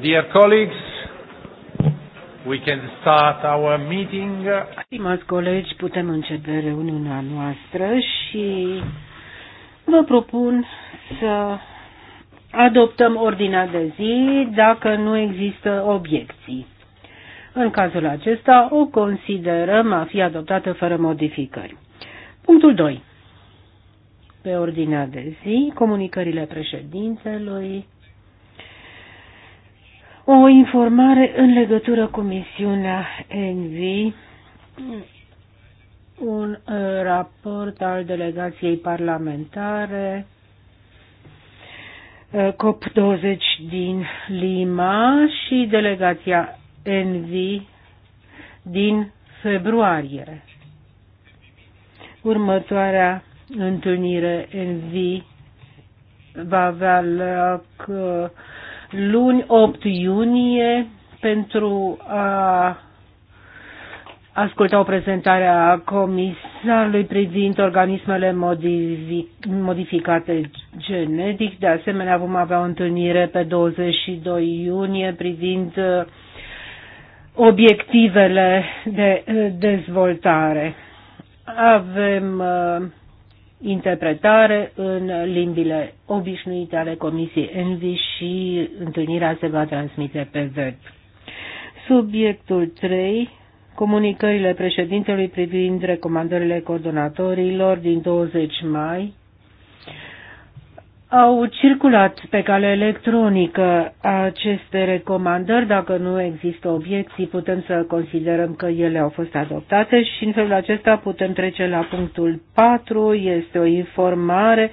Dear colleagues, we can start our meeting. Stimați colegi, putem începe reuniunea noastră și vă propun să adoptăm ordinea de zi dacă nu există obiecții. În cazul acesta o considerăm a fi adoptată fără modificări. Punctul 2. Pe ordinea de zi, comunicările președintelui, o informare în legătură cu misiunea ENVI, un uh, raport al delegației parlamentare uh, COP20 din Lima și delegația ENVI din februarie. Următoarea întâlnire ENVI va avea loc uh, luni 8 iunie pentru a asculta o prezentare a comisarului privind organismele modificate genetic. De asemenea, vom avea o întâlnire pe 22 iunie privind uh, obiectivele de uh, dezvoltare. Avem uh, interpretare în limbile obișnuite ale Comisiei Envi și întâlnirea se va transmite pe web. Subiectul 3. Comunicările președintelui privind recomandările coordonatorilor din 20 mai au circulat pe cale electronică aceste recomandări. Dacă nu există obiecții, putem să considerăm că ele au fost adoptate și în felul acesta putem trece la punctul 4. Este o informare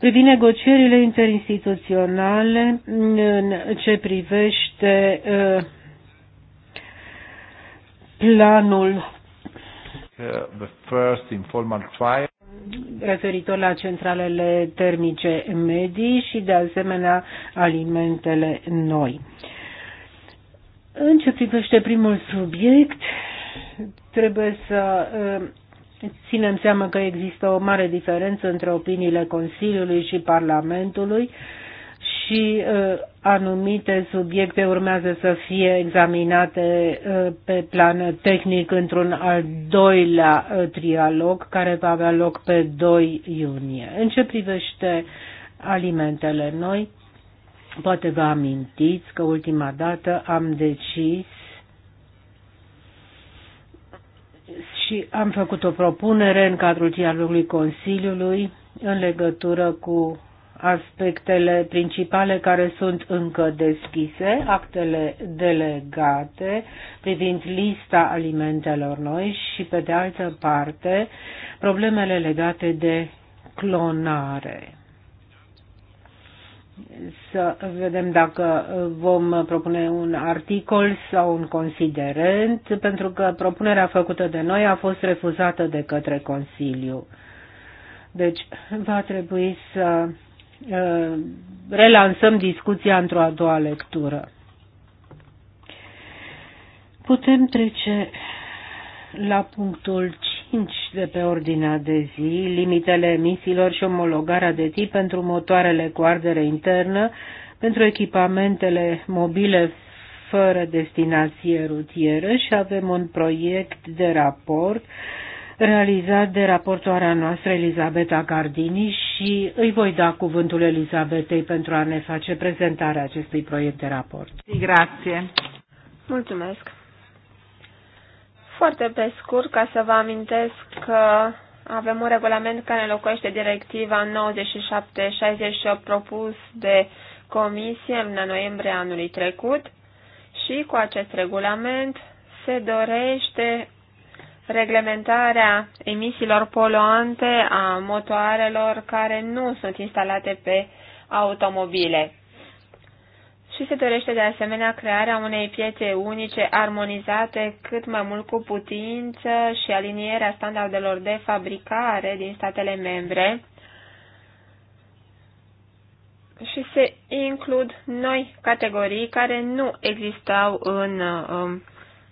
privind negocierile interinstituționale în ce privește uh, planul. Uh, the first informal trial referitor la centralele termice medii și de asemenea alimentele noi. În ce privește primul subiect, trebuie să eh, ținem seama că există o mare diferență între opiniile Consiliului și Parlamentului și uh, anumite subiecte urmează să fie examinate uh, pe plan tehnic într-un al doilea uh, trialog care va avea loc pe 2 iunie. În ce privește alimentele noi, poate vă amintiți că ultima dată am decis și am făcut o propunere în cadrul dialogului Consiliului în legătură cu aspectele principale care sunt încă deschise, actele delegate privind lista alimentelor noi și, pe de altă parte, problemele legate de clonare. Să vedem dacă vom propune un articol sau un considerent, pentru că propunerea făcută de noi a fost refuzată de către Consiliu. Deci va trebui să Uh, relansăm discuția într-o a doua lectură. Putem trece la punctul 5 de pe ordinea de zi, limitele emisiilor și omologarea de tip pentru motoarele cu ardere internă, pentru echipamentele mobile fără destinație rutieră și avem un proiect de raport uh, realizat de raportoarea noastră Elisabeta Gardini și îi voi da cuvântul Elisabetei pentru a ne face prezentarea acestui proiect de raport. Grație. Mulțumesc. Foarte pe scurt, ca să vă amintesc că avem un regulament care locuiește, directiva 9768 propus de Comisie în noiembrie anului trecut și cu acest regulament se dorește reglementarea emisiilor poluante a motoarelor care nu sunt instalate pe automobile. Și se dorește de asemenea crearea unei piețe unice armonizate cât mai mult cu putință și alinierea standardelor de fabricare din statele membre și se includ noi categorii care nu existau în um,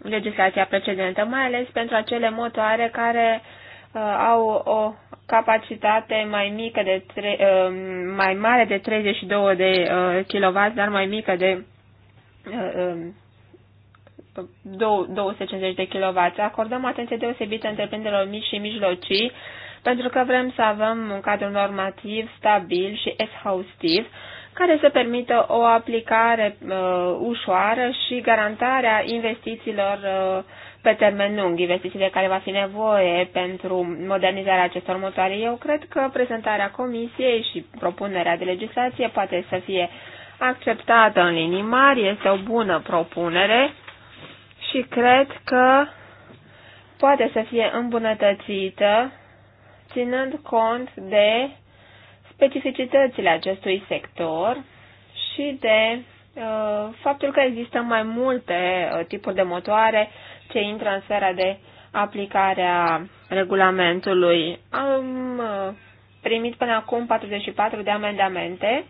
legislația precedentă, mai ales pentru acele motoare care uh, au o capacitate mai mică de tre- uh, mai mare de 32 de uh, kW, dar mai mică de uh, 250 um, de kW. Acordăm atenție deosebită întreprinderilor mici și mijlocii pentru că vrem să avem un cadru normativ stabil și exhaustiv care să permită o aplicare uh, ușoară și garantarea investițiilor uh, pe termen lung, investițiile care va fi nevoie pentru modernizarea acestor motoare. Eu cred că prezentarea comisiei și propunerea de legislație poate să fie acceptată în linii mari, este o bună propunere și cred că poate să fie îmbunătățită ținând cont de specificitățile acestui sector și de uh, faptul că există mai multe uh, tipuri de motoare ce intră în sfera de aplicare a regulamentului. Am uh, primit până acum 44 de amendamente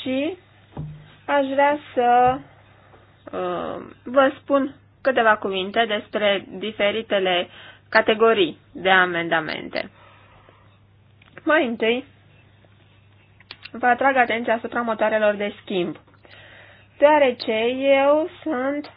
și aș vrea să vă spun câteva cuvinte despre diferitele categorii de amendamente. Mai întâi, vă atrag atenția asupra motoarelor de schimb, deoarece eu sunt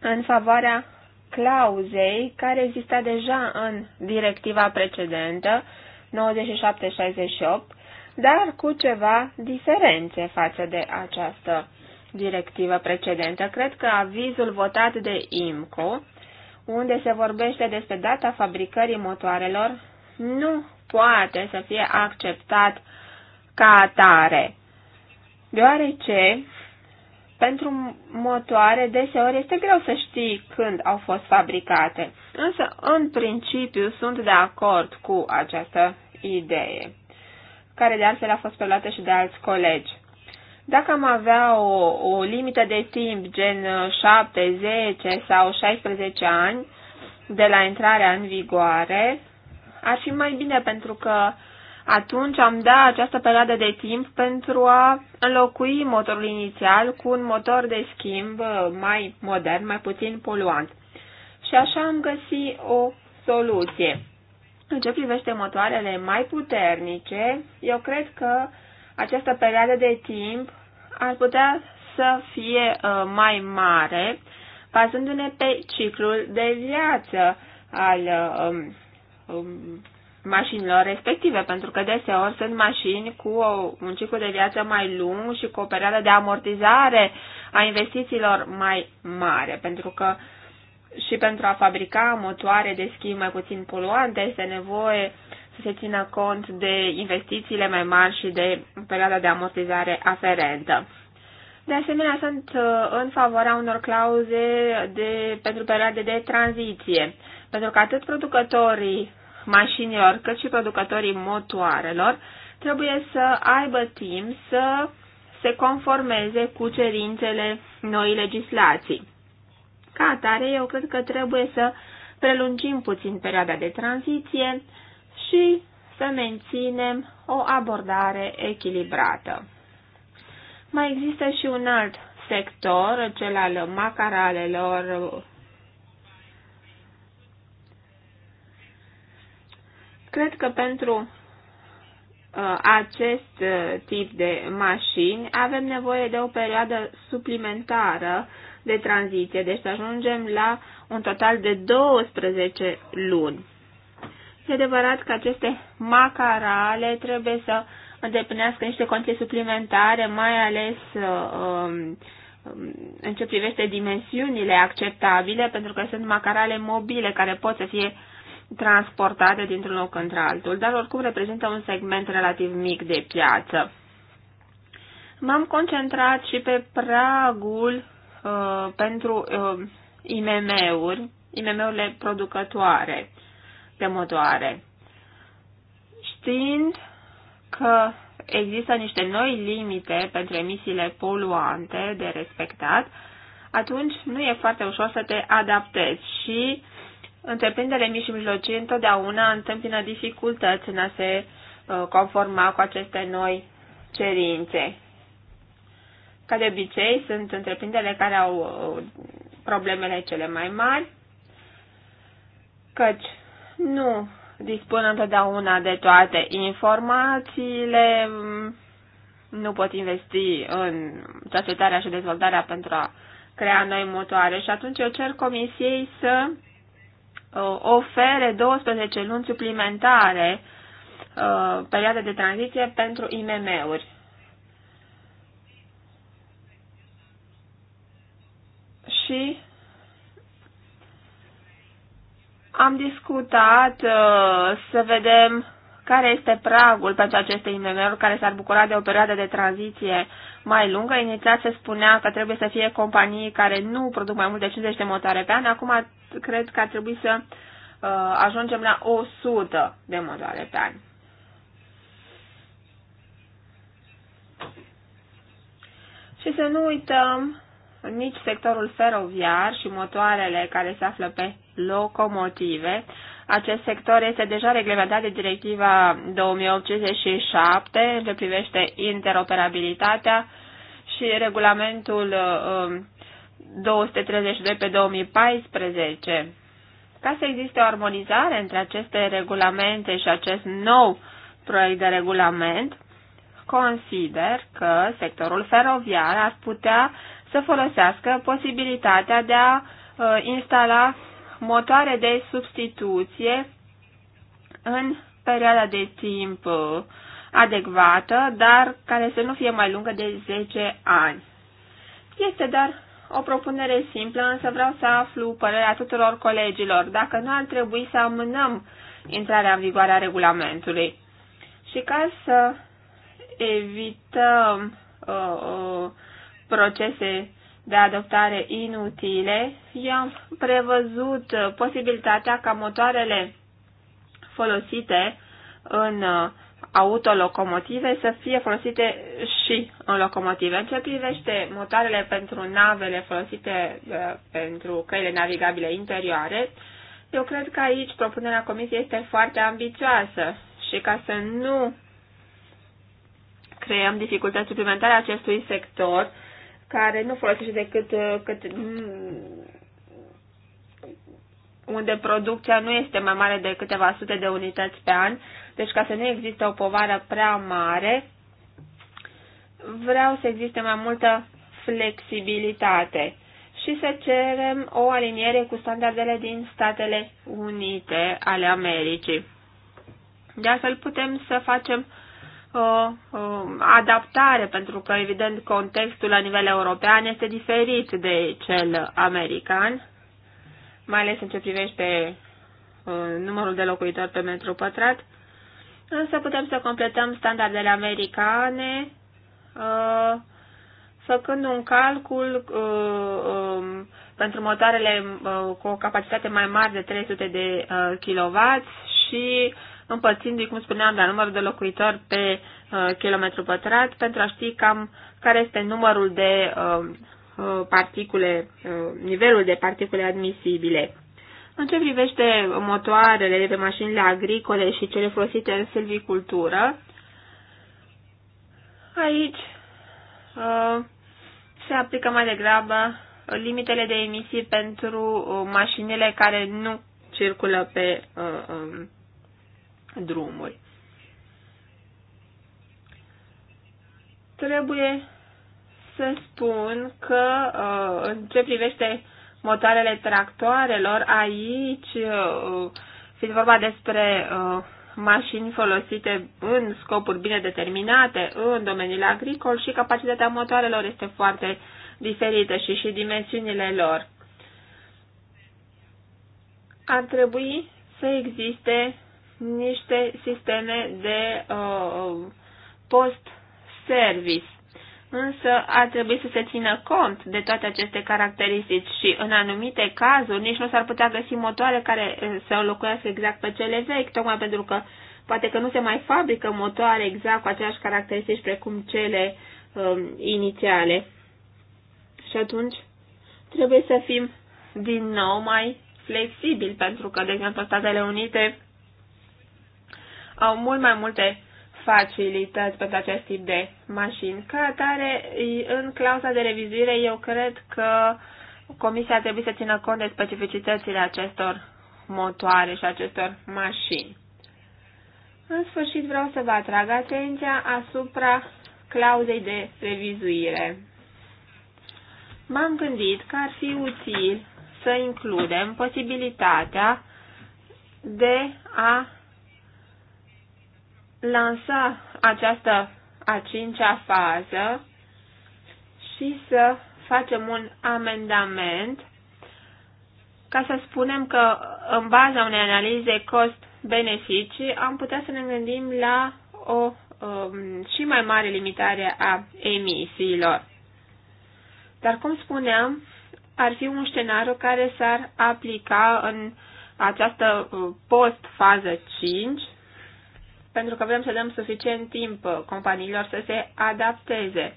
în favoarea clauzei care exista deja în directiva precedentă, 9768, dar cu ceva diferențe față de această directivă precedentă. Cred că avizul votat de IMCO, unde se vorbește despre data fabricării motoarelor, nu poate să fie acceptat ca atare, deoarece pentru motoare deseori este greu să știi când au fost fabricate, însă în principiu sunt de acord cu această idee, care de altfel a fost preluată și de alți colegi. Dacă am avea o, o limită de timp gen 7, 10 sau 16 ani de la intrarea în vigoare, ar fi mai bine pentru că atunci am da această perioadă de timp pentru a înlocui motorul inițial cu un motor de schimb uh, mai modern, mai puțin poluant. Și așa am găsit o soluție. În ce privește motoarele mai puternice, eu cred că această perioadă de timp ar putea să fie uh, mai mare, bazându-ne pe ciclul de viață al uh, um, Um, mașinilor respective, pentru că deseori sunt mașini cu o, un ciclu de viață mai lung și cu o perioadă de amortizare a investițiilor mai mare, pentru că și pentru a fabrica motoare de schimb mai puțin poluante este nevoie să se țină cont de investițiile mai mari și de perioada de amortizare aferentă. De asemenea, sunt uh, în favoarea unor clauze de, pentru perioade de tranziție pentru că atât producătorii mașinilor, cât și producătorii motoarelor trebuie să aibă timp să se conformeze cu cerințele noi legislații. Ca atare, eu cred că trebuie să prelungim puțin perioada de tranziție și să menținem o abordare echilibrată. Mai există și un alt sector, cel al macaralelor, Cred că pentru uh, acest uh, tip de mașini avem nevoie de o perioadă suplimentară de tranziție, deci ajungem la un total de 12 luni. E adevărat că aceste macarale trebuie să îndeplinească niște condiții suplimentare, mai ales uh, um, um, în ce privește dimensiunile acceptabile, pentru că sunt macarale mobile care pot să fie transportate dintr-un loc într-altul, dar oricum reprezintă un segment relativ mic de piață. M-am concentrat și pe pragul uh, pentru uh, IMM-uri, IMM-urile producătoare de motoare, știind că există niște noi limite pentru emisiile poluante de respectat, atunci nu e foarte ușor să te adaptezi și întreprinderile mici și mijlocii întotdeauna întâmpină dificultăți în a se uh, conforma cu aceste noi cerințe. Ca de obicei, sunt întreprinderile care au uh, problemele cele mai mari, căci nu dispun întotdeauna de toate informațiile, mm, nu pot investi în cercetarea și dezvoltarea pentru a crea noi motoare și atunci eu cer comisiei să Uh, ofere 12 luni suplimentare uh, perioade de tranziție pentru IMM-uri. Și am discutat uh, să vedem care este pragul pentru aceste IMM-uri care s-ar bucura de o perioadă de tranziție mai lungă. Inițial se spunea că trebuie să fie companii care nu produc mai mult de 50 de motoare pe an. Acum cred că ar trebui să uh, ajungem la 100 de motoare pe an. Și să nu uităm nici sectorul feroviar și motoarele care se află pe locomotive, acest sector este deja reglementat de directiva 2087 în ce privește interoperabilitatea și regulamentul 232 um, pe 2014. Ca să existe o armonizare între aceste regulamente și acest nou proiect de regulament, consider că sectorul feroviar ar putea să folosească posibilitatea de a uh, instala motoare de substituție în perioada de timp uh, adecvată, dar care să nu fie mai lungă de 10 ani. Este dar o propunere simplă, însă vreau să aflu părerea tuturor colegilor, dacă nu ar trebui să amânăm intrarea în vigoare a regulamentului. Și ca să evităm uh, uh, procese de adoptare inutile, eu am prevăzut uh, posibilitatea ca motoarele folosite în uh, autolocomotive să fie folosite și în locomotive. În ce privește motoarele pentru navele folosite uh, pentru căile navigabile interioare, eu cred că aici propunerea comisiei este foarte ambițioasă și ca să nu creăm dificultăți suplimentare acestui sector, care nu folosește decât uh, cât, mm, unde producția nu este mai mare de câteva sute de unități pe an, deci ca să nu există o povară prea mare, vreau să existe mai multă flexibilitate și să cerem o aliniere cu standardele din Statele Unite ale Americii. De altfel putem să facem uh, uh, adaptare, pentru că, evident, contextul la nivel european este diferit de cel american, mai ales în ce privește uh, numărul de locuitori pe metru pătrat. Însă putem să completăm standardele americane uh, făcând un calcul uh, um, pentru motoarele uh, cu o capacitate mai mare de 300 de uh, kW și uh, împărțind cum spuneam, la numărul de locuitori pe uh, kilometru pătrat, pentru a ști cam care este numărul de uh, uh particule, uh, nivelul de particule admisibile. În ce privește motoarele de mașinile agricole și cele folosite în silvicultură, aici uh, se aplică mai degrabă limitele de emisii pentru uh, mașinile care nu circulă pe uh, um, drumuri. Trebuie să spun că uh, în ce privește motoarele tractoarelor, aici, uh, fiind vorba despre uh, mașini folosite în scopuri bine determinate în domeniul agricol și capacitatea motoarelor este foarte diferită și și dimensiunile lor. Ar trebui să existe niște sisteme de uh, uh, post-service. Însă ar trebui să se țină cont de toate aceste caracteristici și în anumite cazuri nici nu s-ar putea găsi motoare care uh, să locuiască exact pe cele vechi, tocmai pentru că poate că nu se mai fabrică motoare exact cu aceleași caracteristici precum cele um, inițiale. Și atunci trebuie să fim din nou mai flexibili, pentru că, de exemplu, Statele Unite au mult mai multe facilități pentru acest tip de mașini. Ca atare, în clauza de revizuire, eu cred că Comisia trebuie să țină cont de specificitățile acestor motoare și acestor mașini. În sfârșit, vreau să vă atrag atenția asupra clauzei de revizuire. M-am gândit că ar fi util să includem posibilitatea de a lansa această a cincea fază și să facem un amendament ca să spunem că în baza unei analize cost-beneficii am putea să ne gândim la o um, și mai mare limitare a emisiilor. Dar, cum spuneam, ar fi un scenariu care s-ar aplica în această uh, post-fază 5 pentru că vrem să dăm suficient timp uh, companiilor să se adapteze.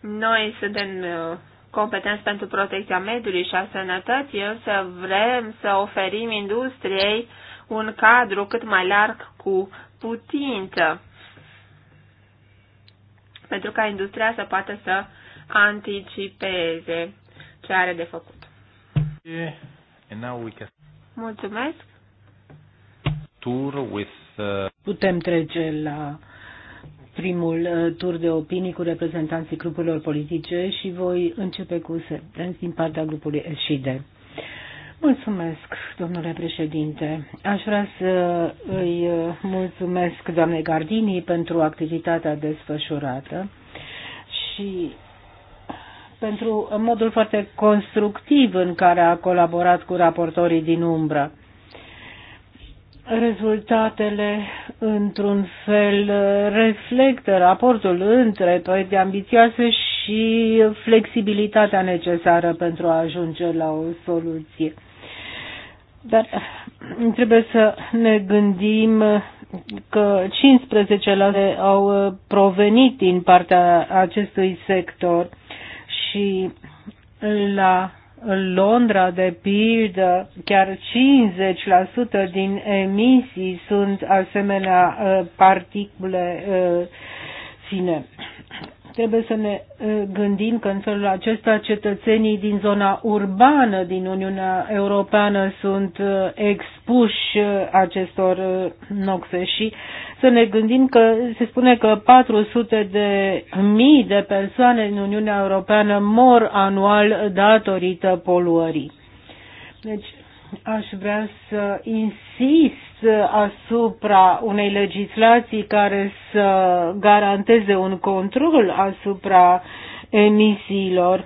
Noi suntem uh, competenți pentru protecția mediului și a sănătății, însă vrem să oferim industriei un cadru cât mai larg cu putință, pentru ca industria să poată să anticipeze ce are de făcut. Mulțumesc! Tour with să... Putem trece la primul uh, tur de opinii cu reprezentanții grupurilor politice și voi începe cu sentenți din partea grupului SID. Mulțumesc, domnule președinte. Aș vrea să îi uh, mulțumesc doamnei Gardini pentru activitatea desfășurată și pentru modul foarte constructiv în care a colaborat cu raportorii din umbră rezultatele într-un fel reflectă raportul între proiecte ambițioase și flexibilitatea necesară pentru a ajunge la o soluție. Dar trebuie să ne gândim că 15% au provenit din partea acestui sector și la Londra, de pildă, chiar 50% din emisii sunt asemenea uh, particule fine. Uh, Trebuie să ne gândim că în felul acesta cetățenii din zona urbană din Uniunea Europeană sunt expuși acestor noxe și să ne gândim că se spune că 400 de mii de persoane în Uniunea Europeană mor anual datorită poluării. Deci aș vrea să insist insist asupra unei legislații care să garanteze un control asupra emisiilor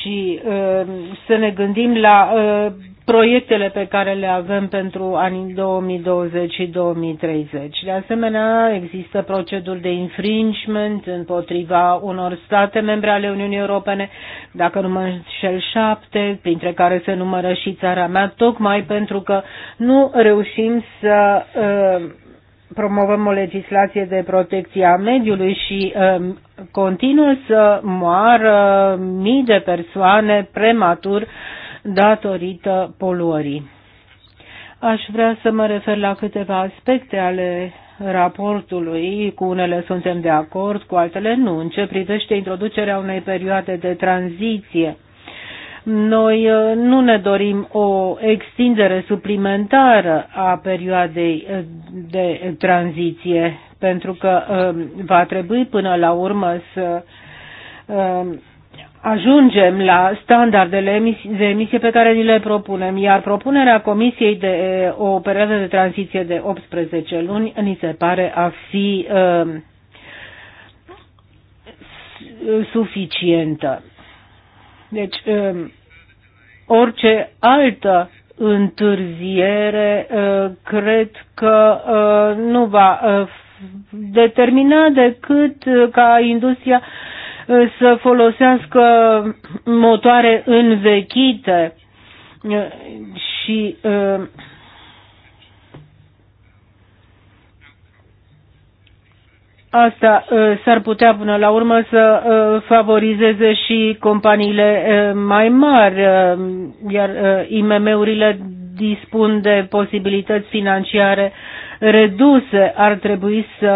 și uh, să ne gândim la uh, proiectele pe care le avem pentru anii 2020 și 2030. De asemenea, există proceduri de infringement împotriva unor state membre ale Uniunii Europene, dacă nu mă înșel șapte, printre care se numără și țara mea, tocmai pentru că nu reușim să uh, promovăm o legislație de protecție a mediului și uh, continuă să moară mii de persoane prematur uh, datorită poluării. Aș vrea să mă refer la câteva aspecte ale raportului, cu unele suntem de acord, cu altele nu, în ce privește introducerea unei perioade de tranziție. Noi uh, nu ne dorim o extindere suplimentară a perioadei uh, de tranziție, pentru că uh, va trebui până la urmă să ajungem la standardele de emisie pe care ni le propunem, iar propunerea Comisiei de o perioadă de tranziție de 18 luni ni se pare a fi uh, suficientă. Deci, uh, orice altă întârziere uh, cred că uh, nu va uh, determina decât ca industria uh, să folosească motoare învechite și uh, Asta uh, s-ar putea până la urmă să uh, favorizeze și companiile mai mari, iar IMM-urile dispun de posibilități financiare reduse. Ar trebui să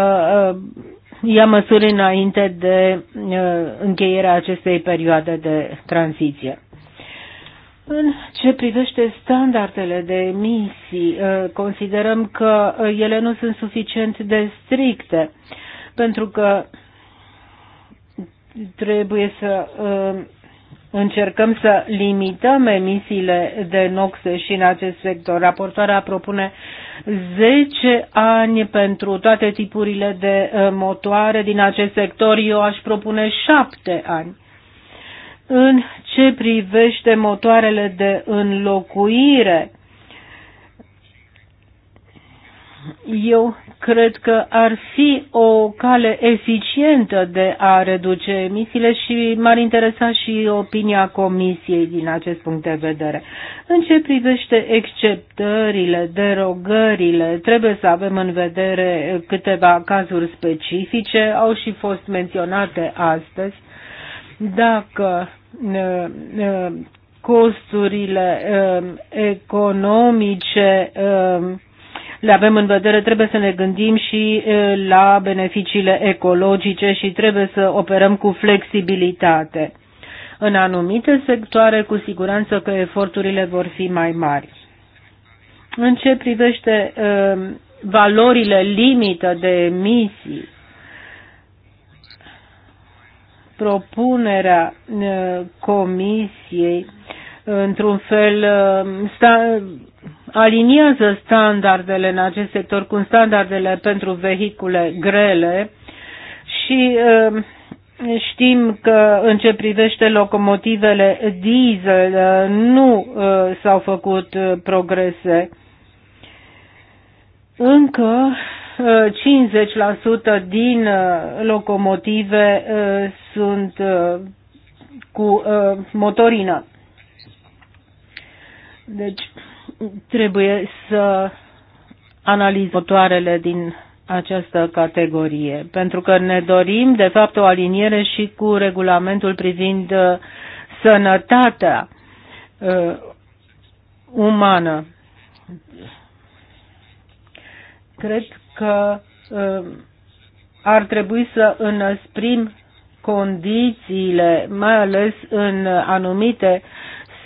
ia măsuri înainte de uh, încheierea acestei perioade de tranziție. În ce privește standardele de emisii, uh, considerăm că uh, ele nu sunt suficient de stricte, pentru că trebuie să încercăm să limităm emisiile de noxe și în acest sector. Raportoarea propune 10 ani pentru toate tipurile de uh, motoare din acest sector. Eu aș propune 7 ani. În ce privește motoarele de înlocuire, eu cred că ar fi o cale eficientă de a reduce emisiile și m-ar interesa și opinia Comisiei din acest punct de vedere. În ce privește exceptările, derogările, trebuie să avem în vedere câteva cazuri specifice, au și fost menționate astăzi. Dacă costurile ehm, economice ehm, le avem în vedere, trebuie să ne gândim și la beneficiile ecologice și trebuie să operăm cu flexibilitate. În anumite sectoare, cu siguranță că eforturile vor fi mai mari. În ce privește valorile limită de emisii, propunerea comisiei într-un fel sta, aliniază standardele în acest sector cu standardele pentru vehicule grele și uh, știm că în ce privește locomotivele diesel uh, nu uh, s-au făcut progrese. Încă 50% din locomotive sunt cu motorină. Deci trebuie să analizăm motoarele din această categorie, pentru că ne dorim, de fapt, o aliniere și cu regulamentul privind uh, sănătatea uh, umană. Cred că uh, ar trebui să înăsprim condițiile, mai ales în anumite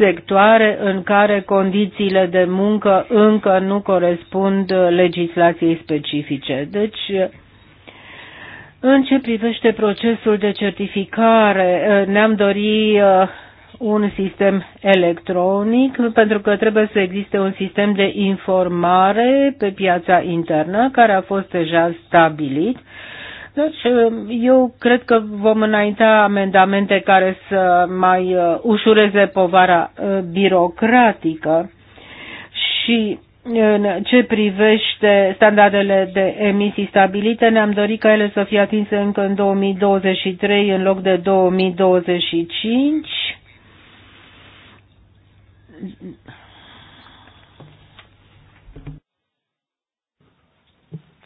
sectoare în care condițiile de muncă încă nu corespund legislației specifice. Deci, în ce privește procesul de certificare, ne-am dorit uh, un sistem electronic, pentru că trebuie să existe un sistem de informare pe piața internă, care a fost deja stabilit deci, eh, eu cred că vom înainta amendamente care să mai eh, ușureze povara eh, birocratică și în ce privește standardele de emisii stabilite, ne-am dorit ca ele să fie atinse încă în 2023 în loc de 2025.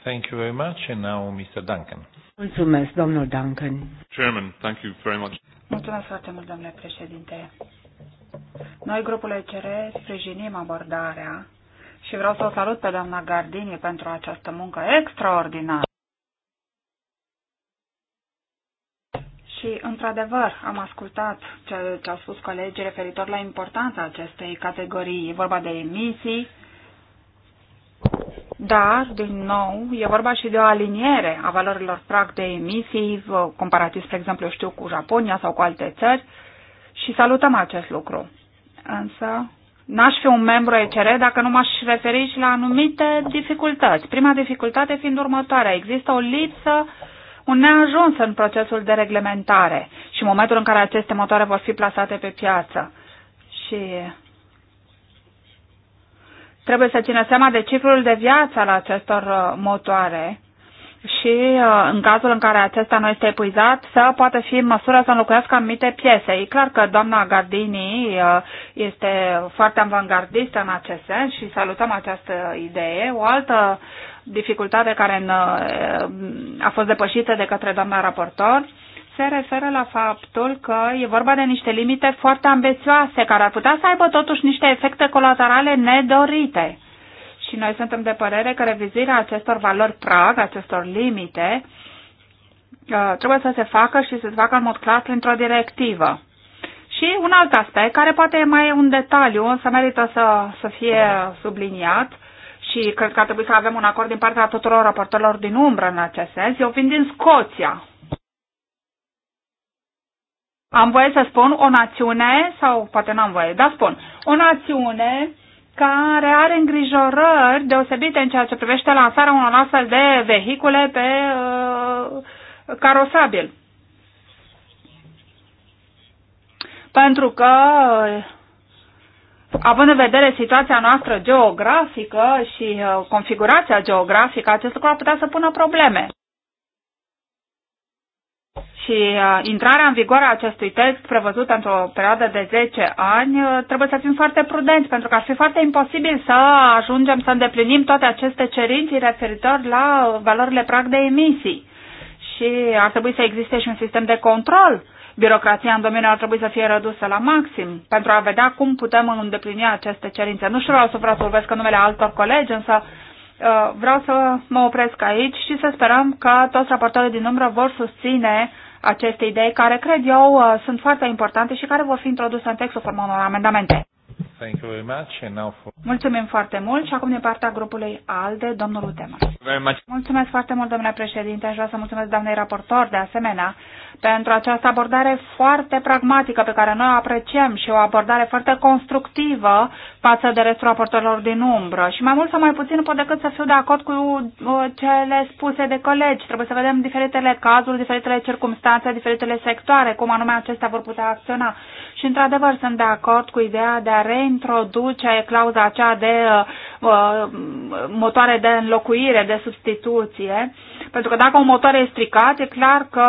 Thank you very much. And now Mr. Duncan. Mulțumesc, domnul Duncan. Chairman, thank you very much. Mulțumesc foarte mult, domnule președinte. Noi, grupul ECR, sprijinim abordarea și vreau să o salut pe doamna Gardini pentru această muncă extraordinară. Și, într-adevăr, am ascultat ce, ce au spus colegii referitor la importanța acestei categorii. E vorba de emisii, dar, din nou, e vorba și de o aliniere a valorilor prag de emisii, comparativ, spre exemplu, știu, cu Japonia sau cu alte țări, și salutăm acest lucru. Însă, n-aș fi un membru ECR dacă nu m-aș referi și la anumite dificultăți. Prima dificultate fiind următoarea. Există o lipsă, un neajuns în procesul de reglementare și momentul în care aceste motoare vor fi plasate pe piață. Și Trebuie să țină seama de ciclul de viață al acestor uh, motoare și uh, în cazul în care acesta nu este epuizat, să poată fi în măsură să înlocuiască anumite piese. E clar că doamna Gardini uh, este foarte avangardistă în acest sens și salutăm această idee. O altă dificultate care a fost depășită de către doamna raportor se referă la faptul că e vorba de niște limite foarte ambețioase, care ar putea să aibă totuși niște efecte colaterale nedorite. Și noi suntem de părere că revizuirea acestor valori prag, acestor limite, uh, trebuie să se facă și să se facă în mod clar printr-o directivă. Și un alt aspect, care poate e mai un detaliu, însă merită să, să fie subliniat, și cred că ar trebui să avem un acord din partea tuturor raportorilor din umbră în acest sens. Eu vin din Scoția, am voie să spun o națiune, sau poate n-am voie, dar spun, o națiune care are îngrijorări deosebite în ceea ce privește lansarea unor astfel de vehicule pe uh, carosabil. Pentru că, uh, având în vedere situația noastră geografică și uh, configurația geografică, acest lucru ar putea să pună probleme. Și uh, intrarea în vigoare a acestui text prevăzut într-o perioadă de 10 ani uh, trebuie să fim foarte prudenți, pentru că ar fi foarte imposibil să ajungem să îndeplinim toate aceste cerințe referitor la valorile prag de emisii. Și ar trebui să existe și un sistem de control. Birocrația în domeniu ar trebui să fie redusă la maxim pentru a vedea cum putem îndeplini aceste cerințe. Nu știu, vreau să vorbesc în numele altor colegi, însă uh, Uh, vreau să mă opresc aici și să sperăm că toți raportorii din umbră vor susține aceste idei care, cred eu, uh, sunt foarte importante și care vor fi introduse în textul formă unor amendamente. Thank you very much. And now for... Mulțumim foarte mult și acum din partea grupului ALDE, domnul Utema. Mulțumesc foarte mult, domnule președinte, aș vrea să mulțumesc doamnei raportor de asemenea pentru această abordare foarte pragmatică pe care noi o apreciem și o abordare foarte constructivă față de restul raportorilor din umbră. Și mai mult sau mai puțin pot decât să fiu de acord cu uh, cele spuse de colegi. Trebuie să vedem diferitele cazuri, diferitele circunstanțe, diferitele sectoare, cum anume acestea vor putea acționa. Și, într-adevăr, sunt de acord cu ideea de a reintroduce clauza aceea de uh, uh, motoare de înlocuire, de substituție, pentru că dacă un motor e stricat, e clar că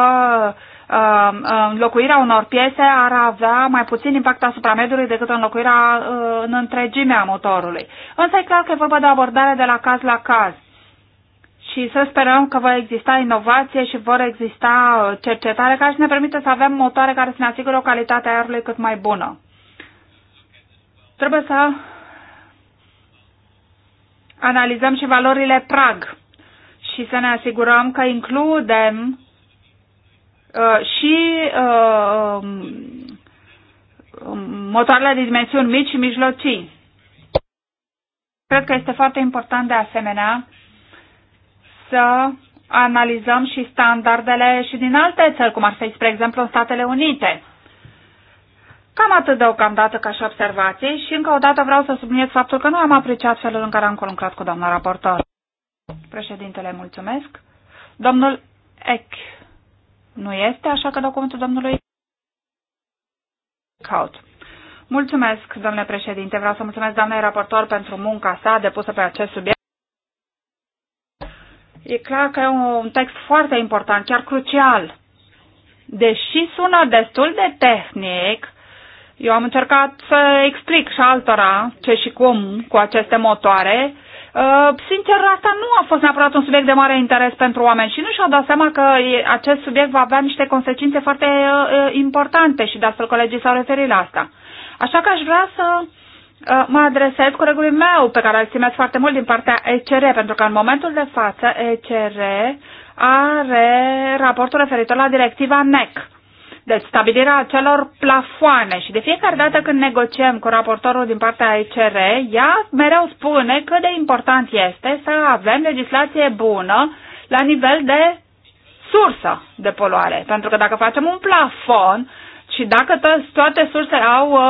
uh, înlocuirea unor piese ar avea mai puțin impact asupra mediului decât înlocuirea uh, în întregimea motorului. Însă e clar că e vorba de abordare de la caz la caz și să sperăm că va exista inovație și vor exista uh, cercetare care să ne permită să avem motoare care să ne asigură o calitate a aerului cât mai bună. Trebuie să analizăm și valorile prag și să ne asigurăm că includem uh, și uh, um, um, motoarele de dimensiuni mici și mijlocii. Cred că este foarte important de asemenea să analizăm și standardele și din alte țări, cum ar fi, spre exemplu, în Statele Unite. Cam atât deocamdată ca și observații și încă o dată vreau să subliniez faptul că nu am apreciat felul în care am conlucrat cu doamna raportor. Președintele, mulțumesc. Domnul Eck nu este, așa că cuvântul domnului Caut. Mulțumesc, domnule președinte. Vreau să mulțumesc doamnei raportor pentru munca sa depusă pe acest subiect. E clar că e un text foarte important, chiar crucial. Deși sună destul de tehnic, eu am încercat să explic și altora ce și cum cu aceste motoare. Uh, sincer, asta nu a fost neapărat un subiect de mare interes pentru oameni și nu și-au dat seama că acest subiect va avea niște consecințe foarte uh, uh, importante și de astfel colegii s-au referit la asta. Așa că aș vrea să Uh, mă adresez colegului meu, pe care îl estimați foarte mult din partea ECR, pentru că în momentul de față ECR are raportul referitor la directiva NEC. Deci stabilirea acelor plafoane și de fiecare dată când negociem cu raportorul din partea ECR, ea mereu spune cât de important este să avem legislație bună la nivel de sursă de poluare. Pentru că dacă facem un plafon, și dacă to- toate sursele au uh,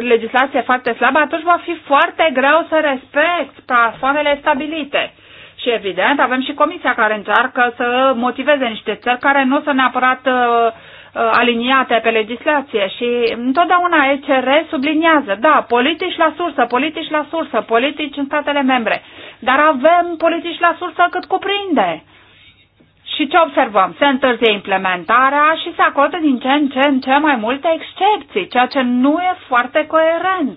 legislație foarte slabă, atunci va fi foarte greu să respect plafoanele stabilite. Și evident, avem și comisia care încearcă să motiveze niște țări care nu sunt neapărat uh, uh aliniate pe legislație și întotdeauna ECR subliniază, da, politici la sursă, politici la sursă, politici în statele membre, dar avem politici la sursă cât cuprinde. Și ce observăm? Se întârzie implementarea și se acordă din ce în ce în ce mai multe excepții, ceea ce nu e foarte coerent.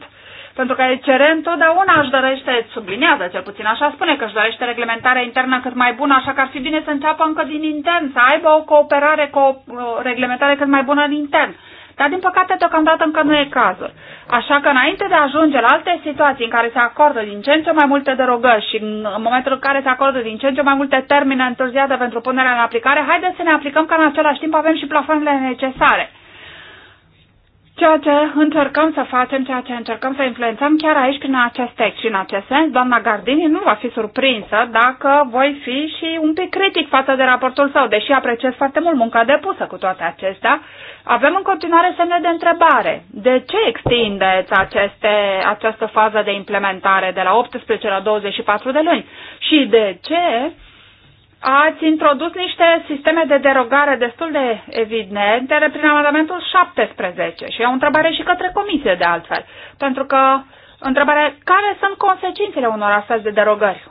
Pentru că ECR întotdeauna își dorește, sublinează cel puțin așa spune, că își dorește reglementarea internă cât mai bună, așa că ar fi bine să înceapă încă din intern, să aibă o cooperare, cu o reglementare cât mai bună în intern. Dar, din păcate, deocamdată încă nu e cazul. Așa că, înainte de a ajunge la alte situații în care se acordă din ce în ce mai multe derogări și în momentul în care se acordă din ce în ce mai multe termene întârziate pentru punerea în aplicare, haideți să ne aplicăm ca în același timp avem și plafonele necesare ceea ce încercăm să facem, ceea ce încercăm să influențăm chiar aici prin acest text. Și în acest sens, doamna Gardini nu va fi surprinsă dacă voi fi și un pic critic față de raportul său, deși apreciez foarte mult munca depusă cu toate acestea. Avem în continuare semne de întrebare. De ce extindeți aceste, această fază de implementare de la 18 la 24 de luni? Și de ce ați introdus niște sisteme de derogare destul de evidente prin amendamentul 17 și e o întrebare și către comisie de altfel, pentru că întrebarea care sunt consecințele unor astfel de derogări?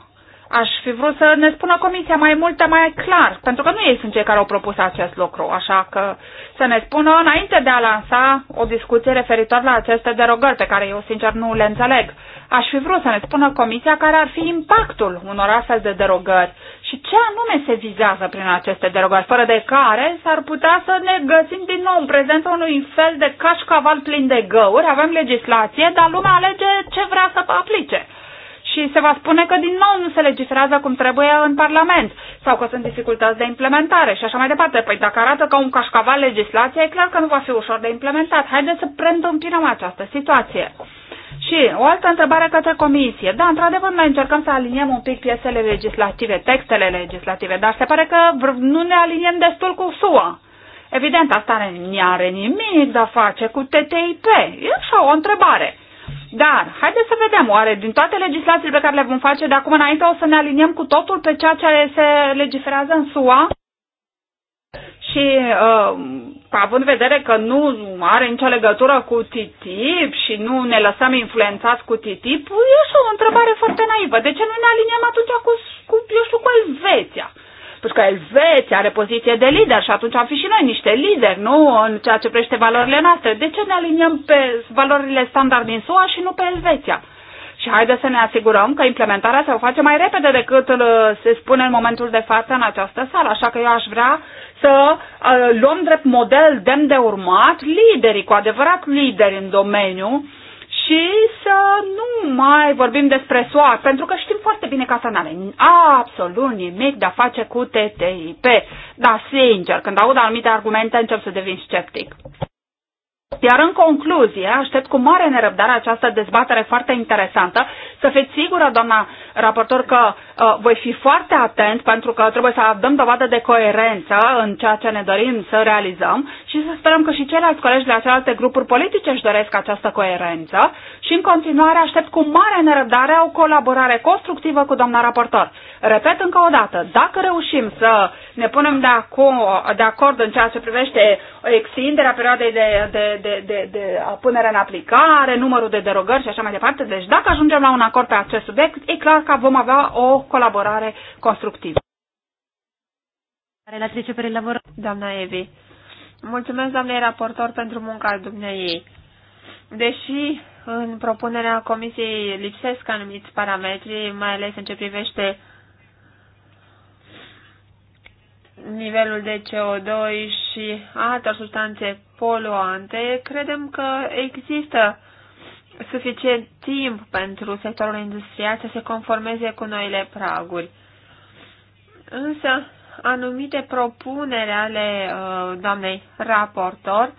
Aș fi vrut să ne spună comisia mai multe, mai clar, pentru că nu ei sunt cei care au propus acest lucru, așa că să ne spună înainte de a lansa o discuție referitor la aceste derogări, pe care eu sincer nu le înțeleg. Aș fi vrut să ne spună comisia care ar fi impactul unor astfel de derogări și ce anume se vizează prin aceste derogări, fără de care s-ar putea să ne găsim din nou în prezența unui fel de cașcaval plin de găuri, avem legislație, dar lumea alege ce vrea să aplice și se va spune că din nou nu se legiferează cum trebuie în Parlament sau că sunt dificultăți de implementare și așa mai departe. Păi dacă arată ca un cașcaval legislația, e clar că nu va fi ușor de implementat. Haideți să preîntâmpinăm această situație. Și o altă întrebare către comisie. Da, într-adevăr, noi încercăm să aliniem un pic piesele legislative, textele legislative, dar se pare că nu ne aliniem destul cu SUA. Evident, asta nu are nimic de a face cu TTIP. E așa o întrebare. Dar, haideți să vedem, oare din toate legislațiile pe care le vom face de acum înainte o să ne aliniem cu totul pe ceea ce se legiferează în SUA? Și uh, având în vedere că nu are nicio legătură cu TTIP și nu ne lăsăm influențați cu TTIP, e și o întrebare foarte naivă. De ce nu ne aliniem atunci cu, cu eu știu, cu Elveția? Pentru că Elveția are poziție de lider și atunci am fi și noi niște lideri, nu? În ceea ce prește valorile noastre. De ce ne aliniem pe valorile standard din SUA și nu pe Elveția? Și haideți să ne asigurăm că implementarea se o face mai repede decât uh, se spune în momentul de față în această sală. Așa că eu aș vrea să uh, luăm drept model demn de urmat liderii, cu adevărat lideri în domeniu, și să nu mai vorbim despre SUA, pentru că știm foarte bine că asta n-are absolut nimic de a face cu TTIP. Dar, sincer, când aud anumite argumente, încep să devin sceptic. Iar în concluzie, aștept cu mare nerăbdare această dezbatere foarte interesantă. Să fiți sigură, doamna raportor, că uh, voi fi foarte atent pentru că trebuie să dăm dovadă de coerență în ceea ce ne dorim să realizăm și să sperăm că și ceilalți colegi de la celelalte grupuri politice își doresc această coerență și în continuare aștept cu mare nerăbdare o colaborare constructivă cu doamna raportor. Repet încă o dată, dacă reușim să ne punem de, acu- de acord în ceea ce privește extinderea perioadei de, de de, de, de, punere în aplicare, numărul de derogări și așa mai departe. Deci dacă ajungem la un acord pe acest subiect, e clar că vom avea o colaborare constructivă. Relatrice per Doamna Evi, mulțumesc doamnei raportor pentru munca dumneiei. Deși în propunerea comisiei lipsesc anumiți parametri, mai ales în ce privește nivelul de CO2 și altor substanțe poluante, credem că există suficient timp pentru sectorul industrial să se conformeze cu noile praguri. Însă, anumite propuneri ale uh, doamnei raportor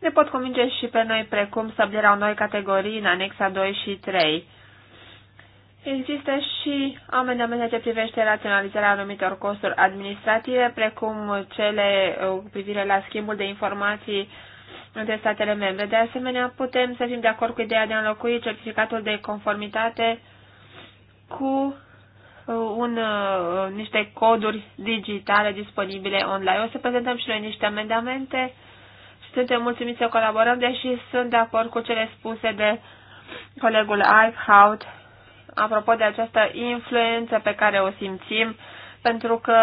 ne pot convinge și pe noi, precum stabilirea unor noi categorii în anexa 2 și 3. Există și amendamente ce privește raționalizarea anumitor costuri administrative, precum cele uh, cu privire la schimbul de informații între statele membre. De asemenea, putem să fim de acord cu ideea de a înlocui certificatul de conformitate cu uh, un, uh, niște coduri digitale disponibile online. O să prezentăm și noi niște amendamente. Suntem mulțumiți să colaborăm, deși sunt de acord cu cele spuse de colegul Eichhout apropo de această influență pe care o simțim, pentru că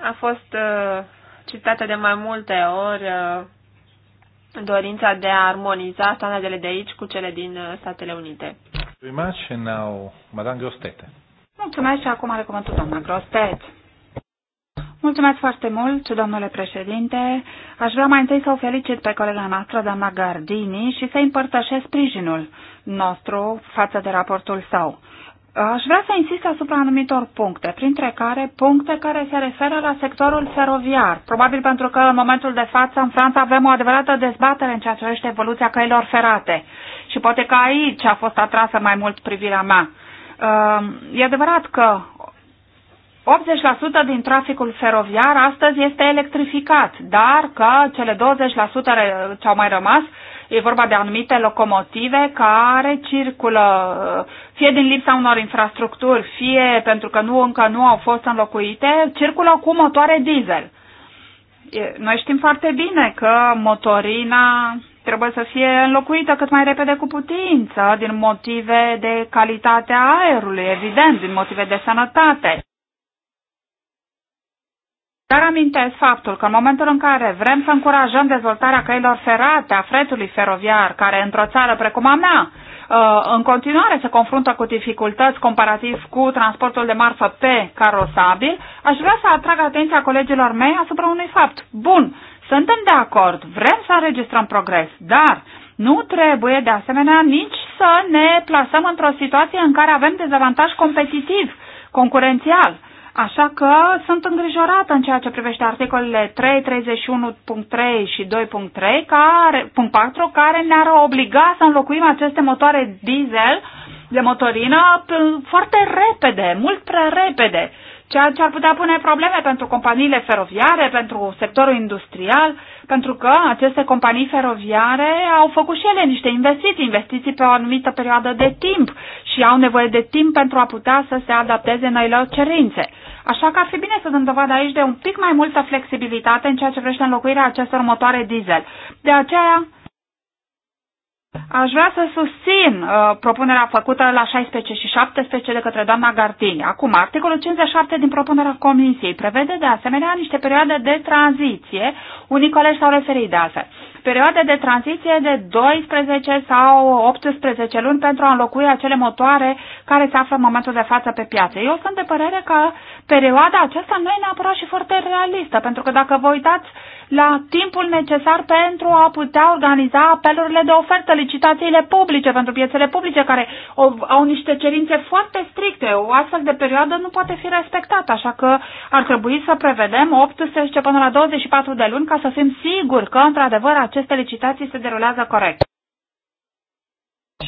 a fost uh, citată de mai multe ori uh, dorința de a armoniza standardele de aici cu cele din uh, Statele Unite. Mulțumesc și acum are cuvântul doamna Grostet. Mulțumesc foarte mult, domnule președinte. Aș vrea mai întâi să o felicit pe colega noastră, doamna Gardini, și să împărtășesc sprijinul nostru față de raportul său. Aș vrea să insist asupra anumitor puncte, printre care puncte care se referă la sectorul feroviar. Probabil pentru că în momentul de față în Franța avem o adevărată dezbatere în ceea ce privește evoluția căilor ferate. Și poate că aici a fost atrasă mai mult privirea mea. Ehm, e adevărat că 80% din traficul feroviar astăzi este electrificat, dar că cele 20% ce au mai rămas, e vorba de anumite locomotive care circulă fie din lipsa unor infrastructuri, fie pentru că nu încă nu au fost înlocuite, circulă cu motoare diesel. Noi știm foarte bine că motorina trebuie să fie înlocuită cât mai repede cu putință, din motive de calitate a aerului, evident, din motive de sănătate. Dar amintesc faptul că în momentul în care vrem să încurajăm dezvoltarea căilor ferate, a fretului feroviar, care într-o țară precum a mea, uh, în continuare se confruntă cu dificultăți comparativ cu transportul de marfă pe carosabil, aș vrea să atrag atenția colegilor mei asupra unui fapt. Bun, suntem de acord, vrem să înregistrăm progres, dar nu trebuie de asemenea nici să ne plasăm într-o situație în care avem dezavantaj competitiv, concurențial. Așa că sunt îngrijorată în ceea ce privește articolele 3, 31.3 și 2.3, care, punct 4, care ne-ar obliga să înlocuim aceste motoare diesel de motorină foarte repede, mult prea repede. Uh, ceea ce ar putea pune probleme pentru companiile feroviare, pentru sectorul industrial, pentru că aceste companii feroviare au făcut și ele niște investiții, investiții pe o anumită perioadă de timp și au nevoie de timp pentru a putea să se adapteze noilor cerințe. Așa că ar fi bine să dăm dovadă aici de un pic mai multă flexibilitate în ceea ce vrește înlocuirea acestor motoare diesel. De aceea, Aș vrea să susțin uh, propunerea făcută la 16 și 17 de către doamna Gardini. Acum, articolul 57 din propunerea Comisiei prevede de asemenea niște perioade de tranziție, unii colegi s-au referit de asta, perioade de tranziție de 12 sau 18 luni pentru a înlocui acele motoare care se află în momentul de față pe piață. Eu sunt de părere că perioada aceasta nu e neapărat și foarte realistă, pentru că dacă vă uitați la timpul necesar pentru a putea organiza apelurile de ofertă, licitațiile publice pentru piețele publice, care au niște cerințe foarte stricte. O astfel de perioadă nu poate fi respectată, așa că ar trebui să prevedem 18 până la 24 de luni ca să fim siguri că, într-adevăr, aceste licitații se derulează corect.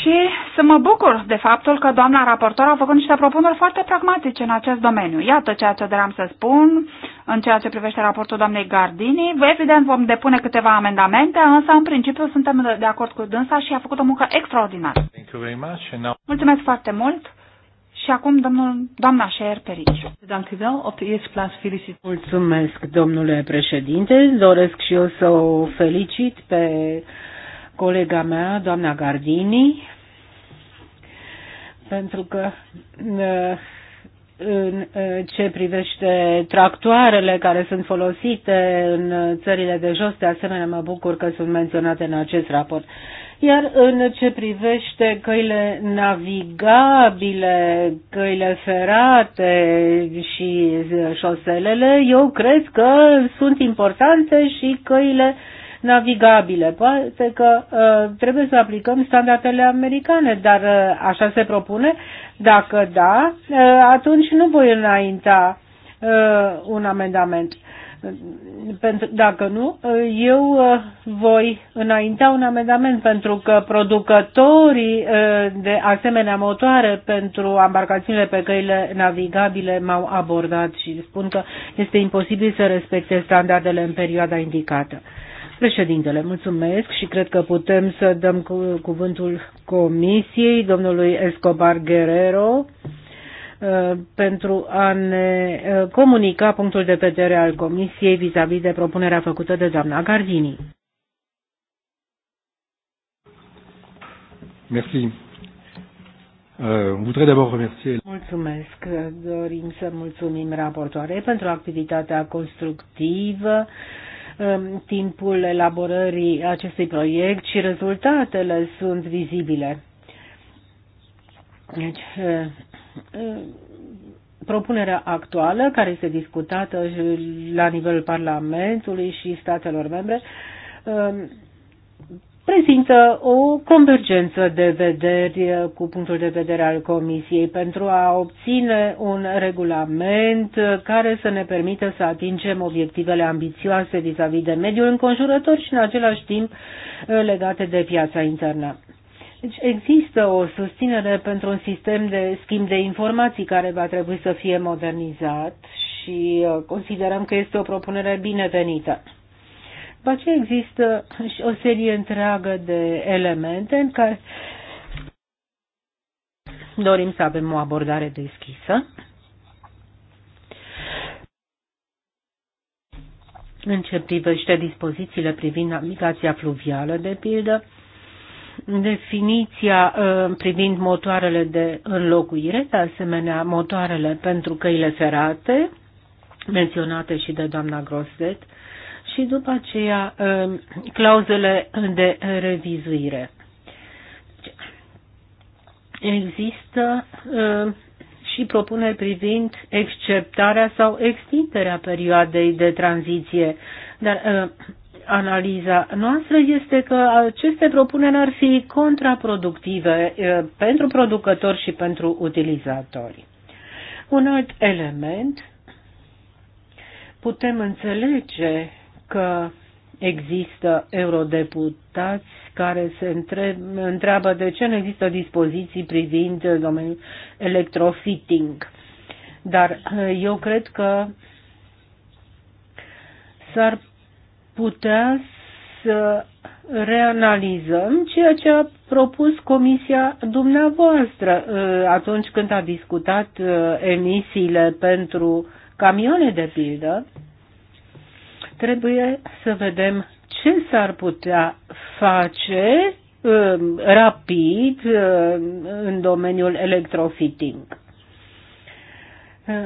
Și să mă bucur de faptul că doamna raportor a făcut niște propuneri foarte pragmatice în acest domeniu. Iată ceea ce doream să spun în ceea ce privește raportul doamnei Gardini. Evident vom depune câteva amendamente, însă în principiu suntem de acord cu dânsa și a făcut o muncă extraordinară. Mulțumesc foarte mult! Și acum domnul, doamna Șer Perici. Mulțumesc, domnule președinte. Doresc și eu să o felicit pe colega mea, doamna Gardini, pentru că uh, în uh, ce privește tractoarele care sunt folosite în uh, țările de jos, de asemenea mă bucur că sunt menționate în acest raport. Iar în ce privește căile navigabile, căile ferate și șoselele, eu cred că sunt importante și căile uh, navigabile. Poate că uh, trebuie să aplicăm standardele americane, dar uh, așa se propune. Dacă da, uh, atunci nu voi înainta uh, un amendament. Pentru, dacă nu, uh, eu uh, voi înainta un amendament pentru că producătorii uh, de asemenea motoare pentru embarcațiunile pe căile navigabile m-au abordat și spun că este imposibil să respecte standardele în perioada indicată. Președintele, mulțumesc și cred că putem să dăm cu, cuvântul Comisiei domnului Escobar Guerrero uh, pentru a ne uh, comunica punctul de vedere al Comisiei vis-a-vis -vis de propunerea făcută de doamna Gardini. Merci. Euh, mulțumesc. Dorim să mulțumim raportoarei pentru activitatea constructivă timpul elaborării acestui proiect și rezultatele sunt vizibile. Deci, propunerea actuală, care este discutată la nivelul Parlamentului și statelor membre, prezintă o convergență de vederi eh, cu punctul de vedere al Comisiei pentru a obține un regulament eh, care să ne permită să atingem obiectivele ambițioase vis-a-vis -vis de mediul înconjurător și în același timp eh, legate de piața internă. Deci există o susținere pentru un sistem de schimb de informații care va trebui să fie modernizat și considerăm că este o propunere binevenită. După aceea există și o serie întreagă de elemente în care dorim să avem o abordare deschisă. În ce privește dispozițiile privind navigația fluvială, de pildă, definiția ă, privind motoarele de înlocuire, de asemenea motoarele pentru căile ferate, menționate și de doamna Grosset, și după aceea um, clauzele de revizuire. Există um, și propuneri privind exceptarea sau extinderea perioadei de tranziție, dar um, analiza noastră este că aceste propuneri ar fi contraproductive pentru producători și pentru utilizatori. Un alt element putem înțelege că există eurodeputați care se întreb, întreabă de ce nu există dispoziții privind domeniul electrofitting. Dar eh, eu cred că s-ar putea să reanalizăm ceea ce a propus comisia dumneavoastră eh, atunci când a discutat eh, emisiile pentru camioane de pildă Trebuie să vedem ce s-ar putea face um, rapid um, în domeniul electrofitting. Uh,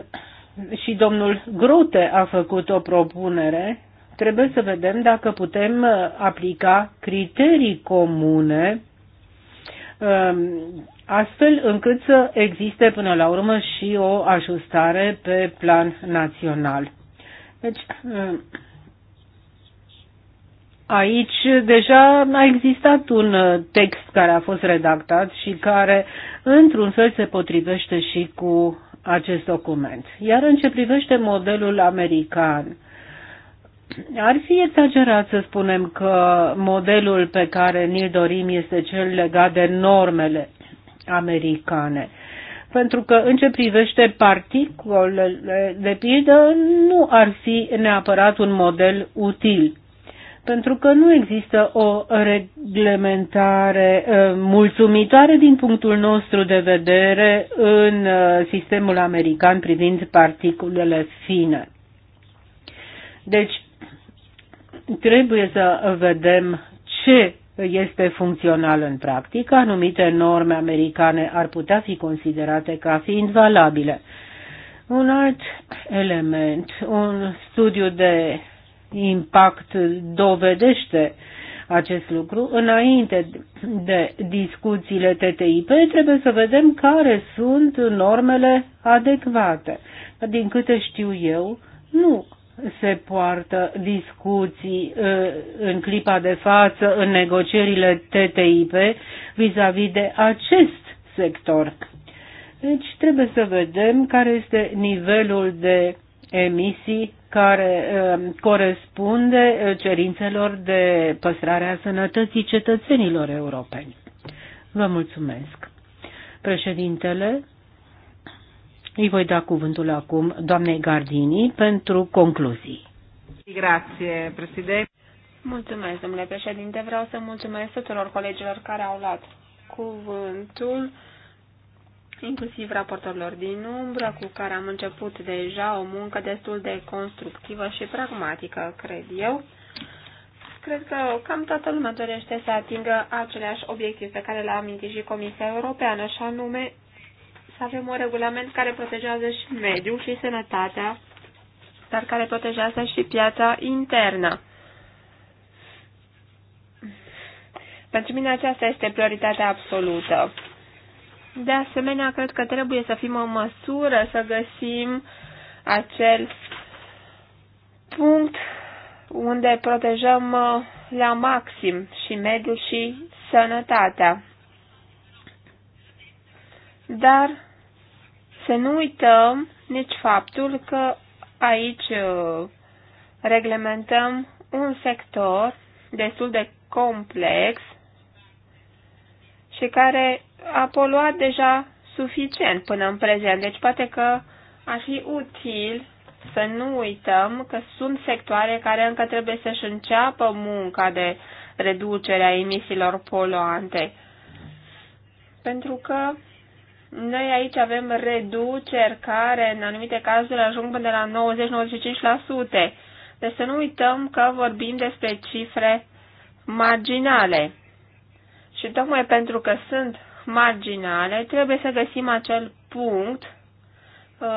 și domnul Grote a făcut o propunere. Trebuie să vedem dacă putem uh, aplica criterii comune um, astfel încât să existe până la urmă și o ajustare pe plan național. Deci, Aici deja a existat un uh, text care a fost redactat și care într-un fel se potrivește și cu acest document. Iar în ce privește modelul american, ar fi exagerat să spunem că modelul pe care ni-l dorim este cel legat de normele americane. Pentru că în ce privește particulele de pildă, nu ar fi neapărat un model util pentru că nu există o reglementare uh, mulțumitoare din punctul nostru de vedere în uh, sistemul american privind particulele fine. Deci, trebuie să vedem ce este funcțional în practică, anumite norme americane ar putea fi considerate ca fiind valabile. Un alt element, un studiu de impact dovedește acest lucru. Înainte de discuțiile TTIP, trebuie să vedem care sunt normele adecvate. Din câte știu eu, nu se poartă discuții uh, în clipa de față în negocierile TTIP vis-a-vis -vis de acest sector. Deci trebuie să vedem care este nivelul de emisii care um, corespunde uh, cerințelor de păstrare a sănătății cetățenilor europeni. Vă mulțumesc. Președintele, îi voi da cuvântul acum doamnei Gardini pentru concluzii. Grazie, președinte. Mulțumesc, domnule președinte. Vreau să mulțumesc tuturor colegilor care au luat cuvântul inclusiv raportorilor din umbră, cu care am început deja o muncă destul de constructivă și pragmatică, cred eu. Cred că cam toată lumea dorește să atingă aceleași obiective pe care le a amintit și Comisia Europeană, și anume să avem un regulament care protejează și mediul și sănătatea, dar care protejează și piața internă. Pentru mine aceasta este prioritatea absolută. De asemenea, cred că trebuie să fim în măsură să găsim acel punct unde protejăm uh, la maxim și mediul și sănătatea. Dar să nu uităm nici faptul că aici uh, reglementăm un sector destul de complex și care a poluat deja suficient până în prezent, deci poate că ar fi util să nu uităm că sunt sectoare care încă trebuie să-și înceapă munca de reducere a emisiilor poluante. Pentru că noi aici avem reduceri care în anumite cazuri ajung până la 90-95%. Deci să nu uităm că vorbim despre cifre marginale. Și tocmai pentru că sunt marginale, trebuie să găsim acel punct uh,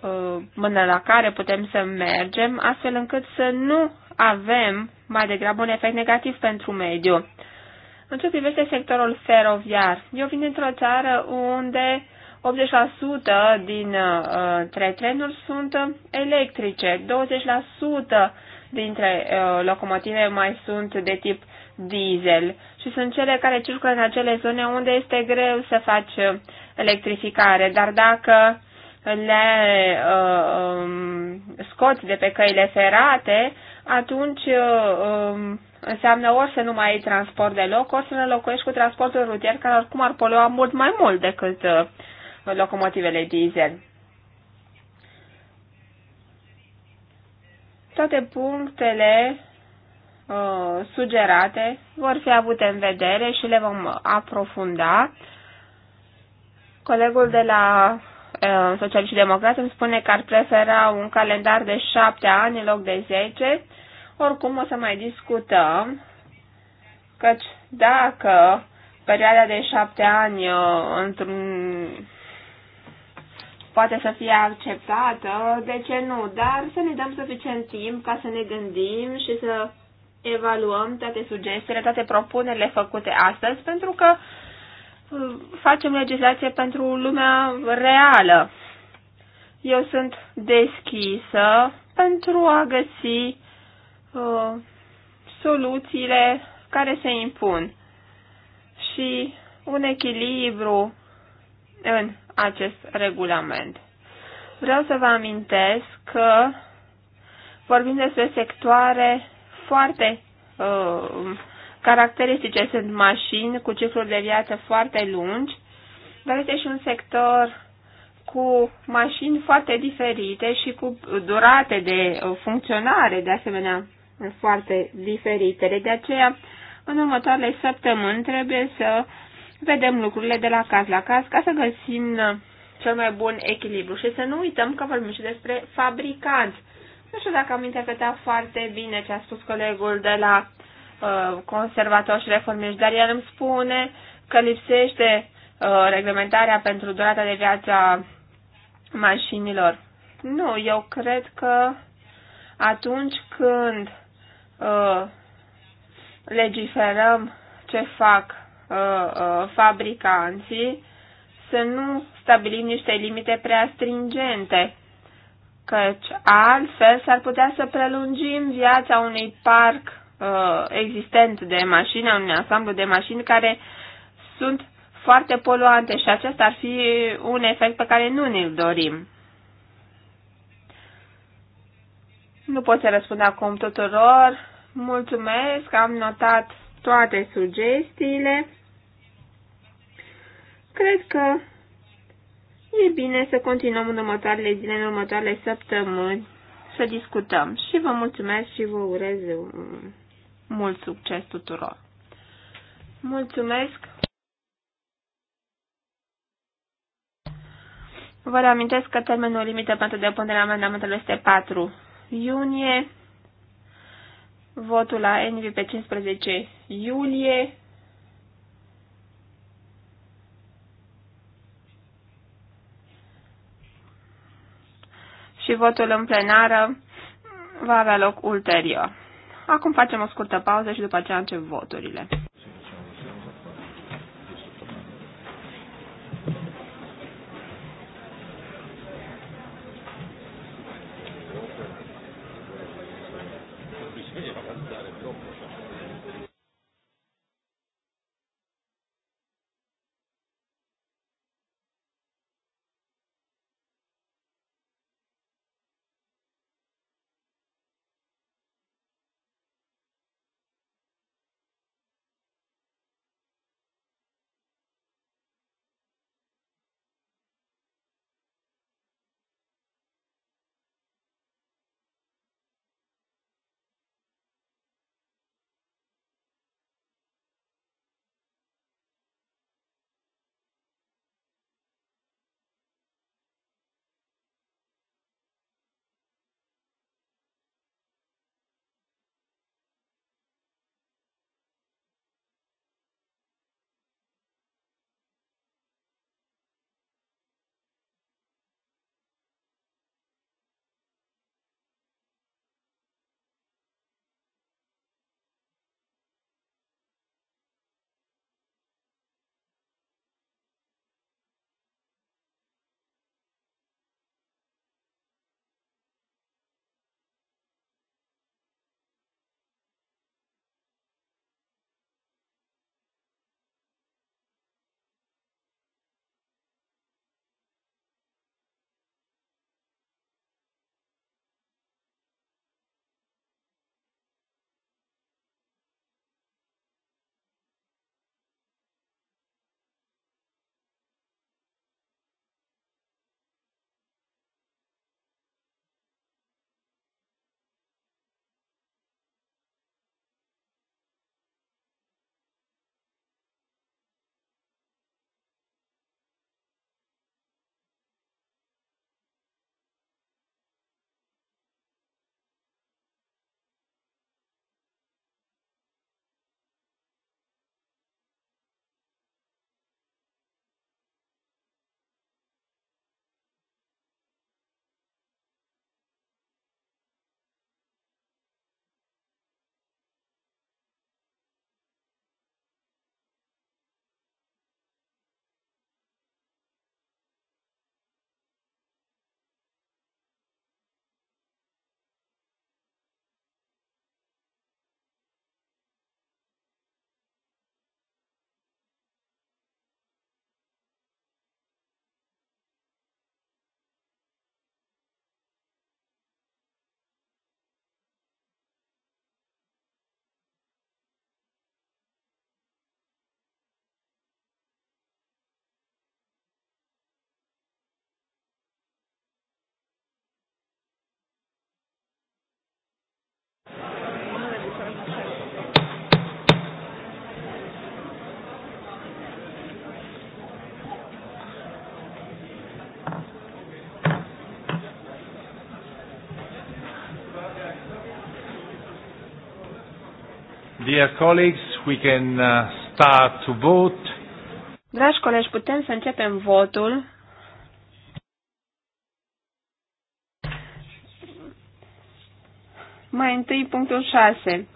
uh, până la care putem să mergem, astfel încât să nu avem mai degrabă un efect negativ pentru mediu. În ce privește sectorul feroviar, eu vin într o țară unde 80% din uh, trenuri sunt uh, electrice, 20% dintre uh, locomotive mai sunt de tip diesel și sunt cele care circulă în acele zone unde este greu să faci uh, electrificare. Dar dacă le uh, um, scoți de pe căile ferate, atunci uh, um, înseamnă ori să nu mai ai transport deloc, ori să ne locuiești cu transportul rutier, care oricum ar polua mult mai mult decât uh, locomotivele diesel. Toate punctele Uh, sugerate vor fi avute în vedere și le vom aprofunda. Colegul de la Social uh, Socialiști Democrat îmi spune că ar prefera un calendar de șapte ani în loc de zece. Oricum o să mai discutăm, căci dacă perioada de șapte ani uh, într-un poate să fie acceptată, de ce nu? Dar să ne dăm suficient timp ca să ne gândim și să evaluăm toate sugestiile, toate propunerile făcute astăzi, pentru că uh, facem legislație pentru lumea reală. Eu sunt deschisă pentru a găsi uh, soluțiile care se impun și un echilibru în acest regulament. Vreau să vă amintesc că vorbim despre sectoare foarte uh, caracteristice. Sunt mașini cu cicluri de viață foarte lungi, dar este și un sector cu mașini foarte diferite și cu durate de uh, funcționare, de asemenea, foarte diferite. De aceea, în următoarele săptămâni trebuie să vedem lucrurile de la caz la caz ca să găsim cel mai bun echilibru și să nu uităm că vorbim și despre fabricanți nu știu dacă am interpretat foarte bine ce a spus colegul de la uh, conservator și reformiști, dar el îmi spune că lipsește uh, reglementarea pentru durata de viață a mașinilor. Nu, eu cred că atunci când uh, legiferăm ce fac uh, uh, fabricanții, să nu stabilim niște limite prea stringente căci altfel s-ar putea să prelungim viața unui parc uh, existent de mașini, a unui ansamblu de mașini care sunt foarte poluante și acesta ar fi un efect pe care nu ne-l dorim. Nu pot să răspund acum tuturor. Mulțumesc, am notat toate sugestiile. Cred că E bine să continuăm în următoarele zile, în următoarele săptămâni, să discutăm. Și vă mulțumesc și vă urez mult succes tuturor. Mulțumesc! Vă reamintesc că termenul limită pentru depunerea amendamentelor este 4 iunie, votul la ENVI pe 15 iulie, și votul în plenară va avea loc ulterior. Acum facem o scurtă pauză și după aceea încep voturile. Dear colleagues, we can uh, start to vote. Dragi colegi, putem să începem votul. Mai întâi punctul 6.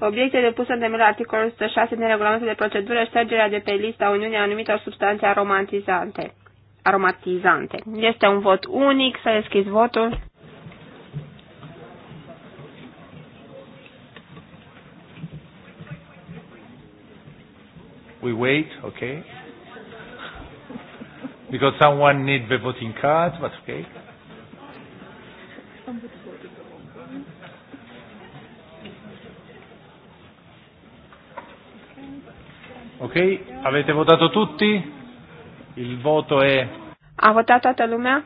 Obiecte depuse în temeiul articolul 106 din regulamentul de procedură ștergerea de pe lista Uniunii anumitor substanțe aromatizante. aromatizante. Este un vot unic, să deschizi votul. We wait, okay? Because someone needs the voting card, but okay. Ok, avete votato tutti? Il voto è... Ha votato tutta lumea?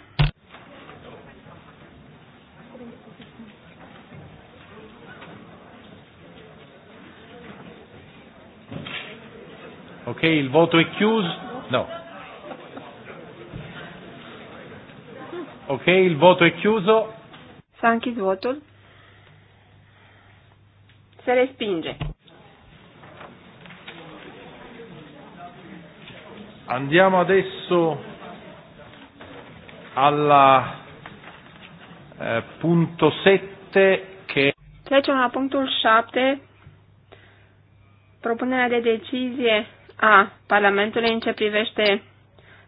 Ok, il voto è chiuso. No. Ok, il voto è chiuso. S-a închis votul. Se respinge. Andiamo adesso alla eh, punto 7 che Trecem la punctul 7 propunerea de decizie a Parlamentului în ce privește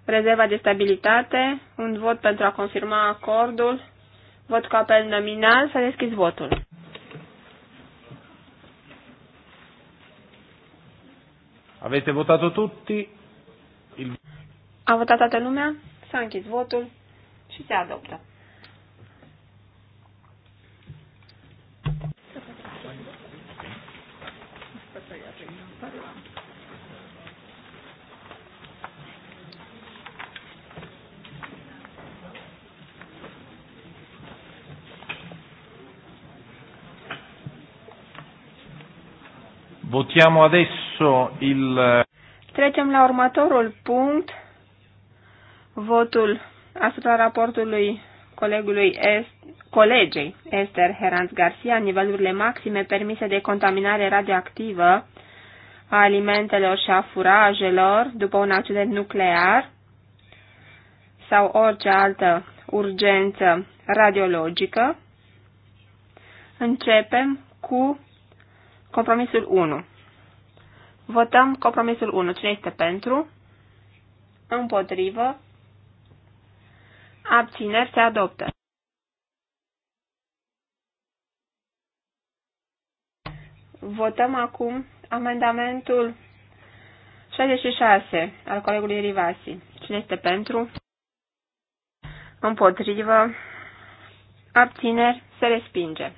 rezerva de stabilitate, un vot pentru a confirma acordul, vot cu apel nominal, s-a deschis votul. Avete votato tutti? Il... A votat toată lumea? S-a închis votul și se adoptă. Votiamo adesso il... Trecem la următorul punct, votul asupra raportului colegului est, colegei Esther Heranz Garcia, nivelurile maxime permise de contaminare radioactivă a alimentelor și a furajelor după un accident nuclear sau orice altă urgență radiologică. Începem cu Compromisul 1. Votăm compromisul 1. Cine este pentru? Împotrivă. Abțineri se adoptă. Votăm acum amendamentul 66 al colegului Rivasi. Cine este pentru? Împotrivă. Abțineri se respinge.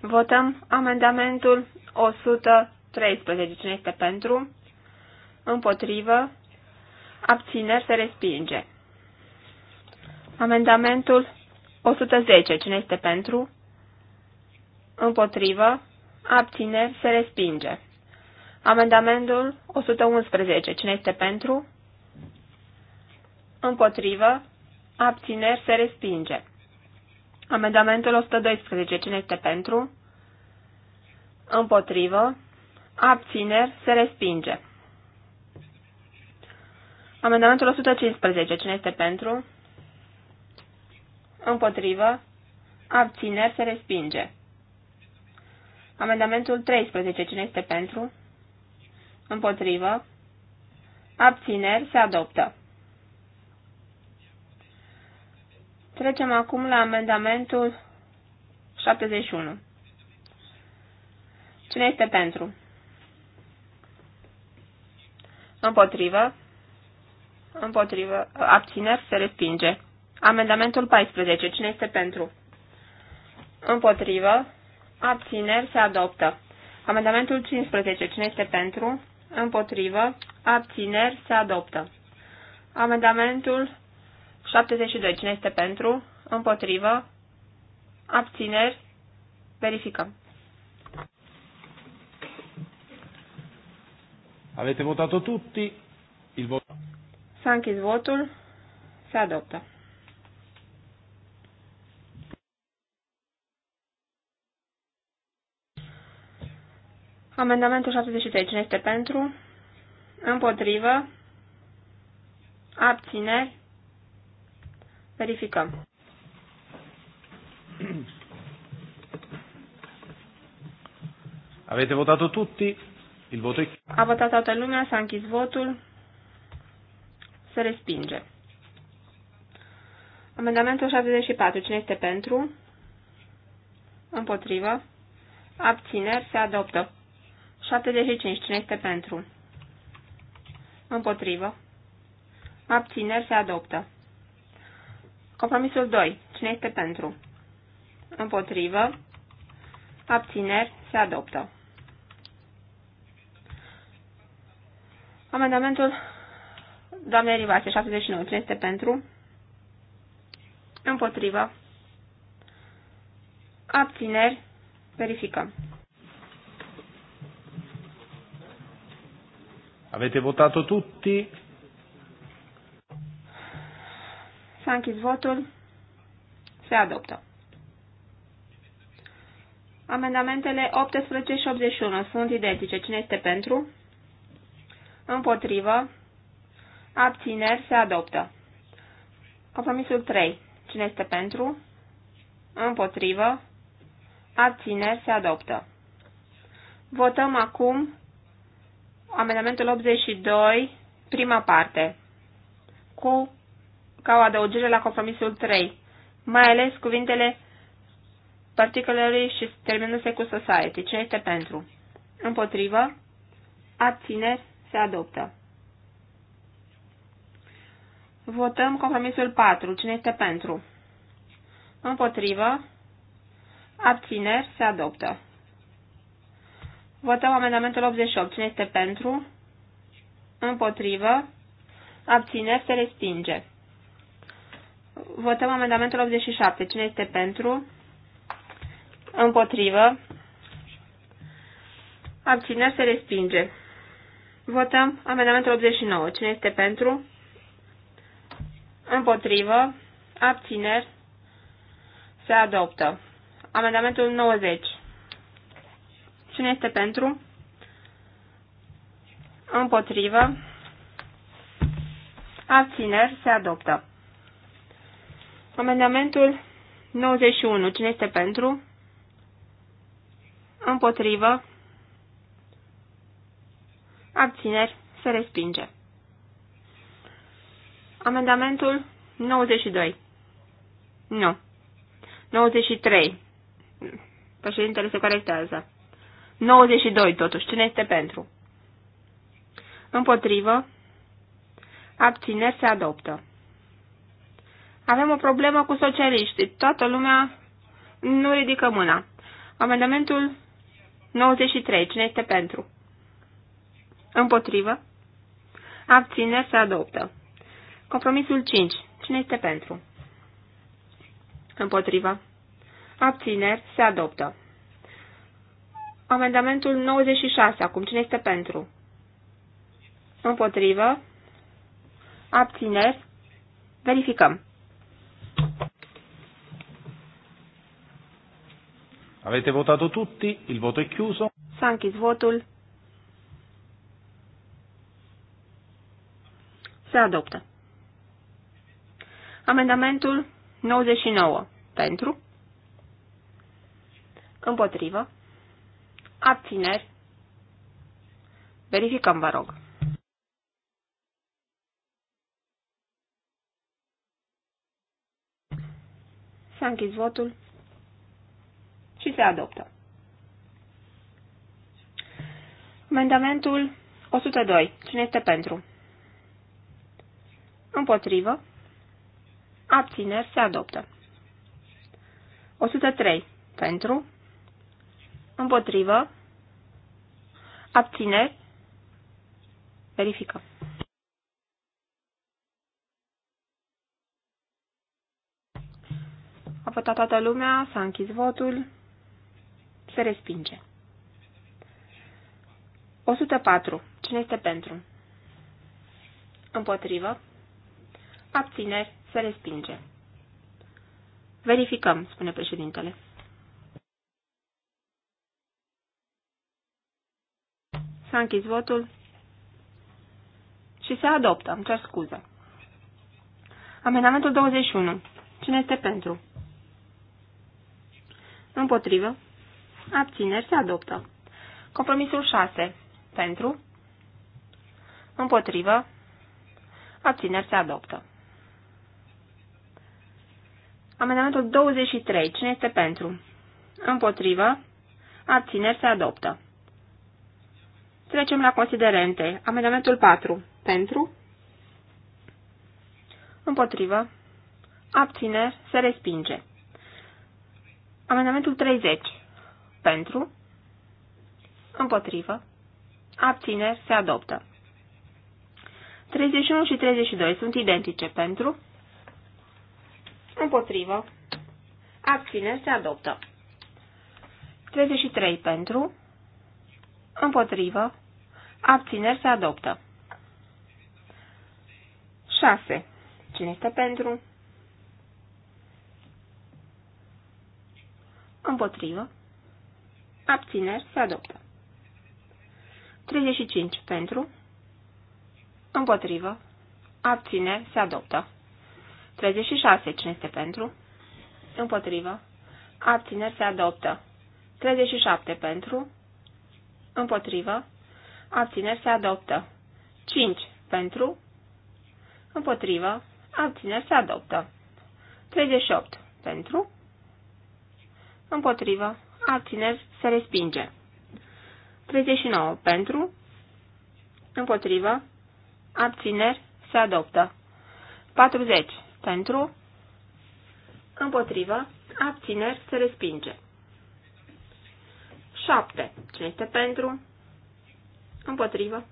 Votăm amendamentul 113. Cine este pentru? Împotrivă? Abțineri se respinge. Amendamentul 110. Cine este pentru? Împotrivă? Abțineri se respinge. Amendamentul 111. Cine este pentru? Împotrivă? Abțineri se respinge. Amendamentul 112. Cine este pentru? Împotrivă. Abțineri. Se respinge. Amendamentul 115. Cine este pentru? Împotrivă. Abțineri. Se respinge. Amendamentul 13. Cine este pentru? Împotrivă. Abțineri. Se adoptă. Trecem acum la amendamentul 71. Cine este pentru? Împotrivă. Împotrivă. Abțineri se respinge. Amendamentul 14. Cine este pentru? Împotrivă. Abțineri se adoptă. Amendamentul 15. Cine este pentru? Împotrivă. Abțineri se adoptă. Amendamentul 72. Cine este pentru? Împotrivă? Abțineri? Verificăm. Avete votato tutti? Il voto. S-a închis votul. Se adoptă. Amendamentul 73. Cine este pentru? Împotrivă? Abțineri? Verificăm. Avete votato tutti? Il voto è... A votat toată lumea, s-a închis votul. Se respinge. Amendamentul 74. Cine este pentru? Împotrivă. Abțineri. Se adoptă. 75. Cine este pentru? Împotrivă. Abțineri. Se adoptă. Compromisul 2. Cine este pentru? Împotrivă. Abțineri. Se adoptă. Amendamentul doamnei Rivase, 79. Cine este pentru? Împotrivă. Abțineri. Verificăm. Avete votato tutti? S-a închis votul. Se adoptă. Amendamentele 18 și 81 sunt identice. Cine este pentru? Împotrivă. Abțineri. Se adoptă. Compromisul 3. Cine este pentru? Împotrivă. Abțineri. Se adoptă. Votăm acum amendamentul 82, prima parte, cu ca o adăugire la compromisul 3, mai ales cuvintele particularly și terminuse cu society. Cine este pentru? Împotrivă? abține, Se adoptă. Votăm compromisul 4. Cine este pentru? Împotrivă? Abțineri? Se adoptă. Votăm amendamentul 88. Cine este pentru? Împotrivă? Abțineri? Se respinge. Votăm amendamentul 87. Cine este pentru? Împotrivă. Abținerea se respinge. Votăm amendamentul 89. Cine este pentru? Împotrivă. Abțineri se adoptă. Amendamentul 90. Cine este pentru? Împotrivă. Abțineri se adoptă. Amendamentul 91. Cine este pentru? Împotrivă. Abțineri. Se respinge. Amendamentul 92. Nu. 93. Președintele se corectează. 92, totuși. Cine este pentru? Împotrivă. Abțineri se adoptă. Avem o problemă cu socialiștii. Toată lumea nu ridică mâna. Amendamentul 93. Cine este pentru? Împotrivă. Abține se adoptă. Compromisul 5. Cine este pentru? Împotrivă. Abțineri se adoptă. Amendamentul 96. Acum cine este pentru? Împotrivă. Abțineri. Verificăm. Avete votato tutti? Il voto è chiuso. S-a votul. Se adoptă. Amendamentul 99. Pentru. Împotrivă. Abțineri. Verificăm, vă rog. S-a închis votul și se adoptă. Amendamentul 102. Cine este pentru? Împotrivă. Abțineri se adoptă. 103. Pentru. Împotrivă. Abțineri. Verificăm. A votat toată lumea, s-a închis votul. Se respinge. 104. Cine este pentru? Împotrivă. Abțineri. Se respinge. Verificăm, spune președintele. S-a închis votul și se adoptă. Îmi cer scuză. Amendamentul 21. Cine este pentru? Împotrivă. Abțineri se adoptă. Compromisul 6. Pentru. Împotrivă. Abțineri se adoptă. Amendamentul 23. Cine este pentru? Împotrivă. Abțineri se adoptă. Trecem la considerente. Amendamentul 4. Pentru. Împotrivă. Abțineri se respinge. Amendamentul 30. Pentru. Împotrivă. Abțineri se adoptă. 31 și 32 sunt identice pentru. Împotrivă. Abțineri se adoptă. 33 pentru. Împotrivă. Abțineri se adoptă. 6. Cine este pentru? Împotrivă. Abțineri se adoptă. 35 pentru. Împotrivă. Abțineri se adoptă. 36 cine este pentru. Împotrivă. Abțineri se adoptă. 37 pentru. Împotrivă. Abțineri se adoptă. 5 pentru. Împotrivă. Abțineri se adoptă. 38 pentru. Împotrivă abțineri, se respinge. 39. Pentru, împotrivă, abțineri, se adoptă. 40. Pentru, împotrivă, abțineri, se respinge. 7. Ce este pentru? Împotrivă.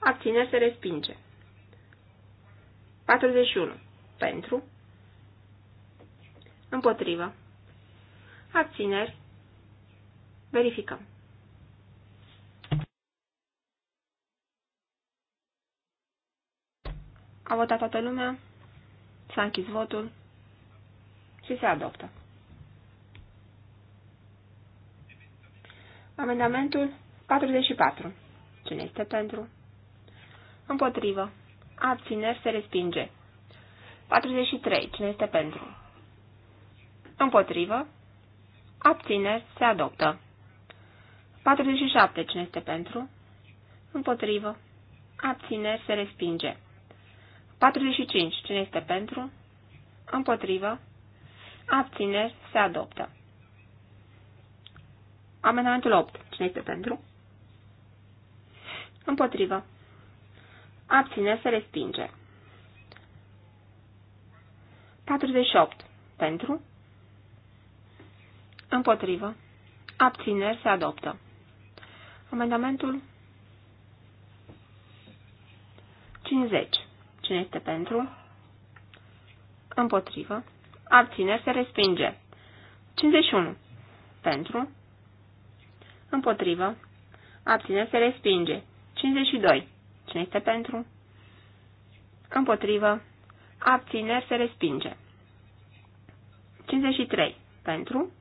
Abțineri se respinge. 41. Pentru. Împotrivă. Abțineri. Verificăm. A votat toată lumea, s-a închis votul și se adoptă. Amendamentul 44. Cine este pentru? Împotrivă. Abțineri se respinge. 43. Cine este pentru? Împotrivă. Abțineri se adoptă. 47. Cine este pentru? Împotrivă. Abțineri se respinge. 45. Cine este pentru? Împotrivă. Abțineri se adoptă. Amendamentul 8. Cine este pentru? Împotrivă. Abțineri se respinge. 48. Pentru? Împotrivă. Abțineri se adoptă. Amendamentul 50. Cine este pentru? Împotrivă. Abțineri se respinge. 51. Pentru. Împotrivă. Abțineri se respinge. 52. Cine este pentru? Împotrivă. Abțineri se respinge. 53. Pentru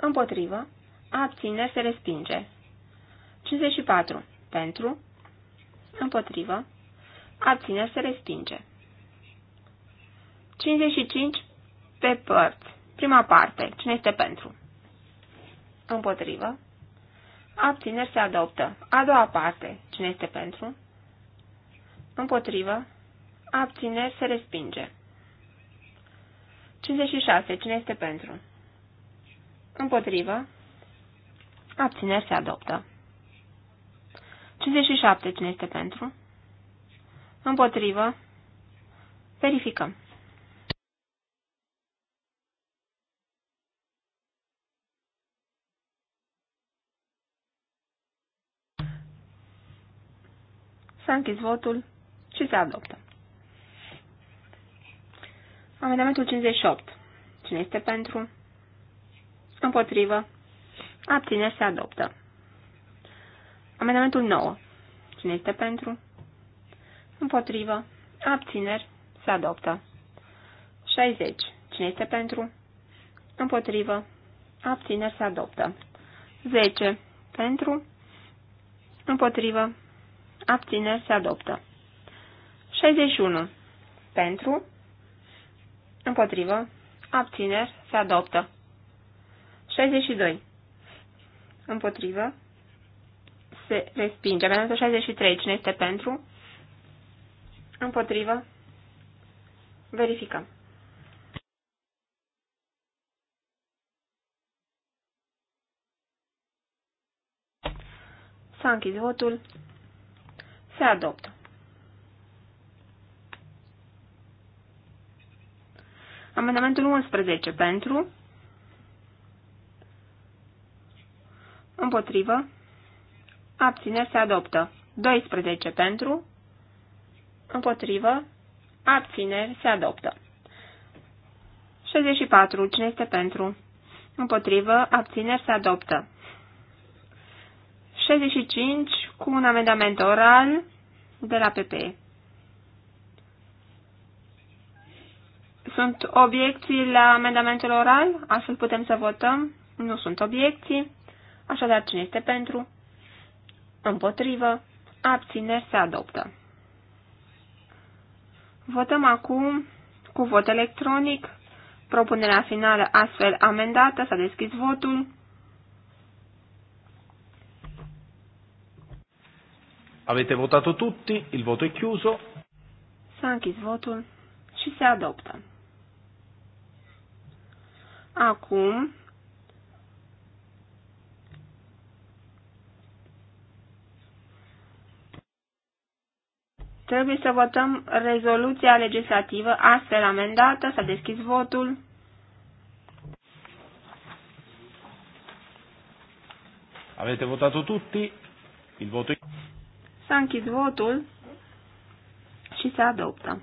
împotrivă, Abține se respinge. 54. Pentru, împotrivă, Abține se respinge. 55. Pe părți. Prima parte. Cine este pentru? Împotrivă. Abțineri se adoptă. A doua parte. Cine este pentru? Împotrivă. Abțineri se respinge. 56. Cine este pentru? Împotrivă. Abțineri se adoptă. 57. Cine este pentru? Împotrivă. Verificăm. S-a închis votul și se adoptă. Amendamentul 58. Cine este pentru? Împotrivă. Abțineri se adoptă. Amendamentul 9. Cine este pentru? Împotrivă. Abțineri se adoptă. 60. Cine este pentru? Împotrivă. Abțineri se adoptă. 10. Pentru. Împotrivă. Abțineri se adoptă. 61. Pentru. Împotrivă. Abțineri se adoptă. 62. Împotrivă. Se respinge. Amendamentul 63. Cine este pentru? Împotrivă. Verificăm. S-a închis votul. Se adoptă. Amendamentul 11 pentru, Împotrivă. Abțineri se adoptă. 12 pentru. Împotrivă. Abțineri se adoptă. 64. Cine este pentru? Împotrivă. Abțineri se adoptă. 65. Cu un amendament oral de la PP Sunt obiecții la amendamentul oral? Astfel putem să votăm? Nu sunt obiecții. Așadar, cine este pentru? Împotrivă. Abțineri se adoptă. Votăm acum cu vot electronic. Propunerea finală astfel amendată. S-a deschis votul. Avete votato tutti, il voto è chiuso. S-a închis votul și se adoptă. Acum Trebuie să votăm rezoluția legislativă astfel amendată. S-a deschis votul. Avete votato tutti? Il voto... S-a închis votul și se adoptă.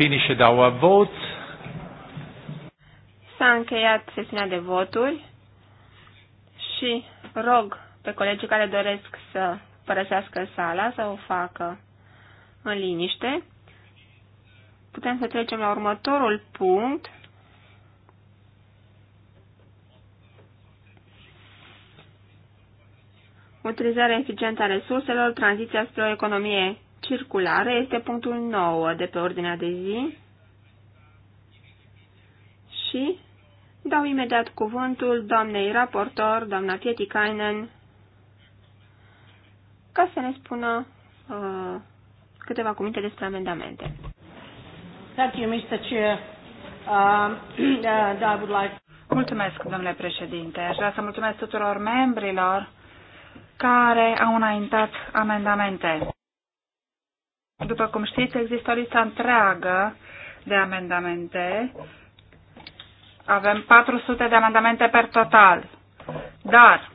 finished our votes. S-a încheiat sesiunea de voturi și rog pe colegii care doresc să părăsească sala să o facă în liniște. Putem să trecem la următorul punct. Utilizarea eficientă a resurselor, tranziția spre o economie circulară este punctul 9 de pe ordinea de zi și dau imediat cuvântul doamnei raportor, doamna Pietikainen, ca să ne spună uh, câteva cuvinte despre amendamente. Thank you, Mr. Chair. Uh, uh, I would like... Mulțumesc, domnule președinte. Aș vrea să mulțumesc tuturor membrilor care au înaintat amendamente. După cum știți, există o listă întreagă de amendamente. Avem 400 de amendamente per total. Dar,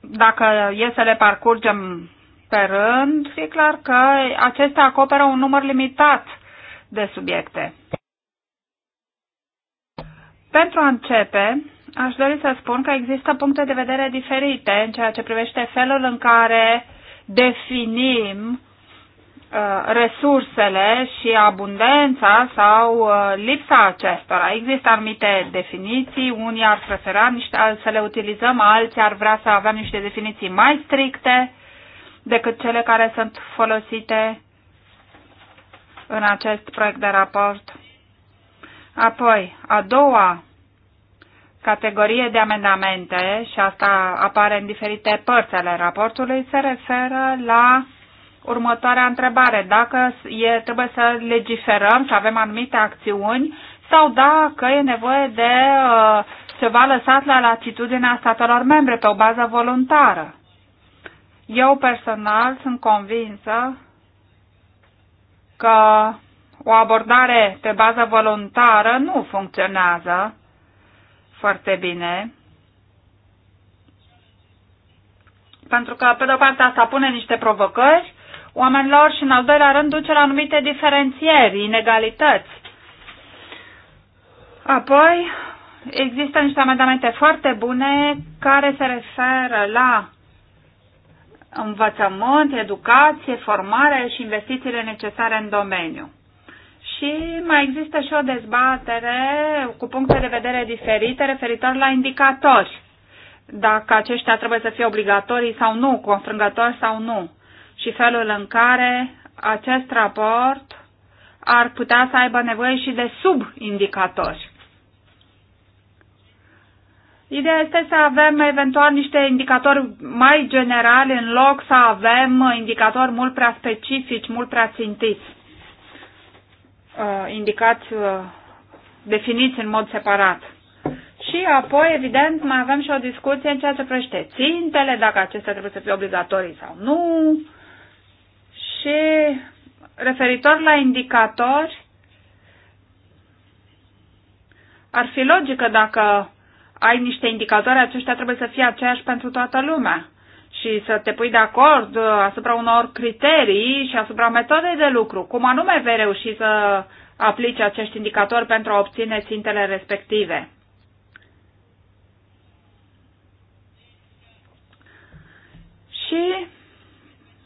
dacă e să le parcurgem pe rând, e clar că acestea acoperă un număr limitat de subiecte. Pentru a începe, aș dori să spun că există puncte de vedere diferite în ceea ce privește felul în care definim uh, resursele și abundența sau uh, lipsa acestora. Există anumite definiții, unii ar prefera niște, să le utilizăm, alții ar vrea să avem niște definiții mai stricte decât cele care sunt folosite în acest proiect de raport. Apoi, a doua categorie de amendamente, și asta apare în diferite părți ale raportului, se referă la următoarea întrebare. Dacă e, trebuie să legiferăm, să avem anumite acțiuni, sau dacă e nevoie de uh, ceva lăsat la latitudinea statelor membre pe o bază voluntară. Eu personal sunt convinsă că o abordare pe bază voluntară nu funcționează foarte bine. Pentru că, pe de-o parte, asta pune niște provocări oamenilor și, în al doilea rând, duce la anumite diferențieri, inegalități. Apoi, există niște amendamente foarte bune care se referă la învățământ, educație, formare și investițiile necesare în domeniu. Și mai există și o dezbatere cu puncte de vedere diferite referitor la indicatori. Dacă aceștia trebuie să fie obligatorii sau nu, constrângători sau nu. Și felul în care acest raport ar putea să aibă nevoie și de subindicatori. Ideea este să avem eventual niște indicatori mai generali în loc să avem indicatori mult prea specifici, mult prea țintiți uh, indicați, uh, definiți în mod separat. Și apoi, evident, mai avem și o discuție în ceea ce privește țintele, dacă acestea trebuie să fie obligatorii sau nu. Și referitor la indicatori, ar fi logică dacă ai niște indicatori, aceștia trebuie să fie aceeași pentru toată lumea și să te pui de acord uh, asupra unor criterii și asupra metodei de lucru. Cum anume vei reuși să aplici acești indicatori pentru a obține țintele respective? Și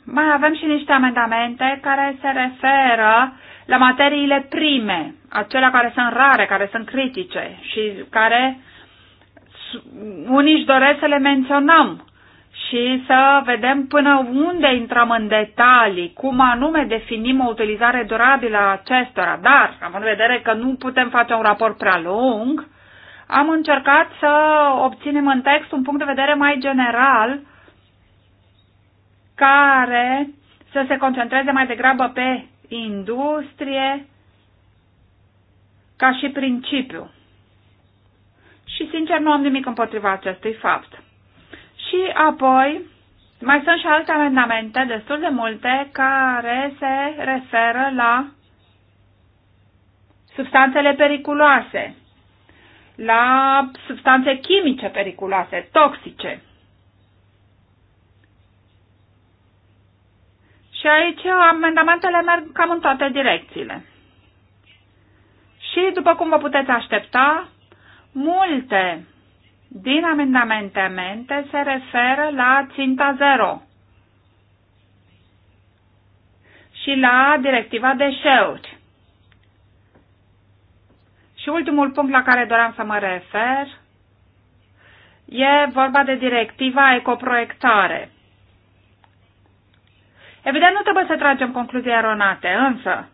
mai avem și niște amendamente care se referă la materiile prime, acelea care sunt rare, care sunt critice și care unii își doresc să le menționăm și să vedem până unde intrăm în detalii, cum anume definim o utilizare durabilă a acestora. Dar, am în vedere că nu putem face un raport prea lung, am încercat să obținem în text un punct de vedere mai general care să se concentreze mai degrabă pe industrie ca și principiu. Și sincer nu am nimic împotriva acestui fapt. Și apoi mai sunt și alte amendamente, destul de multe, care se referă la substanțele periculoase, la substanțe chimice periculoase, toxice. Și aici amendamentele merg cam în toate direcțiile. Și, după cum vă puteți aștepta, multe din amendamente se referă la ținta zero și la directiva de deșeuri. Și ultimul punct la care doream să mă refer e vorba de directiva ecoproiectare. Evident, nu trebuie să tragem concluzii eronate, însă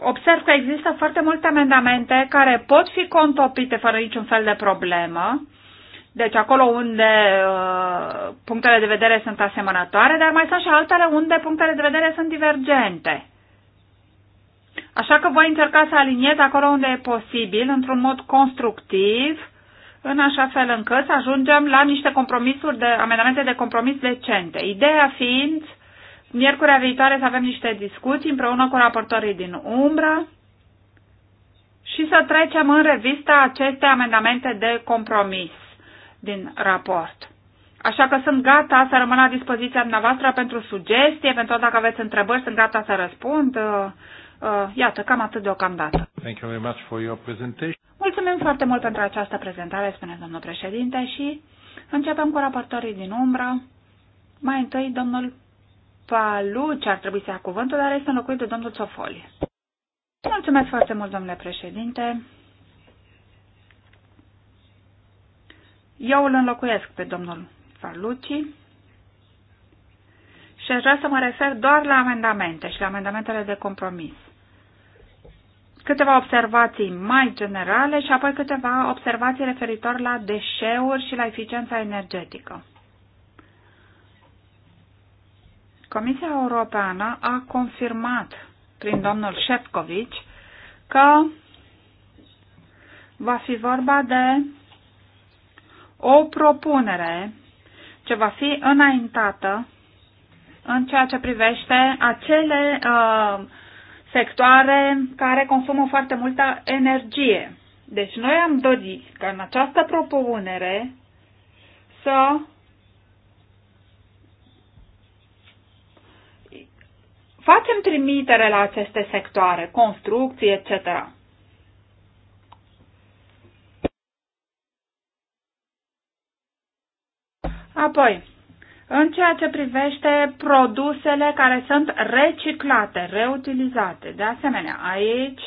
observ că există foarte multe amendamente care pot fi contopite fără niciun fel de problemă deci acolo unde uh, punctele de vedere sunt asemănătoare, dar mai sunt și altele unde punctele de vedere sunt divergente. Așa că voi încerca să aliniez acolo unde e posibil, într-un mod constructiv, în așa fel încât să ajungem la niște compromisuri de, amendamente de compromis decente. Ideea fiind, miercurea viitoare să avem niște discuții împreună cu raportorii din umbră și să trecem în revistă aceste amendamente de compromis din raport. Așa că sunt gata să rămân la dispoziția dumneavoastră pentru sugestii, eventual dacă aveți întrebări, sunt gata să răspund. Uh, uh, iată, cam atât deocamdată. Thank you very much for your presentation. Mulțumim foarte mult pentru această prezentare, spune domnul președinte, și începem cu raportorii din umbră. Mai întâi, domnul ce ar trebui să ia cuvântul, dar este înlocuit de domnul Sofoli. Mulțumesc foarte mult, domnule președinte. Eu îl înlocuiesc pe domnul Farluci și aș vrea să mă refer doar la amendamente și la amendamentele de compromis. Câteva observații mai generale și apoi câteva observații referitor la deșeuri și la eficiența energetică. Comisia Europeană a confirmat prin domnul Șefcovici că va fi vorba de o propunere ce va fi înaintată în ceea ce privește acele uh, sectoare care consumă foarte multă energie. Deci noi am dorit ca în această propunere să facem trimitere la aceste sectoare, construcții, etc. Apoi, în ceea ce privește produsele care sunt reciclate, reutilizate, de asemenea, aici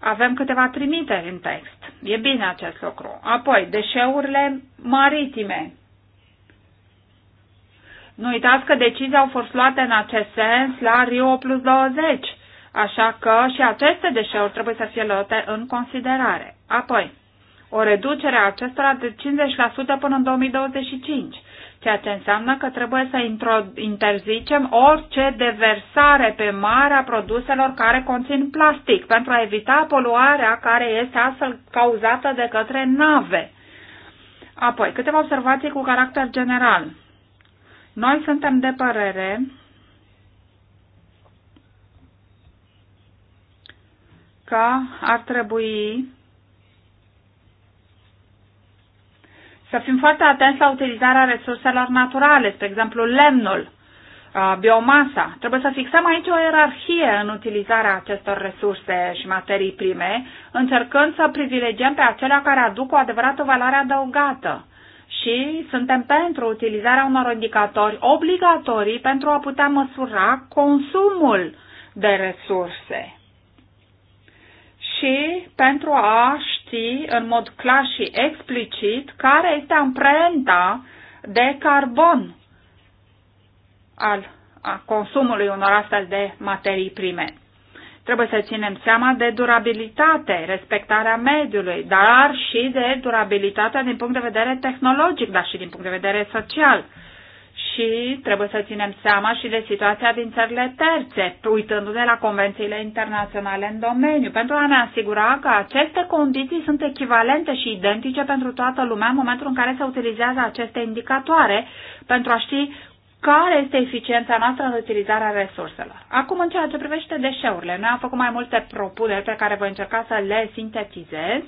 avem câteva trimiteri în text. E bine acest lucru. Apoi, deșeurile maritime. Nu uitați că decizia au fost luate în acest sens la Rio plus 20, așa că și aceste deșeuri trebuie să fie luate în considerare. Apoi, o reducere a acestora de 50% până în 2025 ceea ce înseamnă că trebuie să interzicem orice deversare pe mare a produselor care conțin plastic, pentru a evita poluarea care este astfel cauzată de către nave. Apoi, câteva observații cu caracter general. Noi suntem de părere că ar trebui să fim foarte atenți la utilizarea resurselor naturale, spre exemplu lemnul, biomasa. Trebuie să fixăm aici o ierarhie în utilizarea acestor resurse și materii prime, încercând să privilegiem pe acelea care aduc o adevărată valoare adăugată. Și suntem pentru utilizarea unor indicatori obligatorii pentru a putea măsura consumul de resurse și pentru a ști în mod clar și explicit care este amprenta de carbon al a consumului unor astfel de materii prime. Trebuie să ținem seama de durabilitate, respectarea mediului, dar și de durabilitatea din punct de vedere tehnologic, dar și din punct de vedere social și trebuie să ținem seama și de situația din țările terțe, uitându-ne la convențiile internaționale în domeniu, pentru a ne asigura că aceste condiții sunt echivalente și identice pentru toată lumea în momentul în care se utilizează aceste indicatoare, pentru a ști care este eficiența noastră în utilizarea resurselor. Acum, în ceea ce privește deșeurile, noi am făcut mai multe propuneri pe care voi încerca să le sintetizez.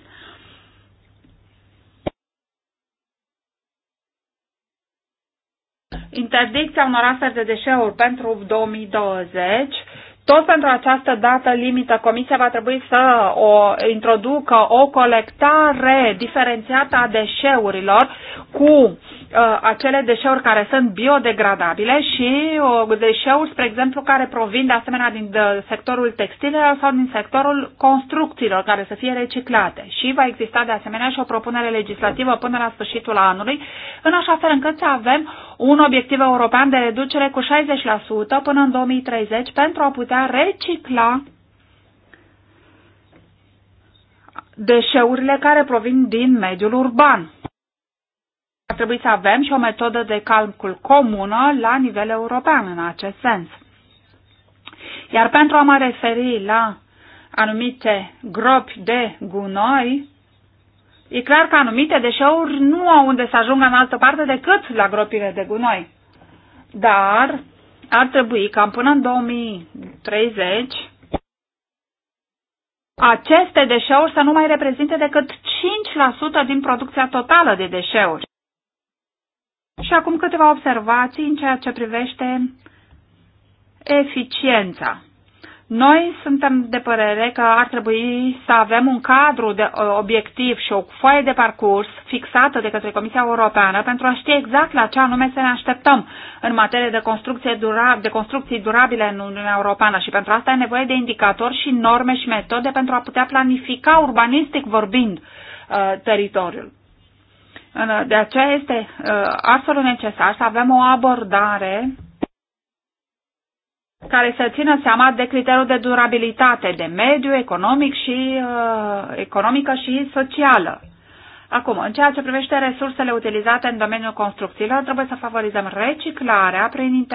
interdicția unor astfel de deșeuri pentru 2020 tot pentru această dată limită, Comisia va trebui să o introducă o colectare diferențiată a deșeurilor cu uh, acele deșeuri care sunt biodegradabile și uh, deșeuri, spre exemplu, care provin de asemenea din de, sectorul textilelor sau din sectorul construcțiilor care să fie reciclate. Și va exista de asemenea și o propunere legislativă până la sfârșitul anului, în așa fel încât să avem un obiectiv european de reducere cu 60% până în 2030 pentru a putea putea recicla deșeurile care provin din mediul urban. Ar trebui să avem și o metodă de calcul comună la nivel european în acest sens. Iar pentru a mă referi la anumite gropi de gunoi, e clar că anumite deșeuri nu au unde să ajungă în altă parte decât la gropile de gunoi. Dar ar trebui ca până în 2030 aceste deșeuri să nu mai reprezinte decât 5% din producția totală de deșeuri. Și acum câteva observații în ceea ce privește eficiența. Noi suntem de părere că ar trebui să avem un cadru de uh, obiectiv și o foaie de parcurs fixată de către Comisia Europeană pentru a ști exact la ce anume să ne așteptăm în materie de, construcție dura, de construcții durabile în Uniunea Europeană și pentru asta e nevoie de indicatori și norme și metode pentru a putea planifica urbanistic vorbind uh, teritoriul. De aceea este uh, absolut necesar să avem o abordare care să țină seama de criteriul de durabilitate, de mediu, economic și, uh, economică și socială. Acum, în ceea ce privește resursele utilizate în domeniul construcțiilor, trebuie să favorizăm reciclarea prin,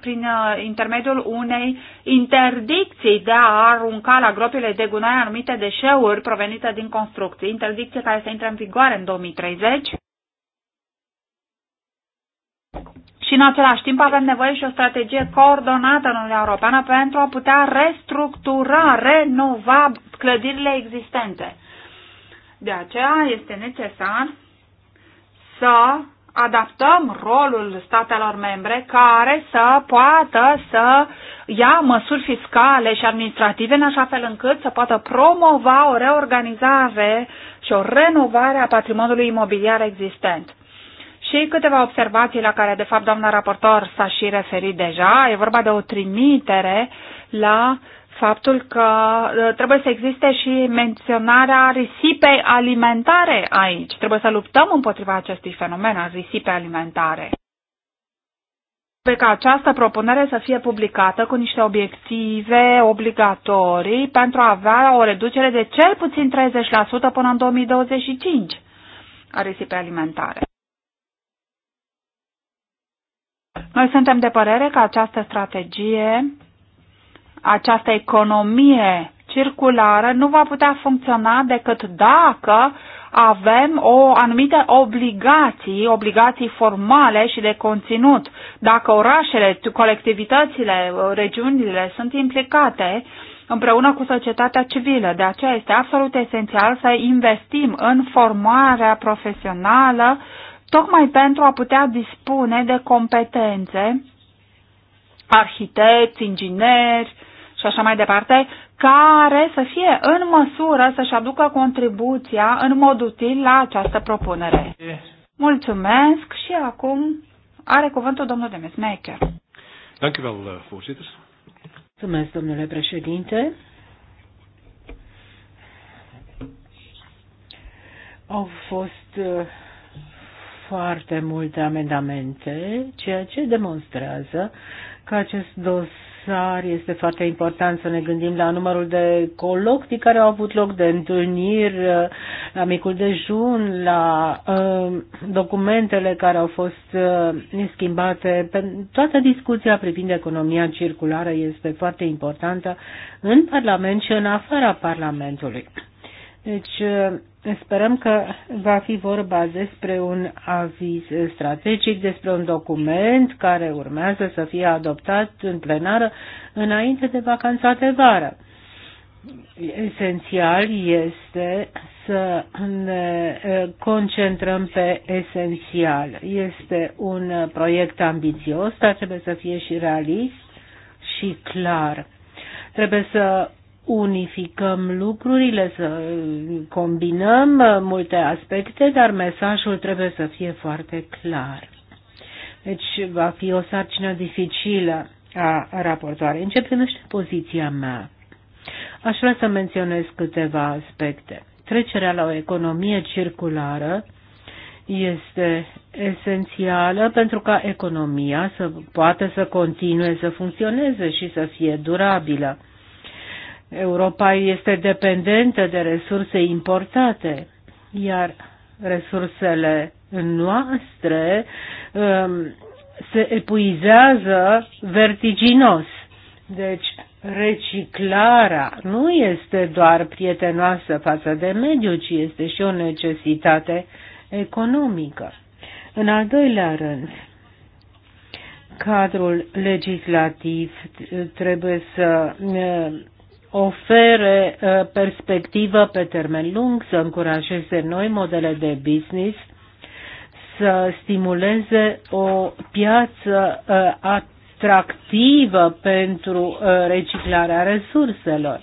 prin uh, intermediul unei interdicții de a arunca la gropile de gunoi anumite deșeuri provenite din construcții, interdicție care să intre în vigoare în 2030 și în același timp avem nevoie și o strategie coordonată în Uniunea Europeană pentru a putea restructura, renova clădirile existente. De aceea este necesar să adaptăm rolul statelor membre care să poată să ia măsuri fiscale și administrative în așa fel încât să poată promova o reorganizare și o renovare a patrimoniului imobiliar existent și câteva observații la care, de fapt, doamna raportor s-a și referit deja. E vorba de o trimitere la faptul că uh, trebuie să existe și menționarea risipei alimentare aici. Trebuie să luptăm împotriva acestui fenomen a risipei alimentare. Trebuie ca această propunere să fie publicată cu niște obiective obligatorii pentru a avea o reducere de cel puțin 30% până în 2025 a risipei alimentare. Noi suntem de părere că această strategie, această economie circulară nu va putea funcționa decât dacă avem o anumite obligații, obligații formale și de conținut. Dacă orașele, colectivitățile, regiunile sunt implicate împreună cu societatea civilă, de aceea este absolut esențial să investim în formarea profesională tocmai pentru a putea dispune de competențe, arhitecți, ingineri și așa mai departe, care să fie în măsură să-și aducă contribuția în mod util la această propunere. Mulțumesc și acum are cuvântul domnul Mecher. Eh, Mulțumesc, domnule președinte. Au fost eh, foarte multe amendamente, ceea ce demonstrează că acest dosar este foarte important să ne gândim la numărul de colocti care au avut loc, de întâlniri, la micul dejun, la uh, documentele care au fost uh, ă, schimbate. Toată discuția privind economia circulară este foarte importantă în Parlament și în afara Parlamentului. Deci eh, sperăm că va fi vorba despre un aviz strategic, despre un document care urmează să fie adoptat în plenară înainte de vacanța de vară. Esențial este să ne eh, concentrăm pe esențial. Este un proiect ambițios, dar trebuie să fie și realist și clar. Trebuie să unificăm lucrurile, să combinăm multe aspecte, dar mesajul trebuie să fie foarte clar. Deci va fi o sarcină dificilă a raportoarei. În ce poziția mea, aș vrea să menționez câteva aspecte. Trecerea la o economie circulară este esențială pentru ca economia să poată să continue să funcționeze și să fie durabilă Europa este dependentă de resurse importate, iar resursele noastre um, se epuizează vertiginos. Deci, reciclarea nu este doar prietenoasă față de mediu, ci este și o necesitate economică. În al doilea rând, cadrul legislativ trebuie să um, ofere uh, perspectivă pe termen lung, să încurajeze noi modele de business, să stimuleze o piață uh, atractivă pentru uh, reciclarea resurselor.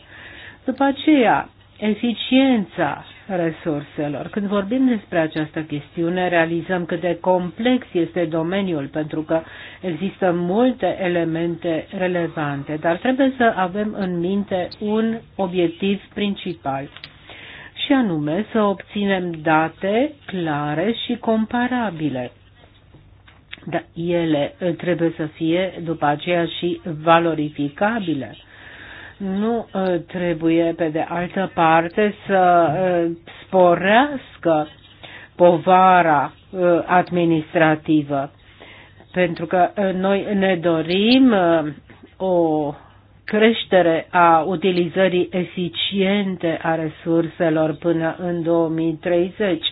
După aceea, eficiența resurselor. Când vorbim despre această chestiune, realizăm cât de complex este domeniul, pentru că există multe elemente relevante, dar trebuie să avem în minte un obiectiv principal, și anume să obținem date clare și comparabile. Dar ele trebuie să fie după aceea și valorificabile nu uh, trebuie, pe de altă parte, să uh, sporească povara uh, administrativă. Pentru că noi ne dorim o creștere a utilizării eficiente a resurselor până în 2030.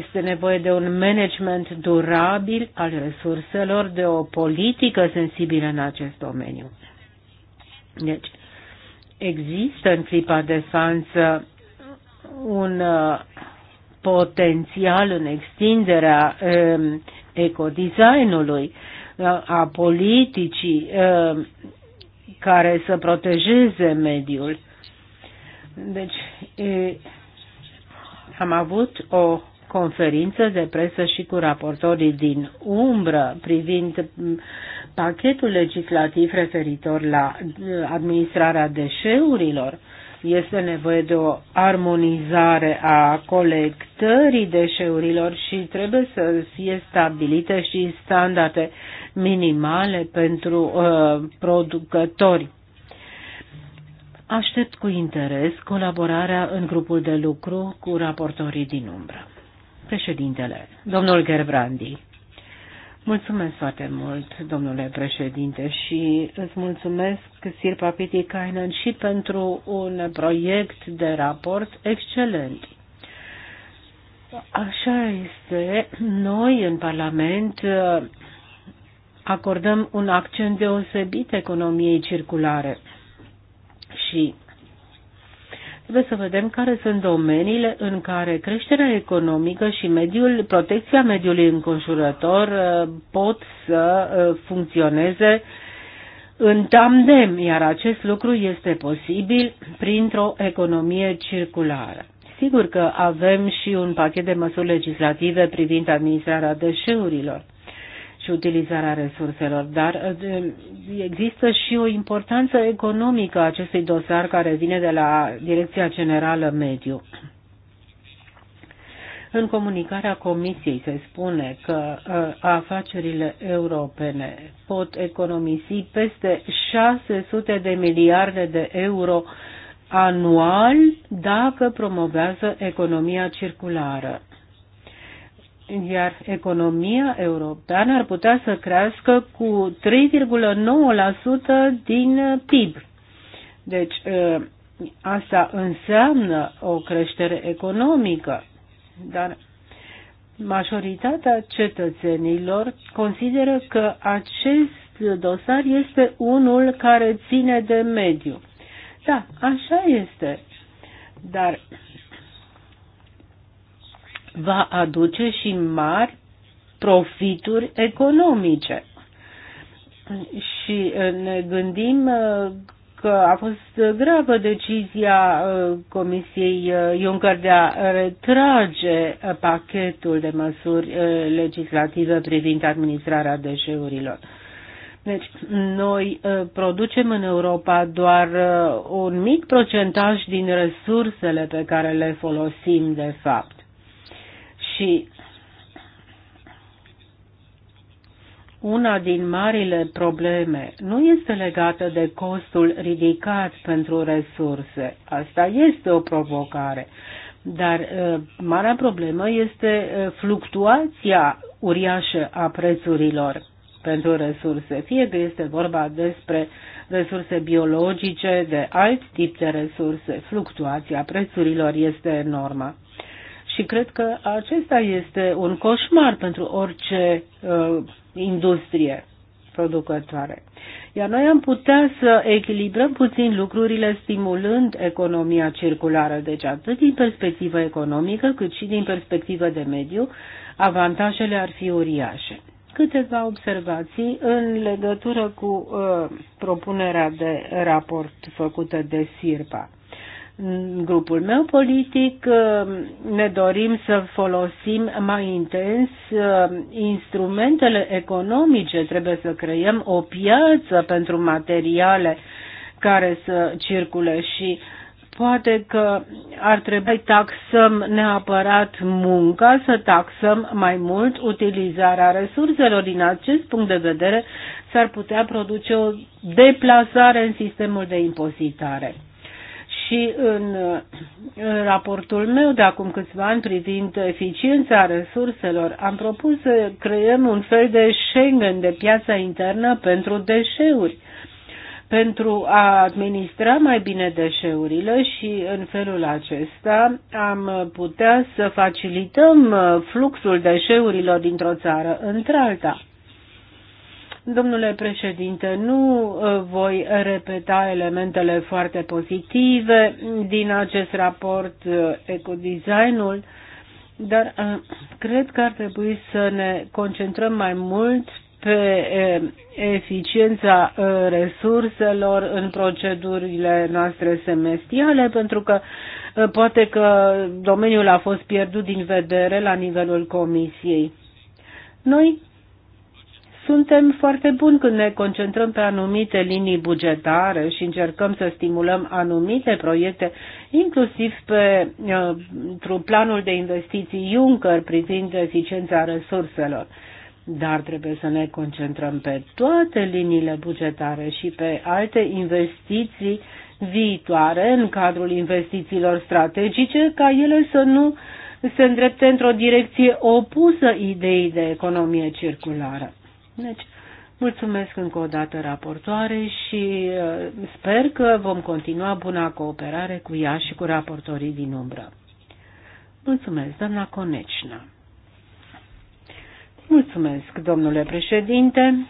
Este nevoie de un management durabil al resurselor, de o politică sensibilă în acest domeniu. Deci, există în clipa de sansă un uh, potențial în extinderea um, ecodesignului, uh, a politicii um, care să protejeze mediul. Deci, am avut o conferință de presă și cu raportorii din umbră privind Pachetul legislativ referitor la uh, administrarea deșeurilor este nevoie de o armonizare a colectării deșeurilor și trebuie să fie stabilite și standarde minimale pentru uh, producători. Aștept cu interes colaborarea în grupul de lucru cu raportorii din umbră. Președintele, domnul Gerbrandi. Mulțumesc foarte mult, domnule președinte, și îți mulțumesc, Papiti Kainan, și pentru un proiect de raport excelent. Așa este, noi în Parlament uh, acordăm un accent deosebit economiei circulare și Trebuie să vedem care sunt domeniile în care creșterea economică și mediul, protecția mediului înconjurător uh, pot să uh, funcționeze în tandem, iar acest lucru este posibil printr-o economie circulară. Sigur că avem și un pachet de măsuri legislative privind administrarea deșeurilor și utilizarea resurselor, dar uh, există și o importanță economică a acestui dosar care vine de la Direcția Generală Mediu. În comunicarea Comisiei se spune că uh, afacerile europene pot economisi peste 600 de miliarde de euro anual dacă promovează economia circulară iar economia europeană ar putea să crească cu 3,9% din uh, PIB. Deci uh, asta înseamnă o creștere economică, dar majoritatea cetățenilor consideră că acest dosar este unul care ține de mediu. Da, așa este. Dar va aduce și mari profituri economice. Și uh, ne gândim uh, că a fost gravă decizia uh, Comisiei Juncker de a retrage pachetul de măsuri legislative privind administrarea deșeurilor. Deci, noi producem în Europa doar un mic procentaj din resursele pe care le folosim, de fapt. Și una din marile probleme nu este legată de costul ridicat pentru resurse. Asta este o provocare. Dar uh, marea problemă este uh, fluctuația uriașă a prețurilor pentru resurse, fie că este vorba despre resurse biologice, de alt tip de resurse, fluctuația prețurilor este enormă. Și cred că acesta este un coșmar pentru orice uh, industrie producătoare. Iar noi am putea să echilibrăm puțin lucrurile stimulând economia circulară, deci atât din perspectivă economică cât și din perspectivă de mediu, avantajele ar fi uriașe. Câteva observații în legătură cu uh, propunerea de raport făcută de SIRPA. În grupul meu politic uh, ne dorim să folosim mai intens uh, instrumentele economice, trebuie să creăm o piață pentru materiale care să circule și poate că ar trebui taxăm neapărat munca, să taxăm mai mult utilizarea resurselor. Din acest punct de vedere s-ar putea produce o deplasare în sistemul de impozitare și în raportul meu de acum câțiva ani privind eficiența resurselor am propus să creăm un fel de Schengen de piața internă pentru deșeuri pentru a administra mai bine deșeurile și în felul acesta am putea să facilităm fluxul deșeurilor dintr-o țară într-alta. Domnule președinte, nu uh, voi repeta elementele foarte pozitive din acest raport uh, ecodesignul, dar uh, cred că ar trebui să ne concentrăm mai mult pe eficiența resurselor în procedurile noastre semestriale, pentru că poate că domeniul a fost pierdut din vedere la nivelul comisiei. Noi suntem foarte buni când ne concentrăm pe anumite linii bugetare și încercăm să stimulăm anumite proiecte, inclusiv pe uh, planul de investiții Juncker privind eficiența resurselor. Dar trebuie să ne concentrăm pe toate liniile bugetare și pe alte investiții viitoare în cadrul investițiilor strategice, ca ele să nu se îndrepte într-o direcție opusă ideii de economie circulară. Deci, mulțumesc încă o dată raportoare și uh, sper că vom continua buna cooperare cu ea și cu raportorii din umbră. Mulțumesc, doamna Conecina. Mulțumesc, domnule președinte.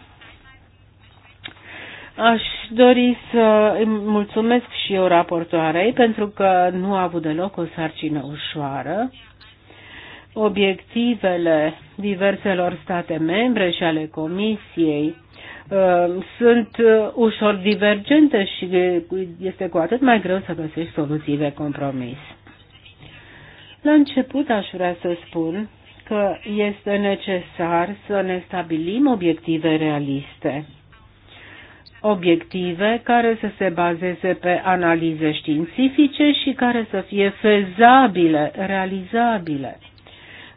Aș dori să mulțumesc și eu raportoarei pentru că nu a avut deloc o sarcină ușoară obiectivele diverselor state membre și ale Comisiei uh, sunt uh, ușor divergente și este cu atât mai greu să găsești soluții de compromis. La început aș vrea să spun că este necesar să ne stabilim obiective realiste. Obiective care să se bazeze pe analize științifice și care să fie fezabile, realizabile.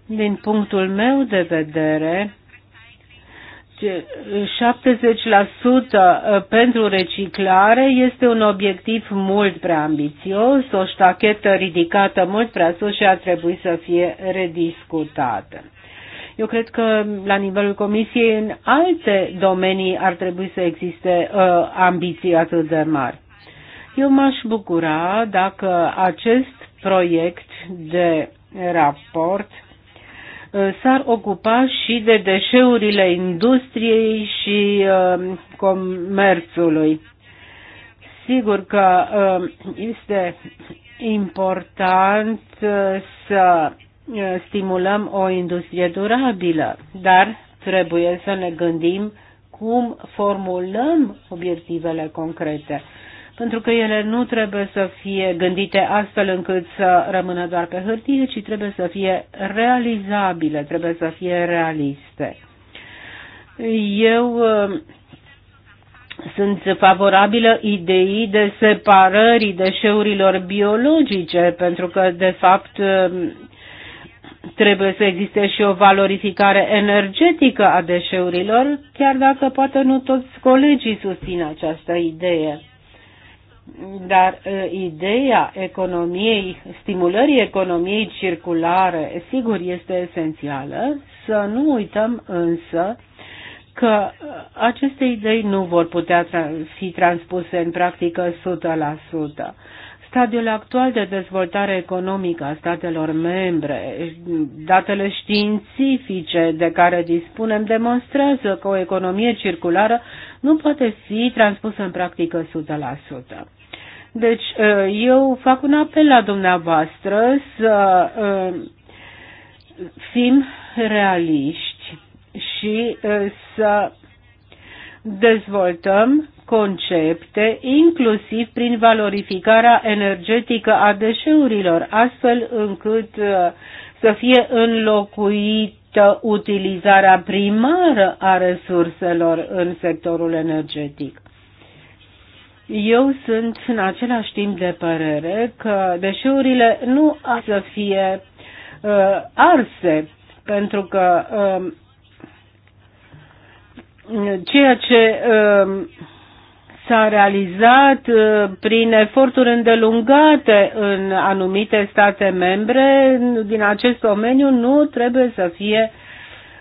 Din punctul meu de vedere, 70% ă, pentru reciclare este un obiectiv mult prea ambițios, o ștachetă ridicată mult prea sus și ar trebui să fie rediscutată. Eu cred că la nivelul Comisiei în alte domenii ar trebui să existe uh, ambiții atât de mari. Eu m-aș bucura dacă acest proiect de raport uh, Uh, s-ar ocupa și de deșeurile industriei și uh, comerțului. Sigur că uh, este important să stimulăm o industrie durabilă, dar trebuie să ne gândim cum formulăm obiectivele concrete pentru că ele nu trebuie să fie gândite astfel încât să rămână doar pe hârtie, ci trebuie să fie realizabile, trebuie să fie realiste. Eu uh, sunt favorabilă ideii de separării deșeurilor biologice, pentru că, de fapt, uh, trebuie să existe și o valorificare energetică a deșeurilor, chiar dacă poate nu toți colegii susțin această idee. Dar ideea economiei, stimulării economiei circulare, sigur, este esențială. Să nu uităm însă că aceste idei nu vor putea fi transpuse în practică 100%. Stadiul actual de dezvoltare economică a statelor membre, datele științifice de care dispunem demonstrează că o economie circulară nu poate fi transpusă în practică 100%. Deci eh, eu fac un apel la dumneavoastră să eh, fim realiști și eh, să dezvoltăm concepte, inclusiv prin valorificarea energetică a deșeurilor, astfel încât să fie înlocuită utilizarea primară a resurselor în sectorul energetic. Eu sunt în același timp de părere că deșeurile nu ar să fie uh, arse, pentru că uh, ceea ce uh, s-a realizat uh, prin eforturi îndelungate în anumite state membre din acest domeniu nu trebuie să fie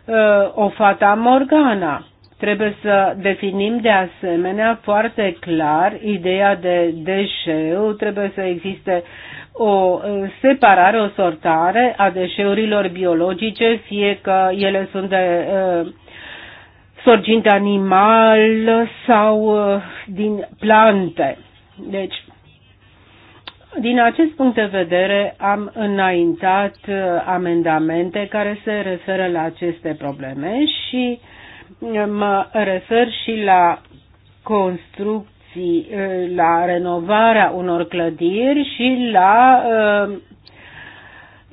uh, o fata morgana. Trebuie să definim de asemenea foarte clar ideea de deșeu, trebuie să existe o uh, separare, o sortare a deșeurilor biologice, fie că ele sunt de uh, sorginte animal sau uh, din plante. Deci, din acest punct de vedere, am înaintat uh, amendamente care se referă la aceste probleme și uh, mă refer și la construcții, eh, la renovarea unor clădiri și la eh,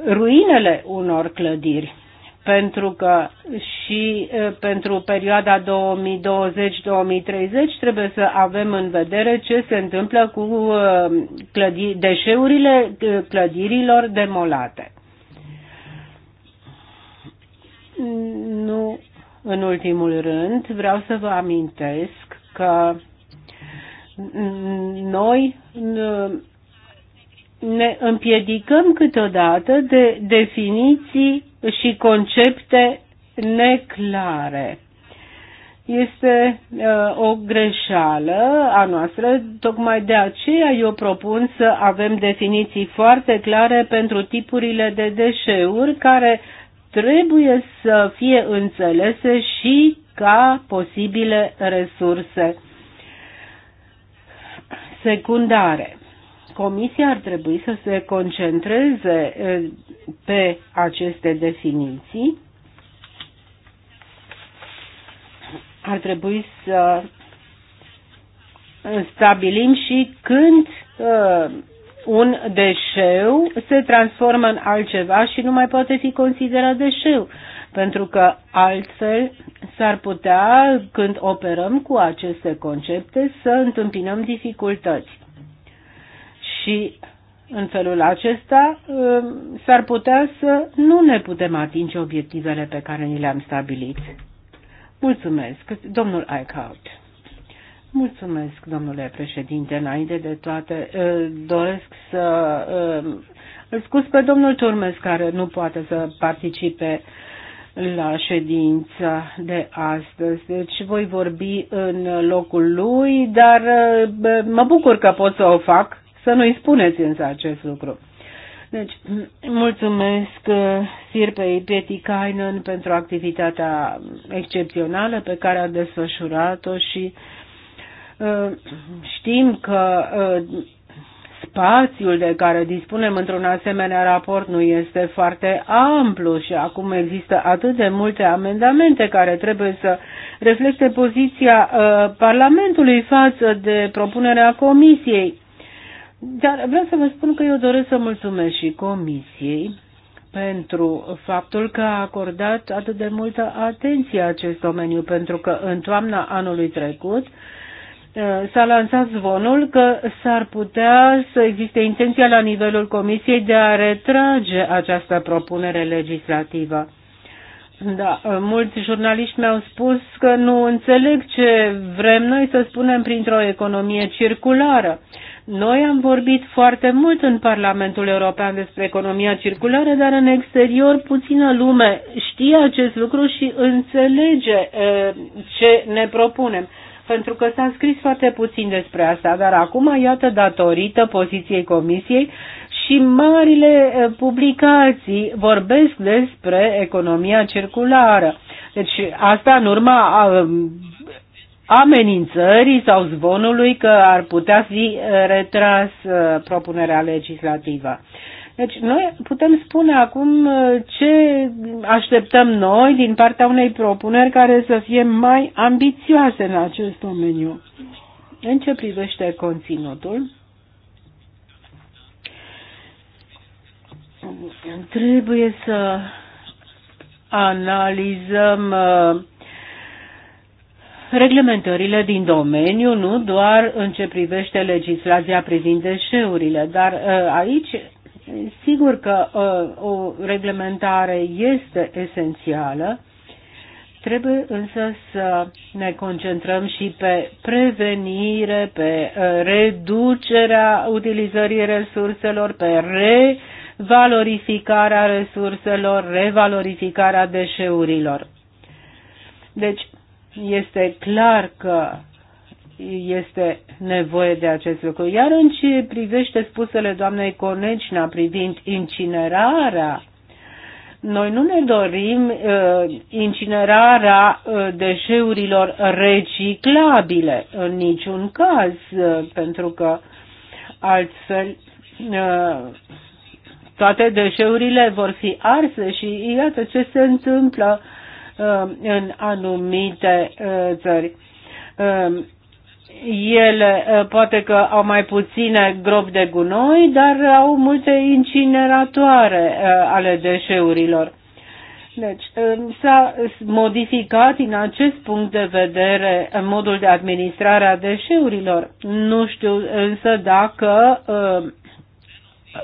ruinele unor clădiri pentru că și eh, pentru perioada 2020-2030 trebuie să avem în vedere ce se întâmplă cu clădiri, deșeurile clădirilor demolate. Nu în ultimul rând, vreau să vă amintesc că noi mm, ne împiedicăm câteodată de definiții și concepte neclare. Este uh, o greșeală a noastră, tocmai de aceea eu propun să avem definiții foarte clare pentru tipurile de deșeuri care trebuie să fie înțelese și ca posibile resurse secundare. Comisia ar trebui să se concentreze pe aceste definiții. Ar trebui să stabilim și când un deșeu se transformă în altceva și nu mai poate fi considerat deșeu, pentru că altfel s-ar putea, când operăm cu aceste concepte, să întâmpinăm dificultăți. Și în felul acesta um, s-ar putea să nu ne putem atinge obiectivele pe care ni le-am stabilit. Mulțumesc, domnul Eichhardt. Mulțumesc, domnule președinte. Înainte de toate, ă, doresc să ă, îl scuz pe domnul Turmes, care nu poate să participe la ședința de astăzi. Deci voi vorbi în locul lui, dar ă, mă bucur că pot să o fac, să nu-i spuneți însă acest lucru. Deci, mulțumesc Sirpei Petikainen pentru activitatea excepțională pe care a desfășurat-o și uh, Știm că uh, spațiul de care dispunem într-un asemenea raport nu este foarte amplu și acum există atât de multe amendamente care trebuie să reflecte poziția uh, Parlamentului față de propunerea Comisiei. Dar vreau să vă spun că eu doresc să mulțumesc și Comisiei pentru faptul că a acordat atât de multă atenție acest domeniu, pentru că în toamna anului trecut Eh, s-a lansat zvonul că s-ar putea să existe intenția la nivelul Comisiei de a retrage această propunere legislativă. Da, eh, mulți jurnaliști mi-au spus că nu înțeleg ce vrem noi să spunem printr-o economie circulară. Noi am vorbit foarte mult în Parlamentul European despre economia circulară, dar în exterior puțină lume știe acest lucru și înțelege eh, ce ne propunem pentru că s-a scris foarte puțin despre asta, dar acum, iată, datorită poziției Comisiei și marile publicații vorbesc despre economia circulară. Deci asta în urma amenințării sau zvonului că ar putea fi retras propunerea legislativă. Deci noi putem spune acum uh, ce așteptăm noi din partea unei propuneri care să fie mai ambițioase în acest domeniu. În ce privește conținutul, trebuie să analizăm uh, reglementările din domeniu, nu doar în ce privește legislația privind deșeurile, dar uh, aici Sigur că ă, o reglementare este esențială, Trebuie însă să ne concentrăm și pe prevenire, pe ă, reducerea utilizării resurselor, pe revalorificarea resurselor, revalorificarea deșeurilor. Deci, este clar că este nevoie de acest lucru. Iar în ce privește spusele doamnei Conecina privind incinerarea, noi nu ne dorim uh, incinerarea uh, deșeurilor reciclabile în niciun caz, uh, pentru că altfel uh, toate deșeurile vor fi arse și iată ce se întâmplă uh, în anumite uh, țări. Uh, ele eh, poate că au mai puține gropi de gunoi, dar au multe incineratoare eh, ale deșeurilor. Deci, eh, s-a modificat din acest punct de vedere modul de administrare a deșeurilor. Nu știu însă dacă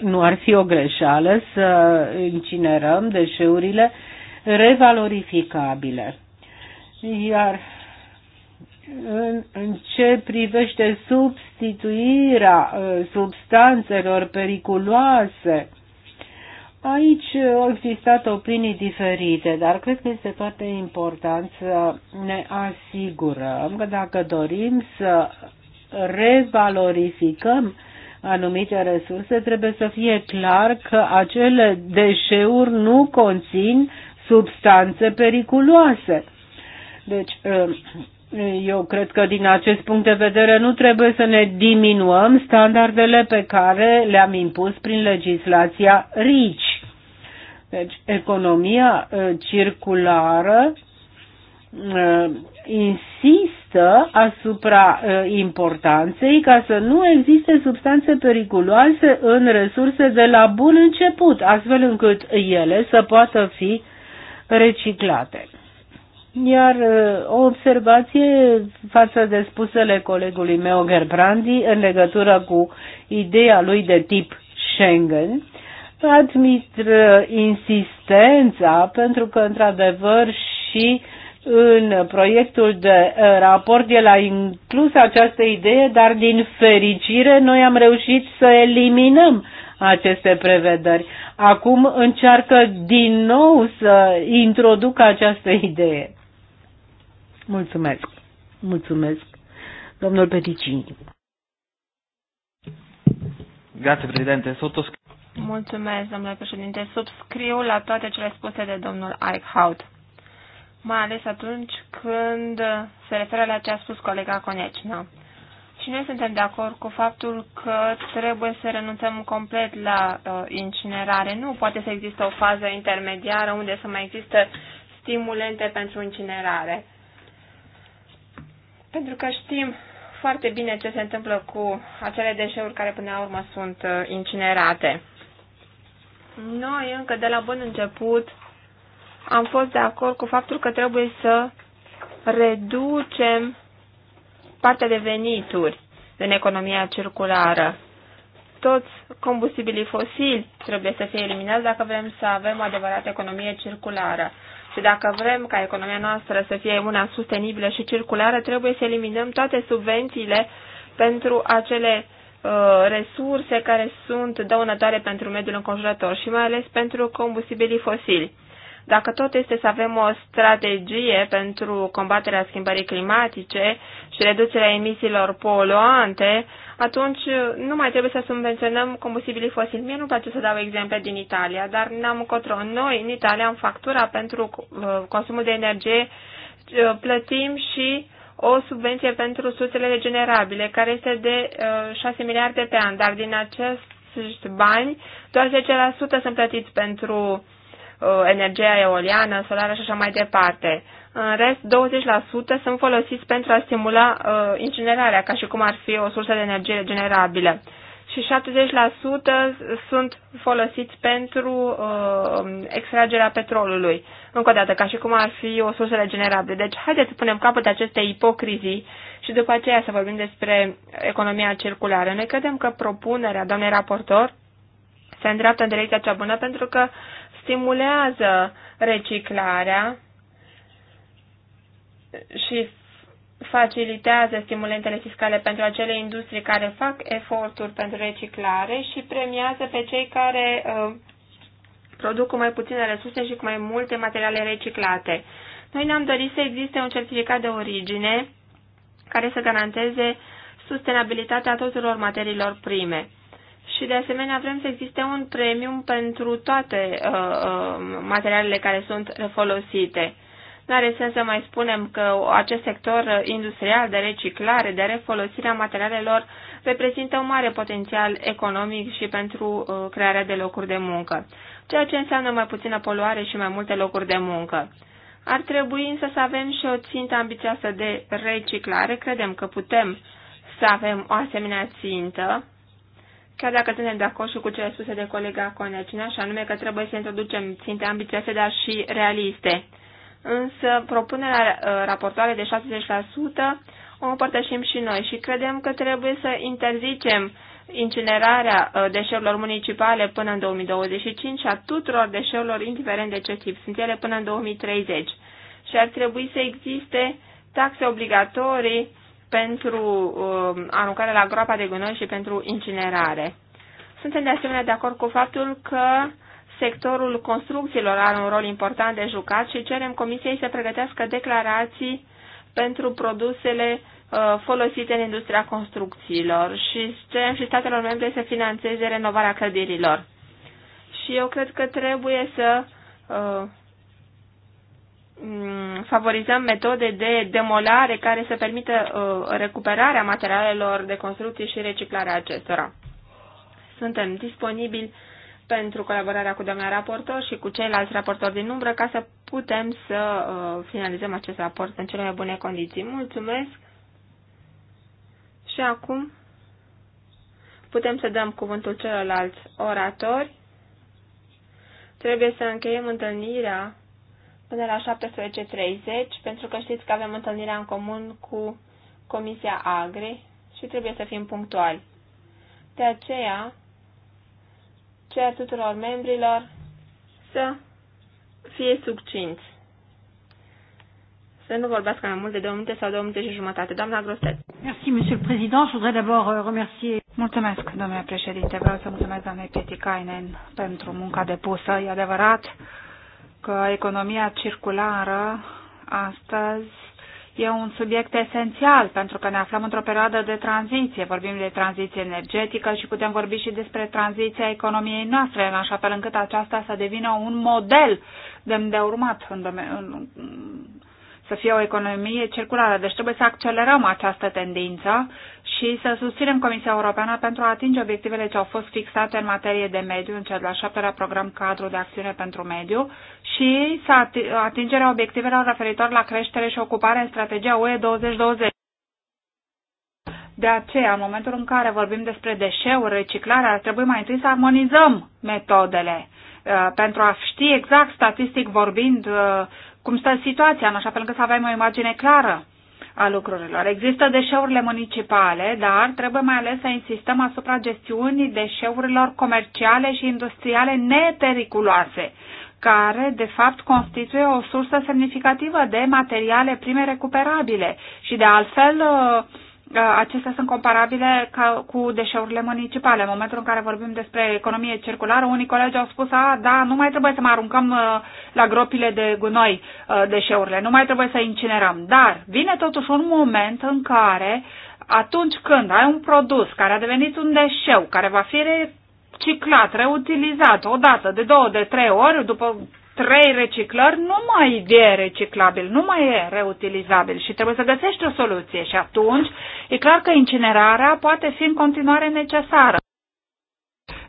nu ar fi o greșeală să incinerăm deșeurile revalorificabile. Iar în, în ce privește substituirea ă, substanțelor periculoase, Aici au existat opinii diferite, dar cred că este foarte important să ne asigurăm că dacă dorim să revalorificăm anumite resurse, trebuie să fie clar că acele deșeuri nu conțin substanțe periculoase. Deci, ă, eu cred că din acest punct de vedere nu trebuie să ne diminuăm standardele pe care le-am impus prin legislația RICI. Deci, economia uh, circulară uh, insistă asupra uh, importanței ca să nu existe substanțe periculoase în resurse de la bun început, astfel încât ele să poată fi reciclate. Iar uh, o observație față de spusele colegului meu Gerbrandi în legătură cu ideea lui de tip Schengen, admit uh, insistența pentru că într-adevăr și în proiectul de uh, raport el a inclus această idee, dar din fericire noi am reușit să eliminăm aceste prevederi. Acum încearcă din nou să introducă această idee. Mulțumesc. Mulțumesc. Domnul Peticini. Grazie, președinte. Mulțumesc, domnule președinte. Subscriu la toate cele spuse de domnul Eichhout, mai ales atunci când se referă la ce a spus colega Conecina. Și noi suntem de acord cu faptul că trebuie să renunțăm complet la uh, incinerare. Nu poate să există o fază intermediară unde să mai există stimulente pentru incinerare. Pentru că știm foarte bine ce se întâmplă cu acele deșeuri care până la urmă sunt uh, incinerate. Noi încă de la bun început am fost de acord cu faptul că trebuie să reducem partea de venituri în economia circulară. Toți combustibilii fosili trebuie să fie eliminați dacă vrem să avem o adevărată economie circulară. Și dacă vrem ca economia noastră să fie una sustenibilă și circulară, trebuie să eliminăm toate subvențiile pentru acele uh, resurse care sunt dăunătoare pentru mediul înconjurător și mai ales pentru combustibilii fosili. Dacă tot este să avem o strategie pentru combaterea schimbării climatice și reducerea emisiilor poluante, atunci nu mai trebuie să subvenționăm combustibilii fosili. Mie nu place să dau exemple din Italia, dar n-am încotro. Noi, în Italia, am factura pentru uh, consumul de energie, uh, plătim și o subvenție pentru sutele regenerabile, care este de 6 uh, miliarde pe an, dar din acest acești bani, doar 10% sunt plătiți pentru Uh, energia eoliană, solară și așa mai departe. În rest, 20% sunt folosiți pentru a stimula uh, incinerarea, ca și cum ar fi o sursă de energie regenerabilă. Și 70% sunt folosiți pentru uh, extragerea petrolului, încă o dată, ca și cum ar fi o sursă regenerabilă. Deci, haideți să punem capăt acestei ipocrizii și după aceea să vorbim despre economia circulară. Noi credem că propunerea doamnei raportor se îndreaptă în direcția cea bună pentru că stimulează reciclarea și facilitează stimulentele fiscale pentru acele industrii care fac eforturi pentru reciclare și premiază pe cei care uh, produc cu mai puține resurse și cu mai multe materiale reciclate. Noi ne-am dorit să existe un certificat de origine care să garanteze sustenabilitatea tuturor materiilor prime și de asemenea vrem să existe un premium pentru toate uh, uh materialele care sunt refolosite. Nu are sens să mai spunem că acest sector industrial de reciclare, de refolosire a materialelor, reprezintă un mare potențial economic și pentru uh, crearea de locuri de muncă, ceea ce înseamnă mai puțină poluare și mai multe locuri de muncă. Ar trebui însă să avem și o țintă ambițioasă de reciclare. Credem că putem să avem o asemenea țintă, chiar dacă suntem de acord și cu cele spuse de colega Conecina, și anume că trebuie să introducem ținte ambițioase, dar și realiste. Însă propunerea uh, raportoare de 60% o împărtășim și noi și credem că trebuie să interzicem incinerarea uh, deșeurilor municipale până în 2025 și a tuturor deșeurilor, indiferent de ce tip sunt ele, până în 2030. Și ar trebui să existe taxe obligatorii pentru uh, aruncare la groapa de gunoi și pentru incinerare. Suntem de asemenea de acord cu faptul că sectorul construcțiilor are un rol important de jucat și cerem Comisiei să pregătească declarații pentru produsele uh, folosite în industria construcțiilor și cerem și statelor membre să financeze renovarea clădirilor. Și eu cred că trebuie să uh, Mm, favorizăm metode de demolare care să permită uh, recuperarea materialelor de construcție și reciclarea acestora. Suntem disponibili pentru colaborarea cu doamna raportor și cu ceilalți raportori din umbră ca să putem să uh, finalizăm acest raport în cele mai bune condiții. Mulțumesc! Și acum putem să dăm cuvântul celorlalți oratori. Trebuie să încheiem întâlnirea până la 17.30, pentru că știți că avem întâlnirea în comun cu Comisia Agri și trebuie să fim punctuali. De aceea, cer tuturor membrilor să fie succinți. Să nu vorbească mai mult de două minute sau două minute și jumătate. Doamna Grostet. Merci, monsieur le président. Je voudrais d'abord euh, remercier... Mulțumesc, domnule președinte. Vreau să mulțumesc doamnei Pietikainen pentru munca depusă. E adevărat că economia circulară astăzi e un subiect esențial pentru că ne aflăm într-o perioadă de tranziție. Vorbim de tranziție energetică și putem vorbi și despre tranziția economiei noastre, în așa fel încât aceasta să devină un model demn de urmat, în în, să fie o economie circulară. Deci trebuie să accelerăm această tendință și să susținem Comisia Europeană pentru a atinge obiectivele ce au fost fixate în materie de mediu în cel de-al șaptelea program cadru de acțiune pentru mediu și să atingerea obiectivelor referitor la creștere și ocupare în strategia UE 2020. De aceea, în momentul în care vorbim despre deșeuri, reciclare, ar trebui mai întâi să armonizăm metodele uh, pentru a ști exact, statistic vorbind, uh, cum stă situația, în așa fel încât să avem o imagine clară a lucrurilor. Există deșeurile municipale, dar trebuie mai ales să insistăm asupra gestiunii deșeurilor comerciale și industriale nepericuloase, care, de fapt, constituie o sursă semnificativă de materiale prime recuperabile și, de altfel, uh, Uh, acestea sunt comparabile ca cu deșeurile municipale. În momentul în care vorbim despre economie circulară, unii colegi au spus, a, da, nu mai trebuie să mai aruncăm uh, la gropile de gunoi uh, deșeurile, nu mai trebuie să incinerăm. Dar vine totuși un moment în care, atunci când ai un produs care a devenit un deșeu, care va fi reciclat, reutilizat odată, de două, de trei ori, după trei reciclări nu mai e reciclabil, nu mai e reutilizabil și trebuie să găsești o soluție și atunci e clar că incinerarea poate fi în continuare necesară.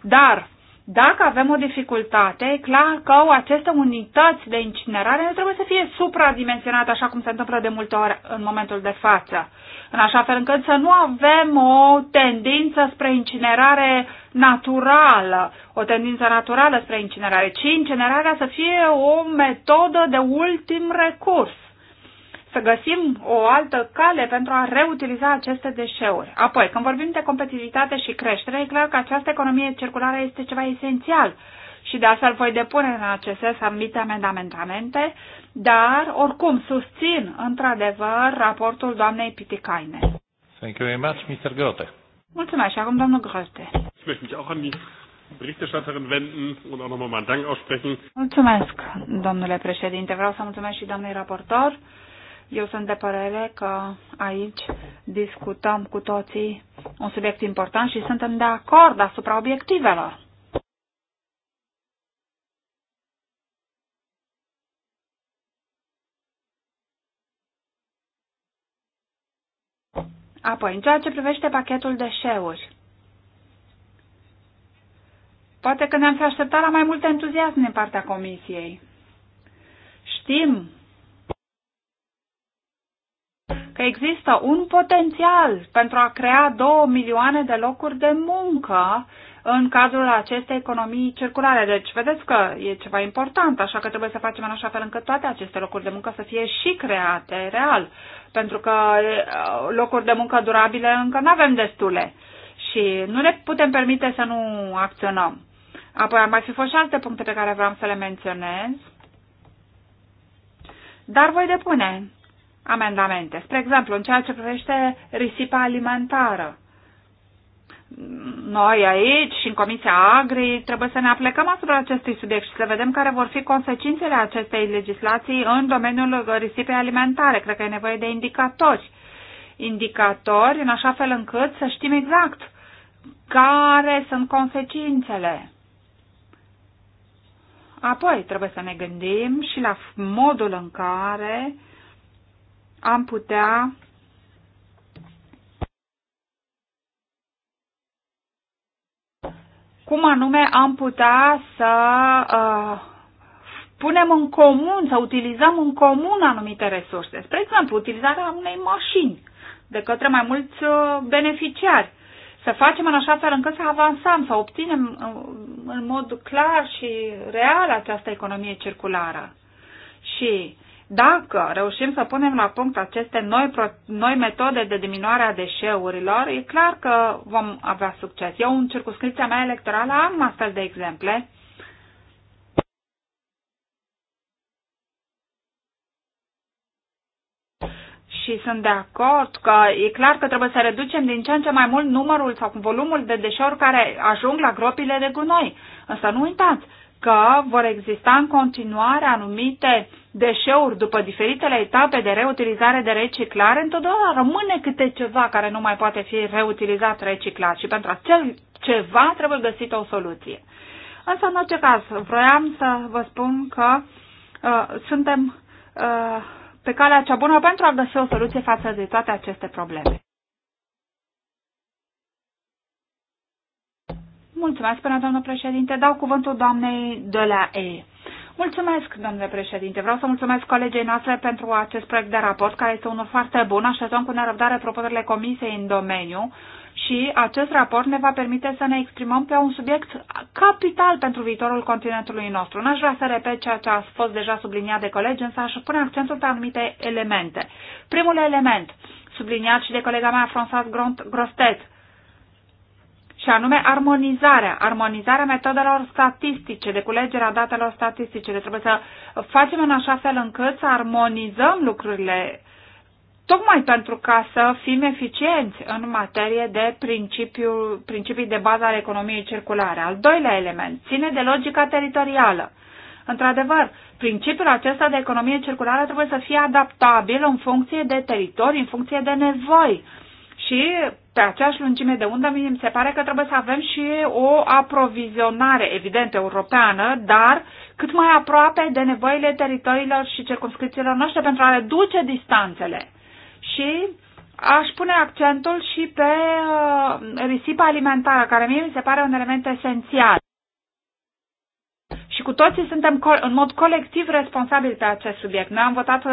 Dar dacă avem o dificultate, e clar că aceste unități de incinerare nu trebuie să fie supradimensionate așa cum se întâmplă de multe ori în momentul de față în așa fel încât să nu avem o tendință spre incinerare naturală, o tendință naturală spre incinerare, ci incinerarea să fie o metodă de ultim recurs să găsim o altă cale pentru a reutiliza aceste deșeuri. Apoi, când vorbim de competitivitate și creștere, e clar că această economie circulară este ceva esențial și de astfel voi depune în acest sens anumite amendamente dar oricum susțin într-adevăr raportul doamnei Pitikaine. Thank you very much, Mr. Grote. Mulțumesc, și acum domnul Grote. Mulțumesc, domnule președinte. Vreau să mulțumesc și doamnei raportor. Eu sunt de părere că aici discutăm cu toții un subiect important și suntem de acord asupra obiectivelor. Apoi, în ceea ce privește pachetul deșeuri, poate că ne-am fi așteptat la mai mult entuziasm din partea Comisiei. Știm că există un potențial pentru a crea două milioane de locuri de muncă în cazul acestei economii circulare. Deci vedeți că e ceva important, așa că trebuie să facem în așa fel încât toate aceste locuri de muncă să fie și create real, pentru că uh, locuri de muncă durabile încă nu avem destule și nu ne putem permite să nu acționăm. Apoi ar mai fi fost și alte puncte pe care vreau să le menționez, dar voi depune amendamente. Spre exemplu, în ceea ce privește risipa alimentară noi aici și în Comisia Agri trebuie să ne aplecăm asupra acestui subiect și să vedem care vor fi consecințele acestei legislații în domeniul risipei alimentare. Cred că e nevoie de indicatori. Indicatori în așa fel încât să știm exact care sunt consecințele. Apoi trebuie să ne gândim și la modul în care am putea cum anume am putea să uh, punem în comun, să utilizăm în comun anumite resurse. Spre exemplu, utilizarea unei mașini de către mai mulți uh, beneficiari. Să facem în așa fel încât să avansăm, să obținem uh, în mod clar și real această economie circulară. Și dacă reușim să punem la punct aceste noi, noi metode de diminuare a deșeurilor, e clar că vom avea succes. Eu, în circunscripția mea electorală, am astfel de exemple. și sunt de acord că e clar că trebuie să reducem din ce în ce mai mult numărul sau volumul de deșeuri care ajung la gropile de gunoi. Însă nu uitați, că vor exista în continuare anumite deșeuri după diferitele etape de reutilizare, de reciclare, întotdeauna rămâne câte ceva care nu mai poate fi reutilizat, reciclat și pentru acel ceva trebuie găsită o soluție. Însă, în orice caz, vroiam să vă spun că uh, suntem uh, pe calea cea bună pentru a găsi o soluție față de toate aceste probleme. Mulțumesc, până doamnă președinte. Dau cuvântul doamnei de la E. Mulțumesc, domnule președinte. Vreau să mulțumesc colegii noastre pentru acest proiect de raport, care este unul foarte bun. Așteptăm cu nerăbdare propunerile comisiei în domeniu și acest raport ne va permite să ne exprimăm pe un subiect capital pentru viitorul continentului nostru. N-aș vrea să repet ceea ce a fost deja subliniat de colegi, însă aș pune accentul pe anumite elemente. Primul element, subliniat și de colega mea François Grostet, și anume armonizarea, armonizarea metodelor statistice, de culegerea datelor statistice. Deci trebuie să facem în așa fel încât să armonizăm lucrurile tocmai pentru ca să fim eficienți în materie de principii de bază al economiei circulare. Al doilea element ține de logica teritorială. Într-adevăr, principiul acesta de economie circulară trebuie să fie adaptabil în funcție de teritoriu, în funcție de nevoi. Și pe aceeași lungime de undă, mi se pare că trebuie să avem și o aprovizionare, evident, europeană, dar cât mai aproape de nevoile teritoriilor și circunscripțiilor noastre pentru a reduce distanțele. Și aș pune accentul și pe uh, risipa alimentară, care mie mi se pare un element esențial. Și cu toții suntem în mod colectiv responsabili pe acest subiect. Noi am votat uh,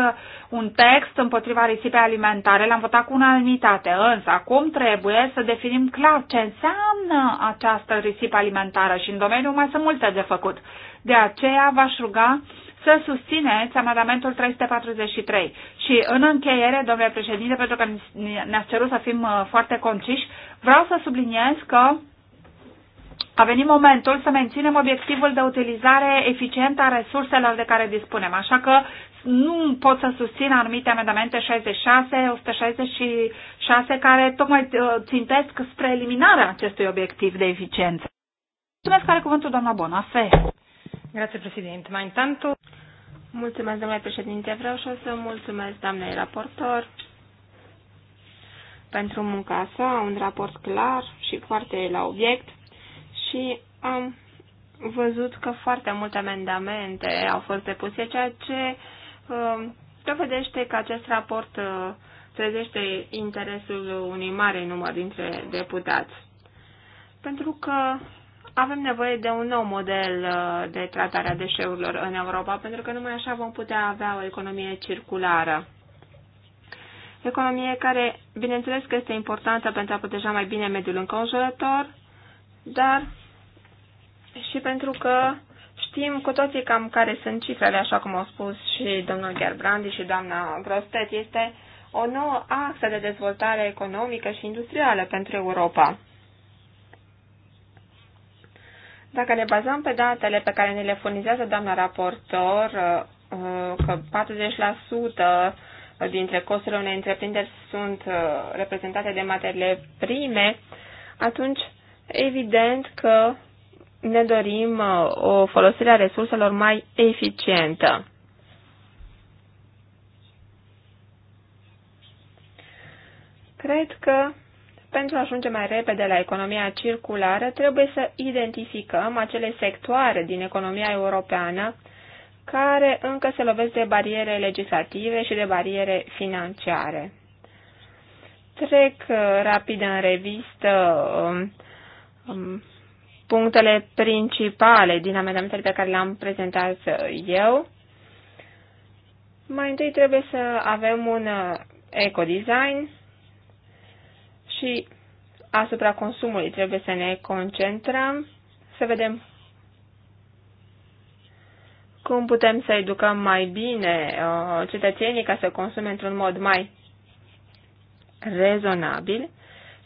un text împotriva risipei alimentare, l-am votat cu unanimitate, însă acum trebuie să definim clar ce înseamnă această risipă alimentară și în domeniu mai sunt multe de făcut. De aceea v-aș ruga să susțineți amendamentul 343. Și în încheiere, domnule președinte, pentru că ne-ați cerut să fim uh, foarte conciși, vreau să subliniez că a venit momentul să menținem obiectivul de utilizare eficientă a resurselor de care dispunem. Așa că nu pot să susțin anumite amendamente 66, 166, care tocmai uh, țintesc spre eliminarea acestui obiectiv de eficiență. Mulțumesc care cuvântul, doamna Bonafe. Grazie, președinte. Mai intanto... Mulțumesc, domnule președinte. Vreau și o să mulțumesc doamnei raportor pentru munca sa, un raport clar și foarte la obiect și am văzut că foarte multe amendamente au fost depuse, ceea ce um, dovedește că acest raport uh, trezește interesul unui mare număr dintre deputați. Pentru că avem nevoie de un nou model uh, de tratare a deșeurilor în Europa, pentru că numai așa vom putea avea o economie circulară. Economie care, bineînțeles că este importantă pentru a proteja mai bine mediul înconjurător, dar și pentru că știm cu toții cam care sunt cifrele, așa cum au spus și domnul Gerbrandi și doamna Grostet. Este o nouă axă de dezvoltare economică și industrială pentru Europa. Dacă ne bazăm pe datele pe care ne le furnizează doamna raportor, uh, că 40% dintre costurile unei întreprinderi sunt uh, reprezentate de materiile prime, atunci evident că ne dorim uh, o folosire a resurselor mai eficientă. Cred că pentru a ajunge mai repede la economia circulară, trebuie să identificăm acele sectoare din economia europeană care încă se lovesc de bariere legislative și de bariere financiare. Trec uh, rapid în revistă um, um, punctele principale din amendamentele pe care le-am prezentat eu. Mai întâi trebuie să avem un ecodesign și asupra consumului trebuie să ne concentrăm, să vedem cum putem să educăm mai bine uh, cetățenii ca să consume într-un mod mai rezonabil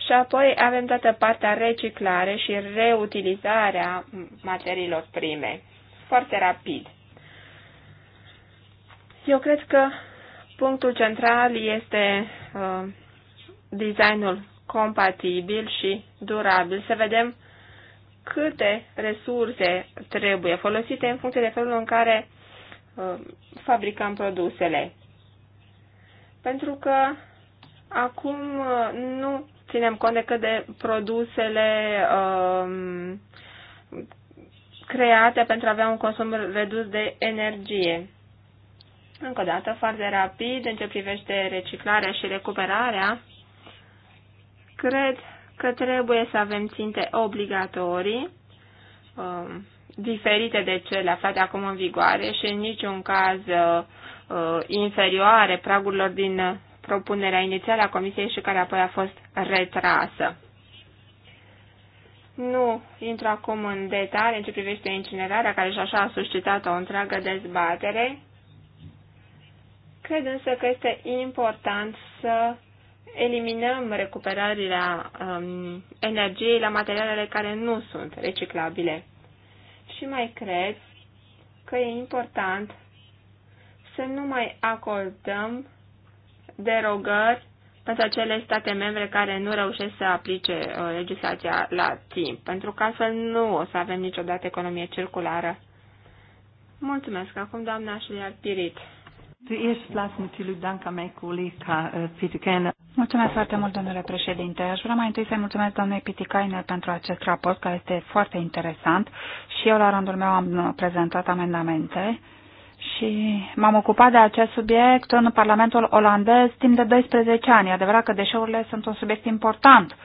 și apoi avem toată partea reciclare și reutilizarea materiilor prime. Foarte rapid. Eu cred că punctul central este uh, designul compatibil și durabil. Să vedem câte resurse trebuie folosite în funcție de felul în care uh, fabricăm produsele. Pentru că acum uh, nu ținem cont decât de produsele um, create pentru a avea un consum redus de energie. Încă o dată, foarte rapid, în ce privește reciclarea și recuperarea, cred că trebuie să avem ținte obligatorii, um, diferite de cele aflate acum în vigoare și în niciun caz uh, uh inferioare pragurilor din propunerea inițială a Comisiei și care apoi a fost retrasă. Nu intru acum în detalii în ce privește incinerarea, care și așa a suscitat o întreagă dezbatere. Cred însă că este important să eliminăm recuperarea um, energiei la materialele care nu sunt reciclabile. Și mai cred că e important să nu mai acordăm derogări pentru acele state membre care nu reușesc să aplice uh, legislația la timp, pentru că altfel nu o să avem niciodată economie circulară. Mulțumesc. Acum doamna Șuliar Pirit. Uh, mulțumesc foarte mult, domnule președinte. Aș vrea mai întâi să-i mulțumesc doamnei Pitikainer pentru acest raport, care este foarte interesant. Și eu, la rândul meu, am prezentat amendamente și m-am ocupat de acest subiect în Parlamentul olandez timp de 12 ani. E adevărat că deșeurile sunt un subiect important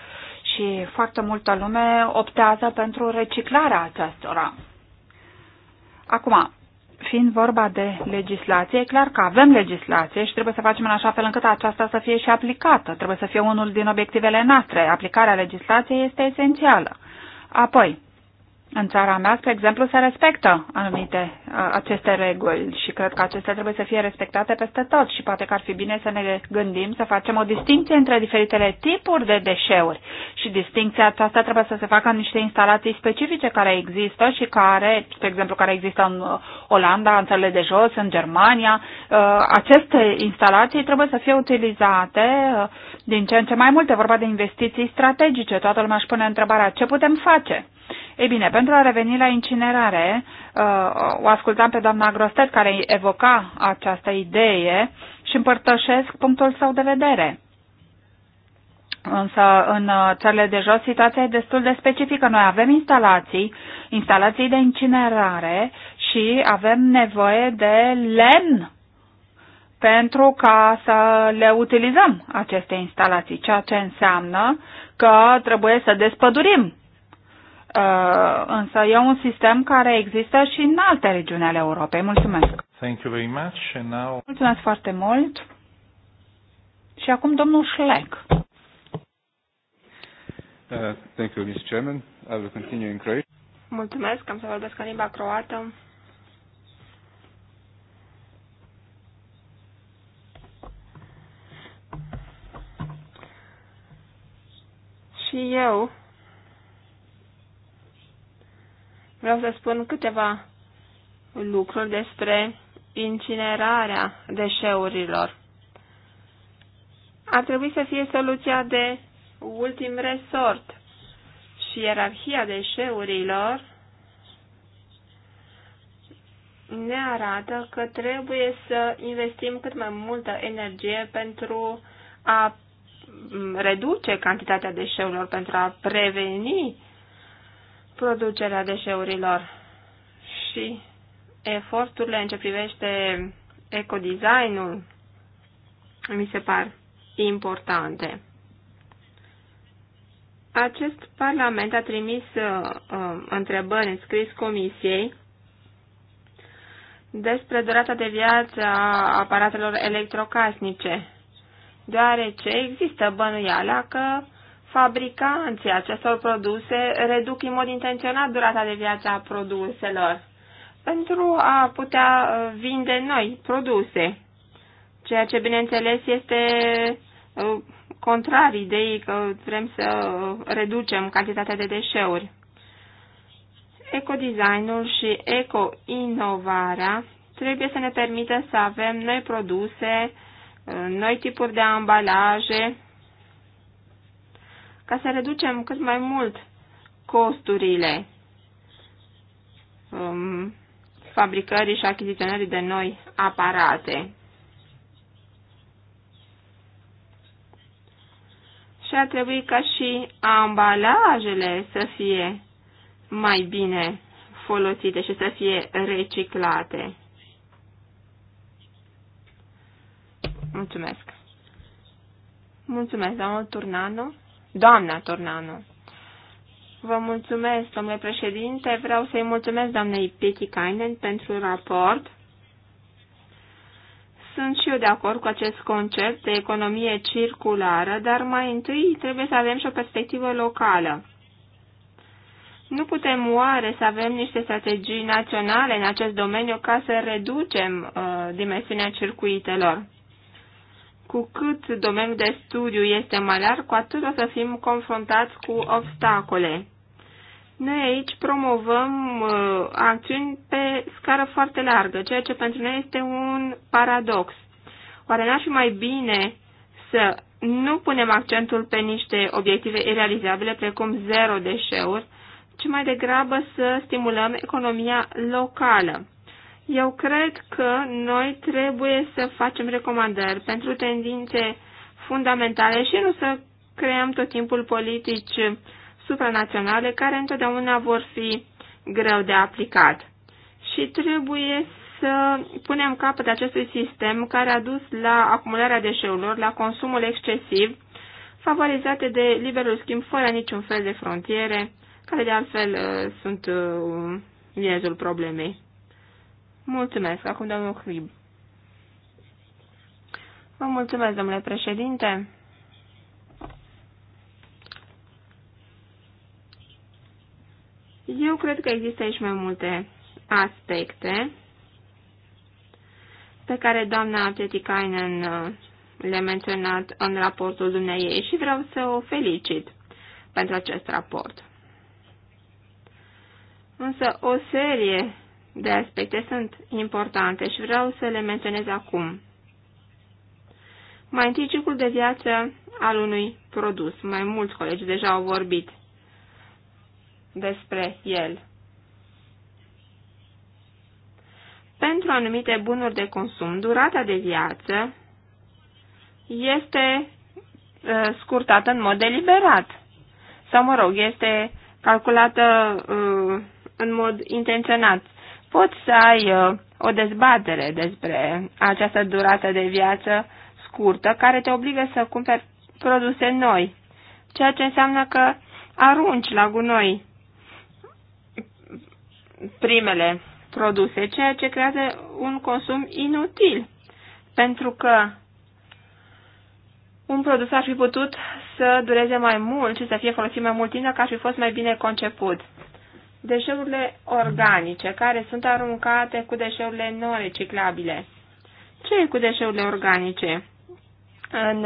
și foarte multă lume optează pentru reciclarea acestora. Acum, fiind vorba de legislație, e clar că avem legislație și trebuie să facem în așa fel încât aceasta să fie și aplicată. Trebuie să fie unul din obiectivele noastre. Aplicarea legislației este esențială. Apoi, în țara mea, spre exemplu, se respectă anumite aceste reguli și cred că acestea trebuie să fie respectate peste tot și poate că ar fi bine să ne gândim să facem o distinție între diferitele tipuri de deșeuri și distinția aceasta trebuie să se facă în niște instalații specifice care există și care, spre exemplu, care există în Olanda, în țările de jos, în Germania. Aceste instalații trebuie să fie utilizate din ce în ce mai mult e vorba de investiții strategice. Toată lumea își pune întrebarea ce putem face. Ei bine, pentru a reveni la incinerare, uh, o ascultam pe doamna Grostet care evoca această idee și împărtășesc punctul său de vedere. Însă în uh, țările de jos situația e destul de specifică. Noi avem instalații, instalații de incinerare și avem nevoie de lemn pentru ca să le utilizăm aceste instalații, ceea ce înseamnă că trebuie să despădurim. Uh, însă e un sistem care există și în alte regiuni ale Europei. Mulțumesc! Thank you very much. And now... Mulțumesc foarte mult! Și acum domnul Schleck. Uh, thank you, Mr. Chairman. I will continue in Mulțumesc, am să vorbesc în limba croată. Și eu vreau să spun câteva lucruri despre incinerarea deșeurilor. Ar trebui să fie soluția de ultim resort și ierarhia deșeurilor ne arată că trebuie să investim cât mai multă energie pentru a Mm, reduce cantitatea deșeurilor, pentru a preveni producerea deșeurilor și eforturile în ce privește ecodesignul mi se par importante. Acest parlament a trimis uh, uh întrebări în scris comisiei despre durata de viață a aparatelor electrocasnice deoarece există bănuiala că fabricanții acestor produse reduc în mod intenționat durata de viață a produselor pentru a putea uh, vinde noi produse, ceea ce, bineînțeles, este uh, contrar ideii că vrem să uh, reducem cantitatea de deșeuri. Ecodesignul și ecoinovarea trebuie să ne permită să avem noi produse noi tipuri de ambalaje, ca să reducem cât mai mult costurile um, fabricării și achiziționării de noi aparate. Și ar trebui ca și ambalajele să fie mai bine folosite și să fie reciclate. Mulțumesc. Mulțumesc, doamnă Turnano. Doamna Turnano. Vă mulțumesc, domnule președinte. Vreau să-i mulțumesc doamnei Pietikainen pentru raport. Sunt și eu de acord cu acest concept de economie circulară, dar mai întâi trebuie să avem și o perspectivă locală. Nu putem oare să avem niște strategii naționale în acest domeniu ca să reducem uh, dimensiunea circuitelor? cu cât domeniul de studiu este mai larg, cu atât o să fim confruntați cu obstacole. Noi aici promovăm uh, acțiuni pe scară foarte largă, ceea ce pentru noi este un paradox. Oare n aș fi mai bine să nu punem accentul pe niște obiective irealizabile, precum zero deșeuri, ci mai degrabă să stimulăm economia locală? Eu cred că noi trebuie să facem recomandări pentru tendințe fundamentale și nu să creăm tot timpul politici supranaționale care întotdeauna vor fi greu de aplicat. Și trebuie să punem capăt acestui sistem care a dus la acumularea deșeurilor, la consumul excesiv, favorizate de liberul schimb fără niciun fel de frontiere, care de altfel uh, sunt uh, miezul problemei. Mulțumesc. Acum domnul Hrib. Vă mulțumesc, domnule președinte. Eu cred că există aici mai multe aspecte pe care doamna Tietikainen uh, le-a menționat în raportul dumneiei și vreau să o felicit pentru acest raport. Însă o serie de aspecte sunt importante și vreau să le menționez acum. Mai întâi ciclul de viață al unui produs. Mai mulți colegi deja au vorbit despre el. Pentru anumite bunuri de consum, durata de viață este ă, scurtată în mod deliberat. Sau, mă rog, este calculată ă, în mod intenționat poți să ai uh, o dezbatere despre această durată de viață scurtă care te obligă să cumperi produse noi, ceea ce înseamnă că arunci la gunoi primele produse, ceea ce creează un consum inutil, pentru că un produs ar fi putut să dureze mai mult și să fie folosit mai mult timp dacă ar fi fost mai bine conceput deșeurile organice care sunt aruncate cu deșeurile non-reciclabile. Ce e cu deșeurile organice? În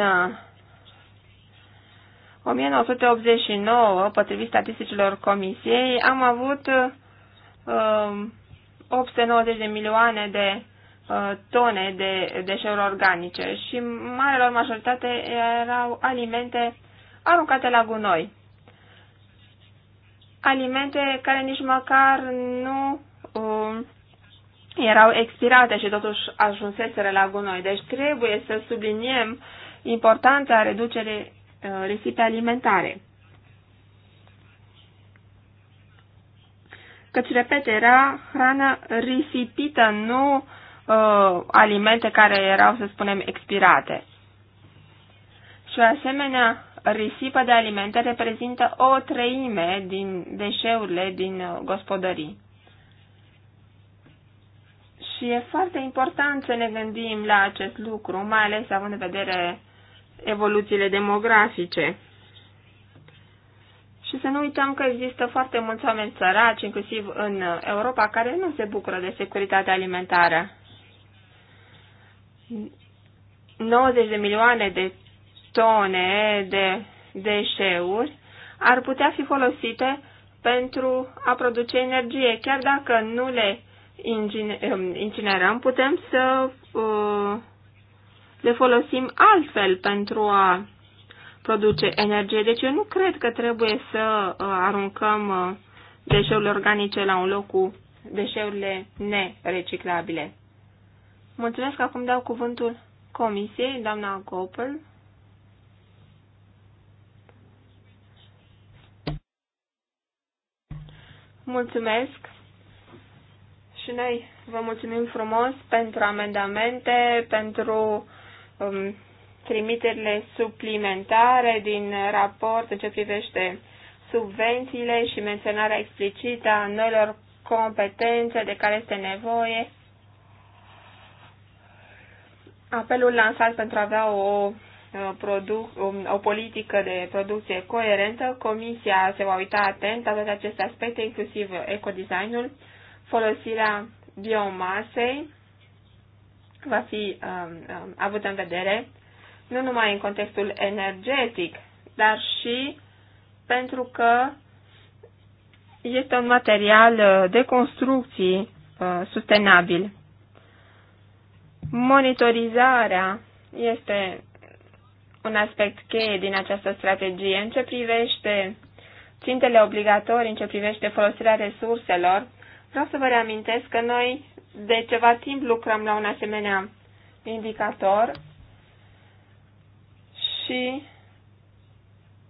1989, uh, potrivit statisticilor comisiei, am avut uh, um, 890 de milioane de uh, tone de deșeuri organice și marelor majoritate erau alimente aruncate la gunoi alimente care nici măcar nu um, erau expirate și totuși ajunseseră la gunoi. Deci trebuie să subliniem importanța reducerii uh, risipei alimentare. Căci, repet, era hrană risipită, nu uh, alimente care erau, să spunem, expirate. Și, asemenea, risipă de alimente reprezintă o treime din deșeurile din gospodării. Și e foarte important să ne gândim la acest lucru, mai ales având în vedere evoluțiile demografice. Și să nu uităm că există foarte mulți oameni săraci, inclusiv în Europa, care nu se bucură de securitate alimentară. 90 de milioane de tone de deșeuri ar putea fi folosite pentru a produce energie. Chiar dacă nu le um, incinerăm, putem să uh, le folosim altfel pentru a produce energie. Deci eu nu cred că trebuie să uh, aruncăm uh, deșeurile organice la un loc cu deșeurile nereciclabile. Mulțumesc, acum dau cuvântul Comisiei, doamna Gopel. Mulțumesc și noi vă mulțumim frumos pentru amendamente, pentru um, trimiterile suplimentare din raport în ce privește subvențiile și menționarea explicită a noilor competențe de care este nevoie. Apelul lansat pentru a avea o Uh, produc, um, o politică de producție coerentă, Comisia se va uita atent la toate aceste aspecte, inclusiv ecodesignul, folosirea biomasei va fi um, um, avută în vedere nu numai în contextul energetic, dar și pentru că este un material uh, de construcții uh, sustenabil. Monitorizarea este un aspect cheie din această strategie în ce privește țintele obligatorii, în ce privește folosirea resurselor. Vreau să vă reamintesc că noi de ceva timp lucrăm la un asemenea indicator și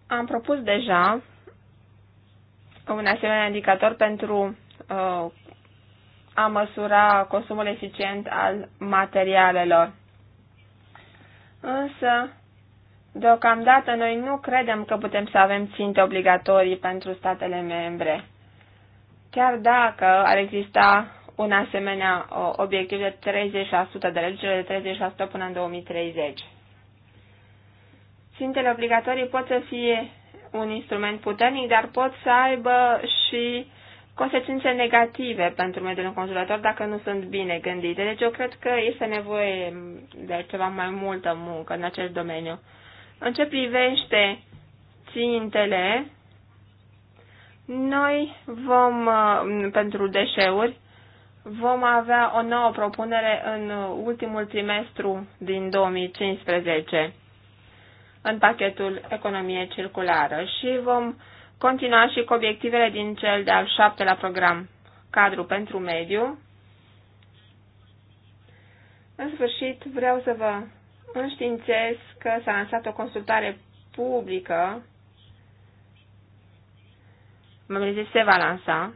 am propus deja un asemenea indicator pentru uh, a măsura consumul eficient al materialelor. Însă, Deocamdată noi nu credem că putem să avem ținte obligatorii pentru statele membre. Chiar dacă ar exista un asemenea obiectiv de 30%, de reducere de 30% până în 2030. Țintele obligatorii pot să fie un instrument puternic, dar pot să aibă și consecințe negative pentru mediul înconjurător dacă nu sunt bine gândite. Deci eu cred că este nevoie de ceva mai multă muncă în acest domeniu. În ce privește țintele, noi vom, uh, pentru deșeuri, vom avea o nouă propunere în ultimul trimestru din 2015 în pachetul economie circulară și vom continua și cu obiectivele din cel de-al șaptelea program cadru pentru mediu. În sfârșit, vreau să vă Înștiințez că s-a lansat o consultare publică, mă zis, se va lansa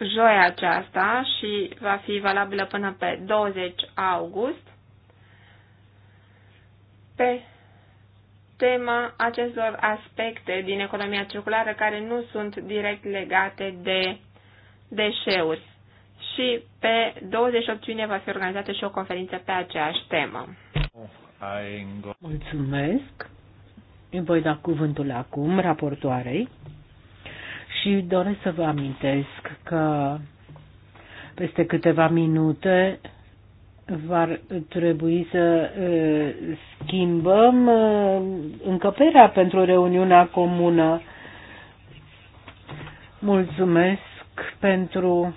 joia aceasta și va fi valabilă până pe 20 august pe tema acestor aspecte din economia circulară care nu sunt direct legate de deșeuri și pe 28 iunie va fi organizată și o conferință pe aceeași temă. Mulțumesc. Îmi voi da cuvântul acum raportoarei și doresc să vă amintesc că peste câteva minute va trebui să schimbăm încăperea pentru reuniunea comună. Mulțumesc pentru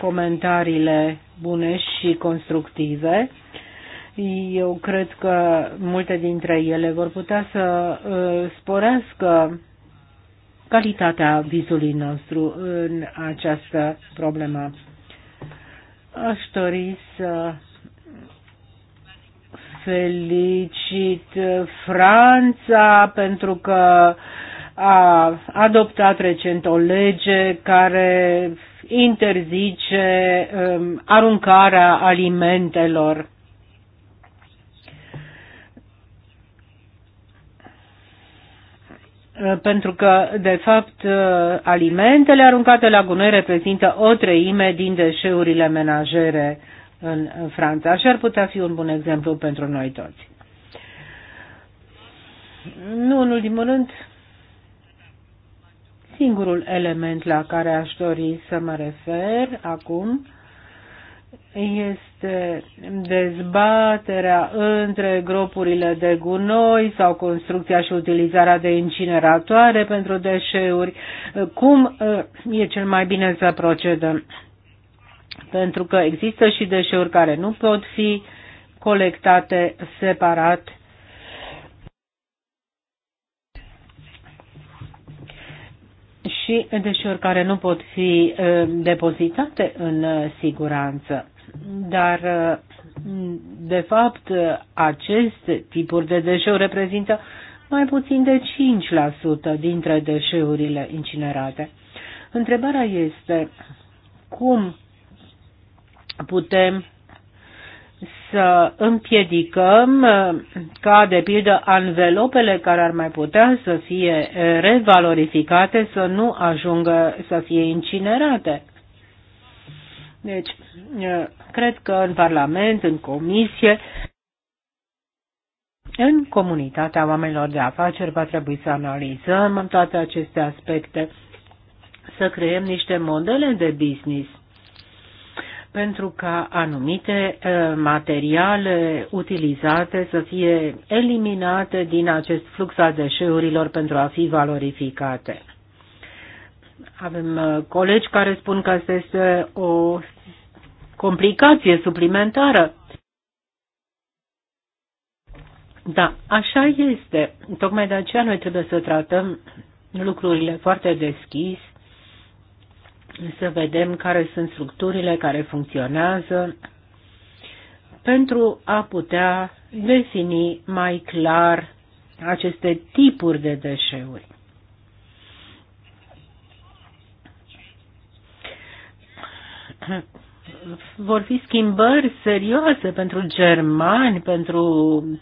comentariile bune și constructive. Eu cred că multe dintre ele vor putea să uh, sporească calitatea vizului nostru în această problemă. Aș dori să felicit Franța pentru că a adoptat recent o lege care interzice um, aruncarea alimentelor. Uh, pentru că, de fapt, uh, alimentele aruncate la gunoi reprezintă o treime din deșeurile menajere în Franța și ar putea fi un bun exemplu pentru noi toți. Nu în ultimul rând, Singurul element la care aș dori să mă refer acum este dezbaterea între grupurile de gunoi sau construcția și utilizarea de incineratoare pentru deșeuri, cum uh, e cel mai bine să procedăm. Pentru că există și deșeuri care nu pot fi colectate separat și deșeuri care nu pot fi depozitate în siguranță. Dar, de fapt, acest tipuri de deșeuri reprezintă mai puțin de 5% dintre deșeurile incinerate. Întrebarea este cum putem să împiedicăm uh, ca, de pildă, anvelopele care ar mai putea să fie uh, revalorificate să nu ajungă să fie incinerate. Deci, uh, cred că în Parlament, în Comisie, în comunitatea oamenilor de afaceri va trebui să analizăm toate aceste aspecte, să creăm niște modele de business pentru ca anumite eh, materiale utilizate să fie eliminate din acest flux al deșeurilor pentru a fi valorificate. Avem eh, colegi care spun că asta este o complicație suplimentară. Da, așa este. Tocmai de aceea noi trebuie să tratăm lucrurile foarte deschis să vedem care sunt structurile care funcționează pentru a putea defini mai clar aceste tipuri de deșeuri vor fi schimbări serioase pentru germani, pentru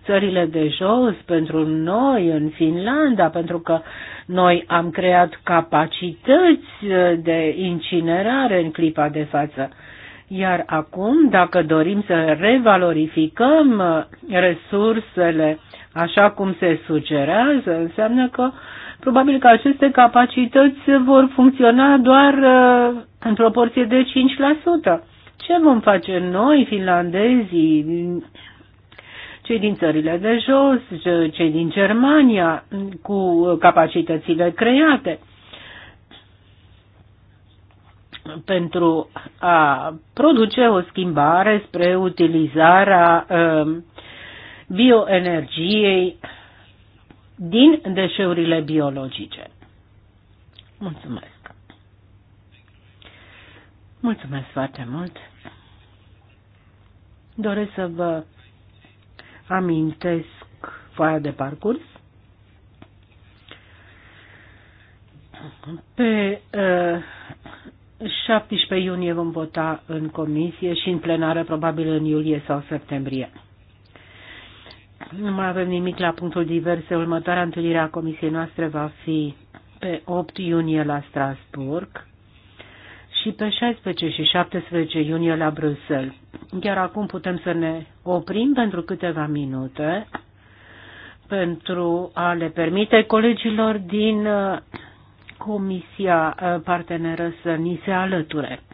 țările de jos, pentru noi în Finlanda, pentru că noi am creat capacități de incinerare în clipa de față. Iar acum, dacă dorim să revalorificăm resursele așa cum se sugerează, înseamnă că probabil că aceste capacități vor funcționa doar uh, în proporție de 5%. Ce vom face noi, finlandezii, cei din țările de jos, cei din Germania, cu capacitățile create? pentru a produce o schimbare spre utilizarea um, bioenergiei din deșeurile biologice. Mulțumesc! Mulțumesc foarte mult! Doresc să vă amintesc foaia de parcurs. Pe uh, 17 iunie vom vota în comisie și în plenară probabil în iulie sau septembrie. Nu mai avem nimic la punctul diverse. Următoarea întâlnire a comisiei noastre va fi pe 8 iunie la Strasburg și pe 16 și 17 iunie la Bruxelles. Chiar acum putem să ne oprim pentru câteva minute pentru a le permite colegilor din uh, Comisia uh, Parteneră să ni se alăture.